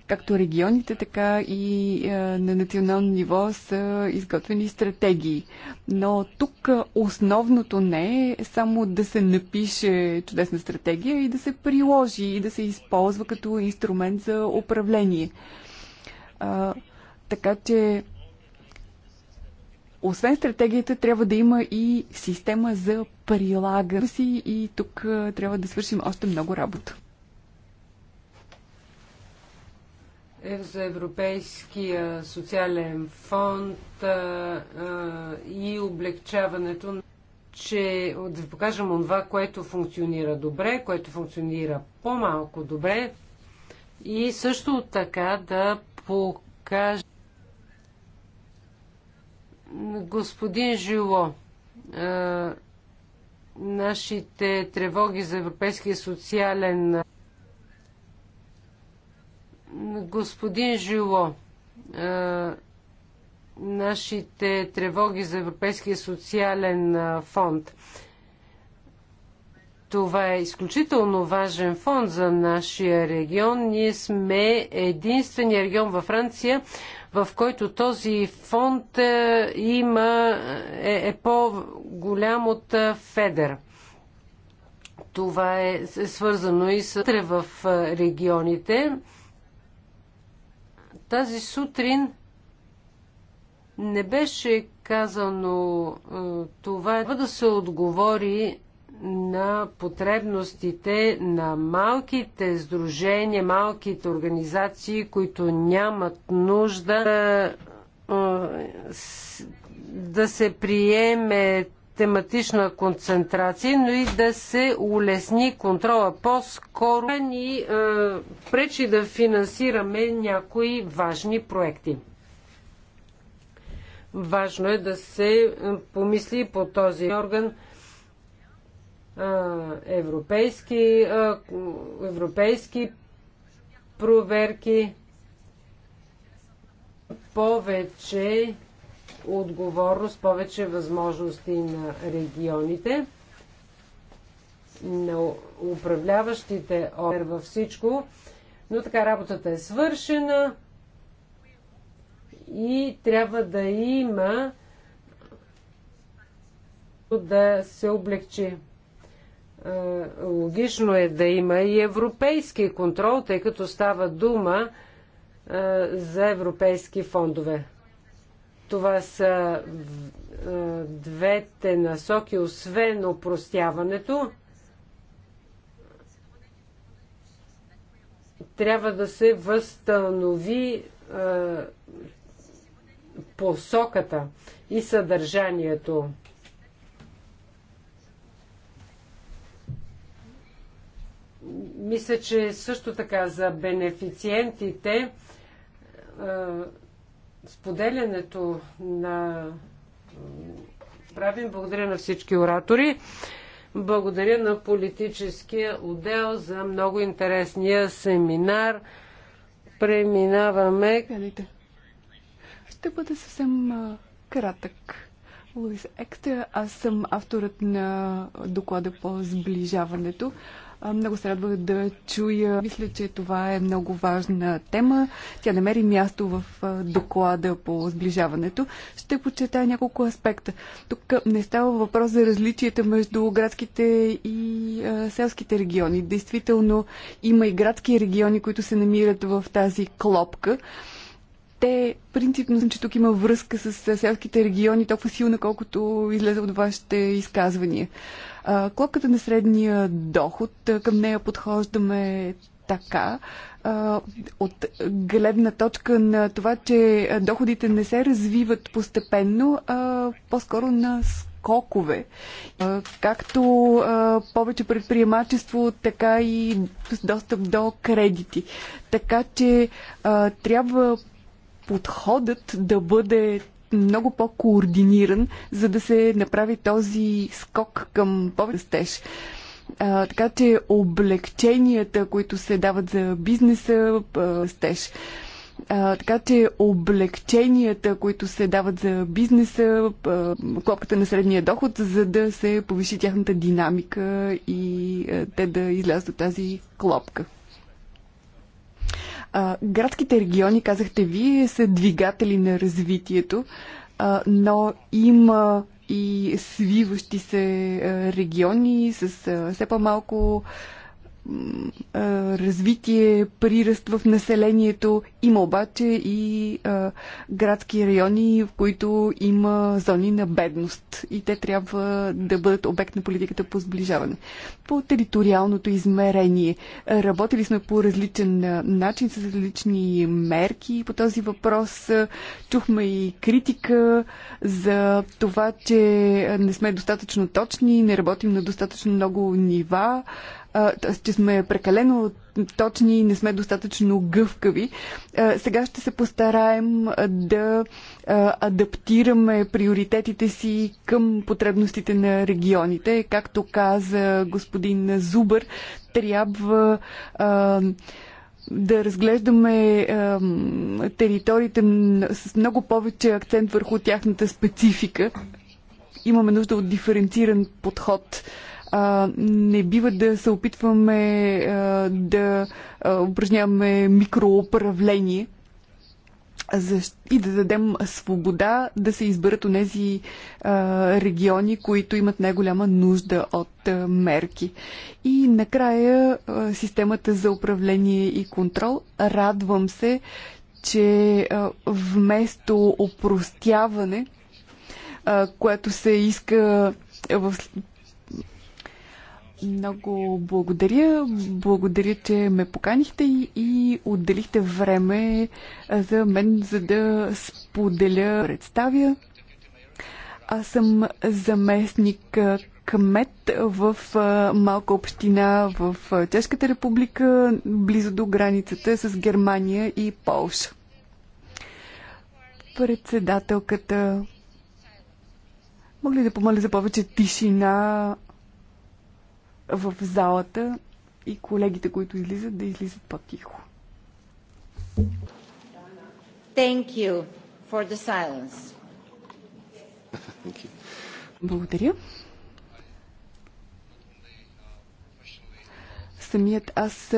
Както регионите, така и е, на национално ниво са изготвени стратегии. Но тук е, основното не е само да се напише чудесна стратегия и да се приложи и да се използва като инструмент за управление. така че освен стратегията, трябва да има и система за прилагане си и тук трябва да свършим още много работа. Е, за Европейския социален фонд а, а, и облегчаването, че да ви покажем това, което функционира добре, което функционира по-малко добре и също така да покажем Господин Жило, е, нашите тревоги за Европейския социален. Е, господин Жило, е, нашите тревоги за Европейския социален фонд. Това е изключително важен фонд за нашия регион. Ние сме единствения регион във Франция, в който този фонд е, има, е, е по-голям от е, Федер. Това е, е свързано и с в е, регионите. Тази сутрин не беше казано това. Трябва да се отговори на потребностите на малките сдружения, малките организации, които нямат нужда да, да се приеме тематична концентрация, но и да се улесни контрола. По-скоро ни а, пречи да финансираме някои важни проекти. Важно е да се помисли по този орган европейски, европейски проверки, повече отговорност, повече възможности на регионите, на управляващите ОР във всичко, но така работата е свършена и трябва да има да се облегчи. Е, логично е да има и европейски контрол, тъй като става дума е, за европейски фондове. Това са е, двете насоки, освен опростяването. Трябва да се възстанови посоката и съдържанието. Мисля, че също така за бенефициентите е, споделянето на правим. Благодаря на всички оратори. Благодаря на политическия отдел за много интересния семинар. Преминаваме. Ще бъде съвсем кратък. Луис Екстра, аз съм авторът на доклада по сближаването. Много се радва да чуя. Мисля, че това е много важна тема. Тя намери място в доклада по сближаването. Ще почета няколко аспекта. Тук не става въпрос за различията между градските и селските региони. Действително има и градски региони, които се намират в тази клопка те принципно, че тук има връзка с селските региони толкова силна, колкото излезе от вашите изказвания. Клопката на средния доход, към нея подхождаме така, от гледна точка на това, че доходите не се развиват постепенно, а по-скоро на скокове. Както повече предприемачество, така и достъп до кредити. Така че трябва подходът да бъде много по-координиран, за да се направи този скок към повече А, така че облегченията, които се дават за бизнеса, стеж. А, така че облегченията, които се дават за бизнеса, клопката на средния доход, за да се повиши тяхната динамика и а, те да излязат от тази клопка. А, градските региони, казахте вие, са двигатели на развитието, а, но има и свиващи се региони с все по-малко развитие, приръст в населението. Има обаче и а, градски райони, в които има зони на бедност и те трябва да бъдат обект на политиката по сближаване. По териториалното измерение работили сме по различен начин, с различни мерки по този въпрос. Чухме и критика за това, че не сме достатъчно точни, не работим на достатъчно много нива че сме прекалено точни и не сме достатъчно гъвкави. Сега ще се постараем да адаптираме приоритетите си към потребностите на регионите. Както каза господин Зубър, трябва да разглеждаме е, териториите с много повече акцент върху тяхната специфика. Имаме нужда от диференциран подход. Е, а, не бива да се опитваме а, да а, упражняваме микроуправление и да дадем свобода да се изберат онези региони, които имат най-голяма нужда от а, мерки. И накрая а, системата за управление и контрол. Радвам се, че а, вместо опростяване, което се иска в много благодаря. Благодаря, че ме поканихте и, и отделихте време за мен, за да споделя, представя. Аз съм заместник кмет в малка община в Чешката република, близо до границата с Германия и Полша. Председателката. Мога ли да помоля за повече тишина в залата и колегите, които излизат, да излизат по-тихо. Thank you for the silence. Благодаря. самият аз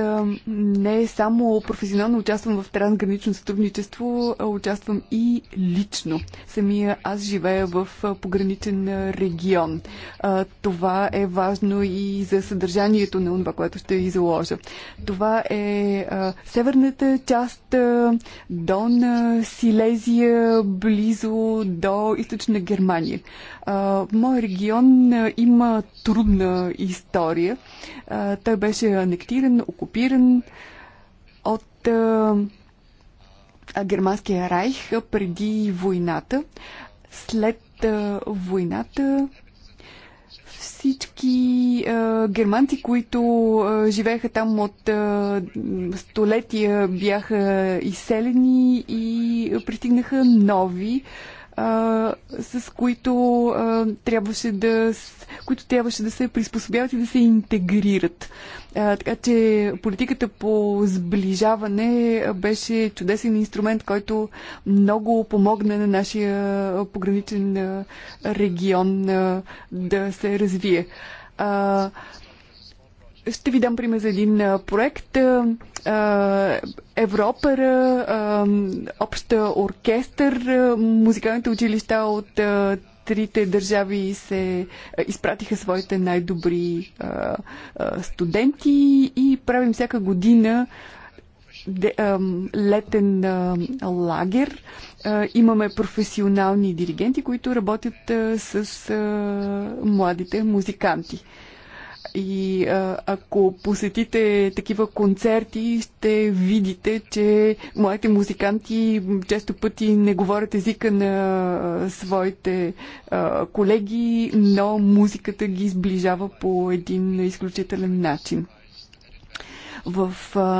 не само професионално участвам в трансгранично сътрудничество, а участвам и лично. Самия аз живея в пограничен регион. Това е важно и за съдържанието на това, което ще изложа. Това е северната част Дон Силезия, близо до източна Германия. моя регион има трудна история. Той беше анектиран, окупиран от Германския райх преди войната. След войната всички а, германци, които а, живееха там от а, столетия, бяха изселени и пристигнаха нови а, с които, а, трябваше да, които трябваше да се приспособяват и да се интегрират. А, така че политиката по сближаване беше чудесен инструмент, който много помогна на нашия пограничен регион а, да се развие. А, ще ви дам пример за един проект. Европера, обща оркестър, музикалните училища от трите държави се изпратиха своите най-добри студенти и правим всяка година летен лагер. Имаме професионални диригенти, които работят с младите музиканти. И а, ако посетите такива концерти, ще видите, че моите музиканти често пъти не говорят езика на своите а, колеги, но музиката ги сближава по един изключителен начин. В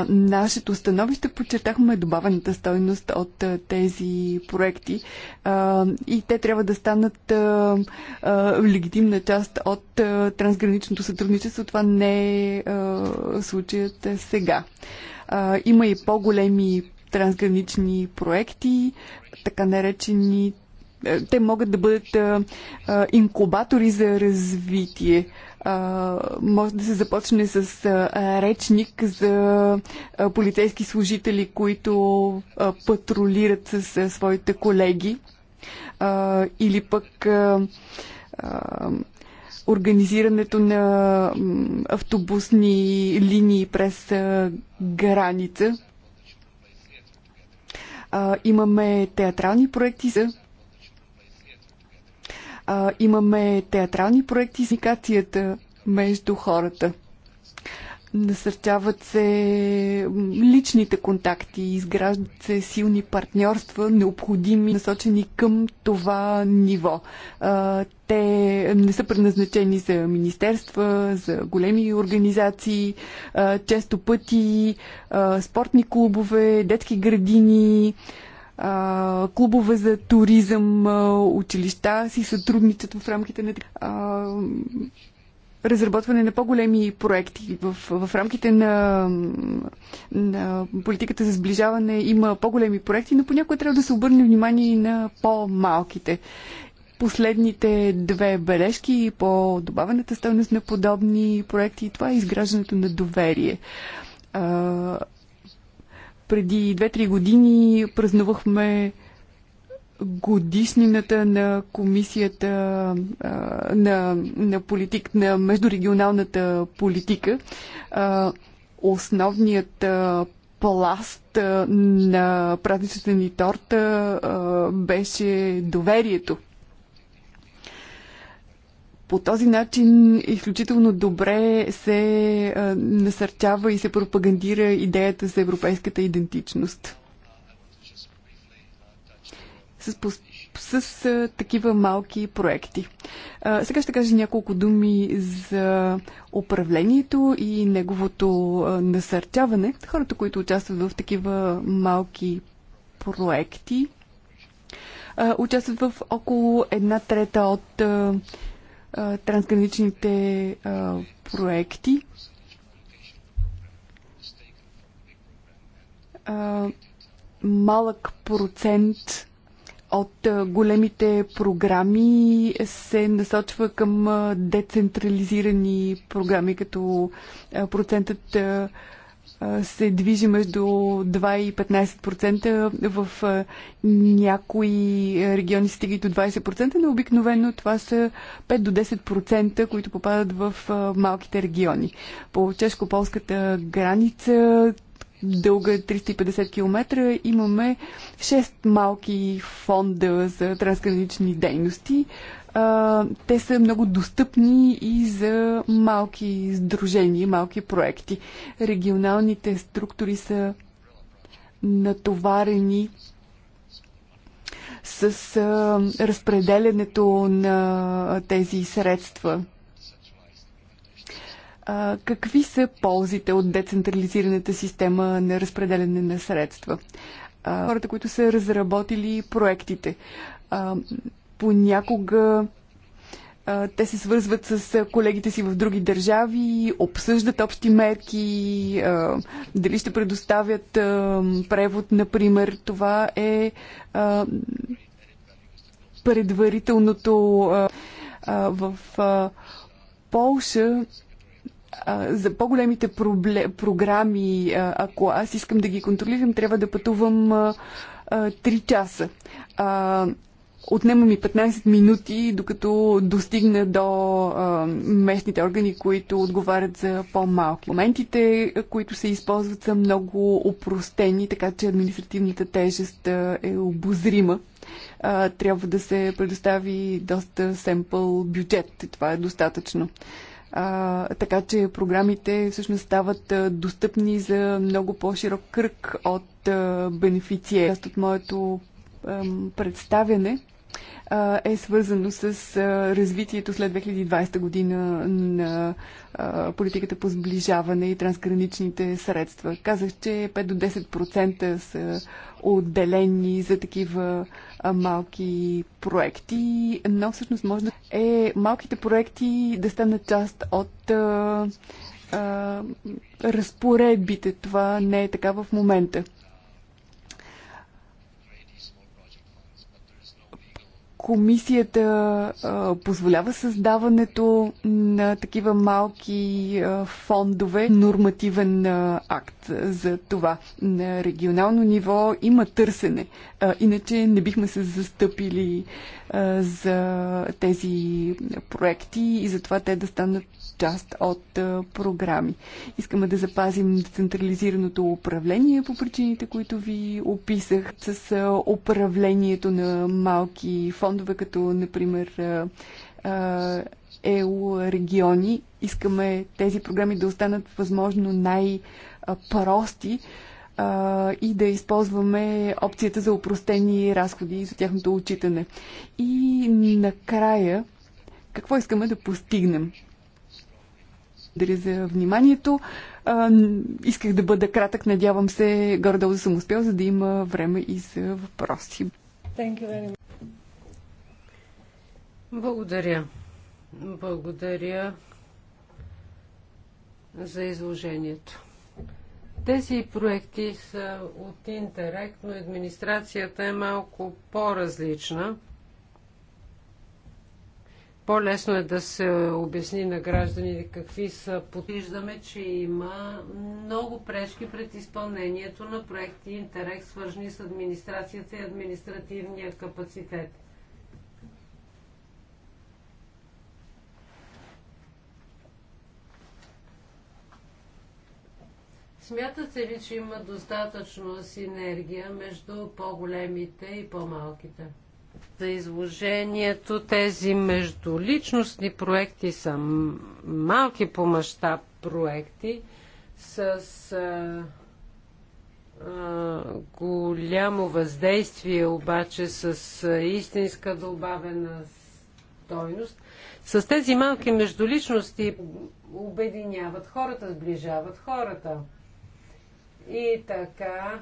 нашето становище подчертахме добавената стойност от тези проекти и те трябва да станат легитимна част от трансграничното сътрудничество. Това не е случаят сега. Има и по-големи трансгранични проекти, така наречени те могат да бъдат инкубатори за развитие може да се започне с а, речник за а, полицейски служители, които а, патрулират с а, своите колеги а, или пък а, а, организирането на автобусни линии през а, граница. А, имаме театрални проекти за а, имаме театрални проекти с между хората. Насърчават се личните контакти, изграждат се силни партньорства, необходими, насочени към това ниво. Те не са предназначени за министерства, за големи организации, често пъти спортни клубове, детски градини, а, клубове за туризъм, а, училища си сътрудничат в рамките на а, разработване на по-големи проекти. В, в рамките на, на политиката за сближаване има по-големи проекти, но понякога трябва да се обърне внимание и на по-малките. Последните две бележки по добавената стойност на подобни проекти, това е изграждането на доверие преди 2-3 години празнувахме годишнината на комисията на, на, политик, на междурегионалната политика. Основният пласт на празничната ни торта беше доверието. По този начин изключително добре се насърчава и се пропагандира идеята за европейската идентичност. С, с, с такива малки проекти. А, сега ще кажа няколко думи за управлението и неговото а, насърчаване. Хората, които участват в такива малки проекти, а, участват в около една трета от а, трансграничните проекти. малък процент от големите програми се насочва към децентрализирани програми, като процентът се движи между 2 и 15%, в някои региони стига и до 20%, но обикновено това са 5 до 10%, които попадат в малките региони. По чешко-полската граница дълга 350 е км, имаме 6 малки фонда за трансгранични дейности а, те са много достъпни и за малки сдружения, малки проекти. Регионалните структури са натоварени с а, разпределянето на тези средства. А, какви са ползите от децентрализираната система на разпределяне на средства? А, хората, които са разработили проектите. А, понякога те се свързват с колегите си в други държави, обсъждат общи мерки, дали ще предоставят превод, например. Това е предварителното в Полша за по-големите програми, ако аз искам да ги контролирам, трябва да пътувам 3 часа. Отнема ми 15 минути, докато достигна до а, местните органи, които отговарят за по-малки. Моментите, които се използват, са много опростени, така че административната тежест е обозрима. А, трябва да се предостави доста семпъл бюджет. Това е достатъчно. А, така че програмите всъщност стават достъпни за много по-широк кръг от бенефициери. Част от моето представяне е свързано с развитието след 2020 година на политиката по сближаване и трансграничните средства. Казах, че 5 до 10% са отделени за такива малки проекти, но всъщност може да е малките проекти да станат част от разпоредбите. Това не е така в момента. Комисията а, позволява създаването на такива малки а, фондове, нормативен а, акт за това. На регионално ниво има търсене, а, иначе не бихме се застъпили а, за тези проекти и затова те да станат част от програми. Искаме да запазим децентрализираното управление по причините, които ви описах, с управлението на малки фондове, като например ЕО ЕУ региони. Искаме тези програми да останат възможно най-прости и да използваме опцията за упростени разходи и за тяхното отчитане. И накрая, какво искаме да постигнем? Благодаря за вниманието. А, исках да бъда кратък. Надявам се, гордо да съм успял, за да има време и за въпроси. Благодаря. Благодаря за изложението. Тези проекти са от интерект, но администрацията е малко по-различна. По-лесно е да се обясни на гражданите какви са. Виждаме, че има много пречки пред изпълнението на проекти и интерес, свържени с администрацията и административния капацитет. Смятате ли, че има достатъчно синергия между по-големите и по-малките? за изложението. Тези междуличностни проекти са малки по мащаб проекти с а, а, голямо въздействие, обаче с а, истинска добавена стойност. С тези малки междуличности обединяват хората, сближават хората. И така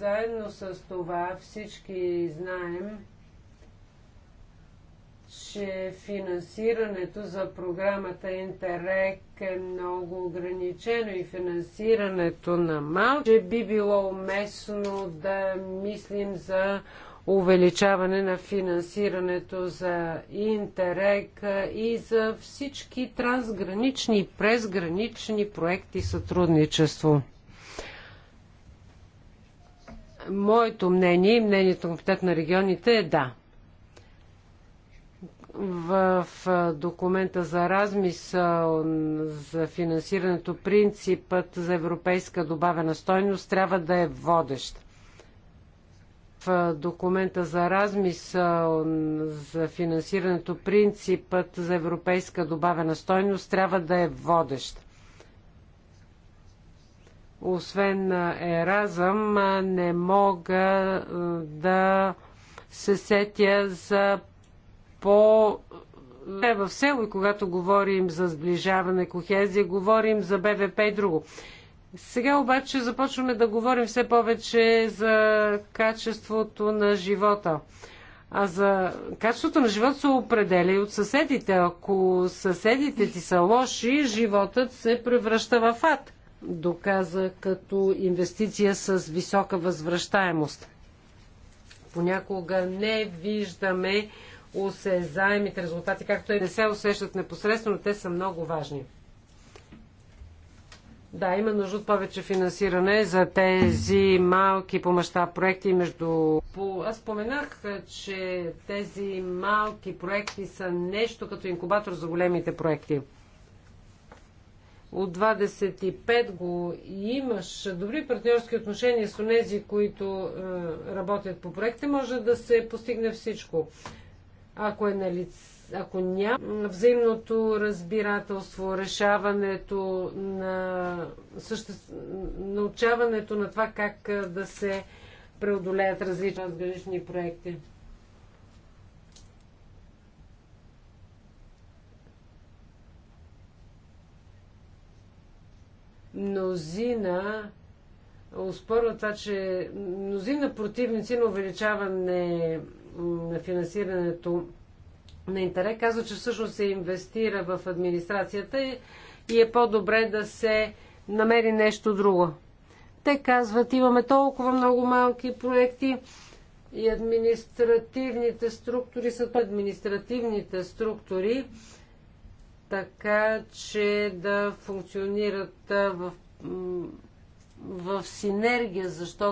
заедно с това всички знаем, че финансирането за програмата Интерек е много ограничено и финансирането на Мал че би било уместно да мислим за увеличаване на финансирането за Интерек и за всички трансгранични и презгранични проекти сътрудничество. Моето мнение и мнението на Комитет на регионите е да. В документа за размисъл за финансирането принципът за европейска добавена стойност трябва да е водещ в документа за размисъл за финансирането принципът за европейска добавена стойност трябва да е водещ освен Еразъм, не мога да се сетя за по... Не, в село и когато говорим за сближаване, кохезия, говорим за БВП и друго. Сега обаче започваме да говорим все повече за качеството на живота. А за качеството на живота се определя и от съседите. Ако съседите ти са лоши, животът се превръща в ад доказа като инвестиция с висока възвръщаемост. Понякога не виждаме осезаемите резултати, както и не се усещат непосредствено, но те са много важни. Да, има нужда от повече финансиране за тези малки по мащаб проекти между... По... Аз споменах, че тези малки проекти са нещо като инкубатор за големите проекти от 25 го имаш добри партньорски отношения с онези, които е, работят по проекта, може да се постигне всичко. Ако е на ако няма взаимното разбирателство, решаването на съще... научаването на това как е, да се преодолеят различни проекти. Мнозина успорват това, че мнозина противници на увеличаване на финансирането на интерес казва, че всъщност се инвестира в администрацията и е по-добре да се намери нещо друго. Те казват, имаме толкова много малки проекти и административните структури са административните структури така че да функционират в, в синергия, защото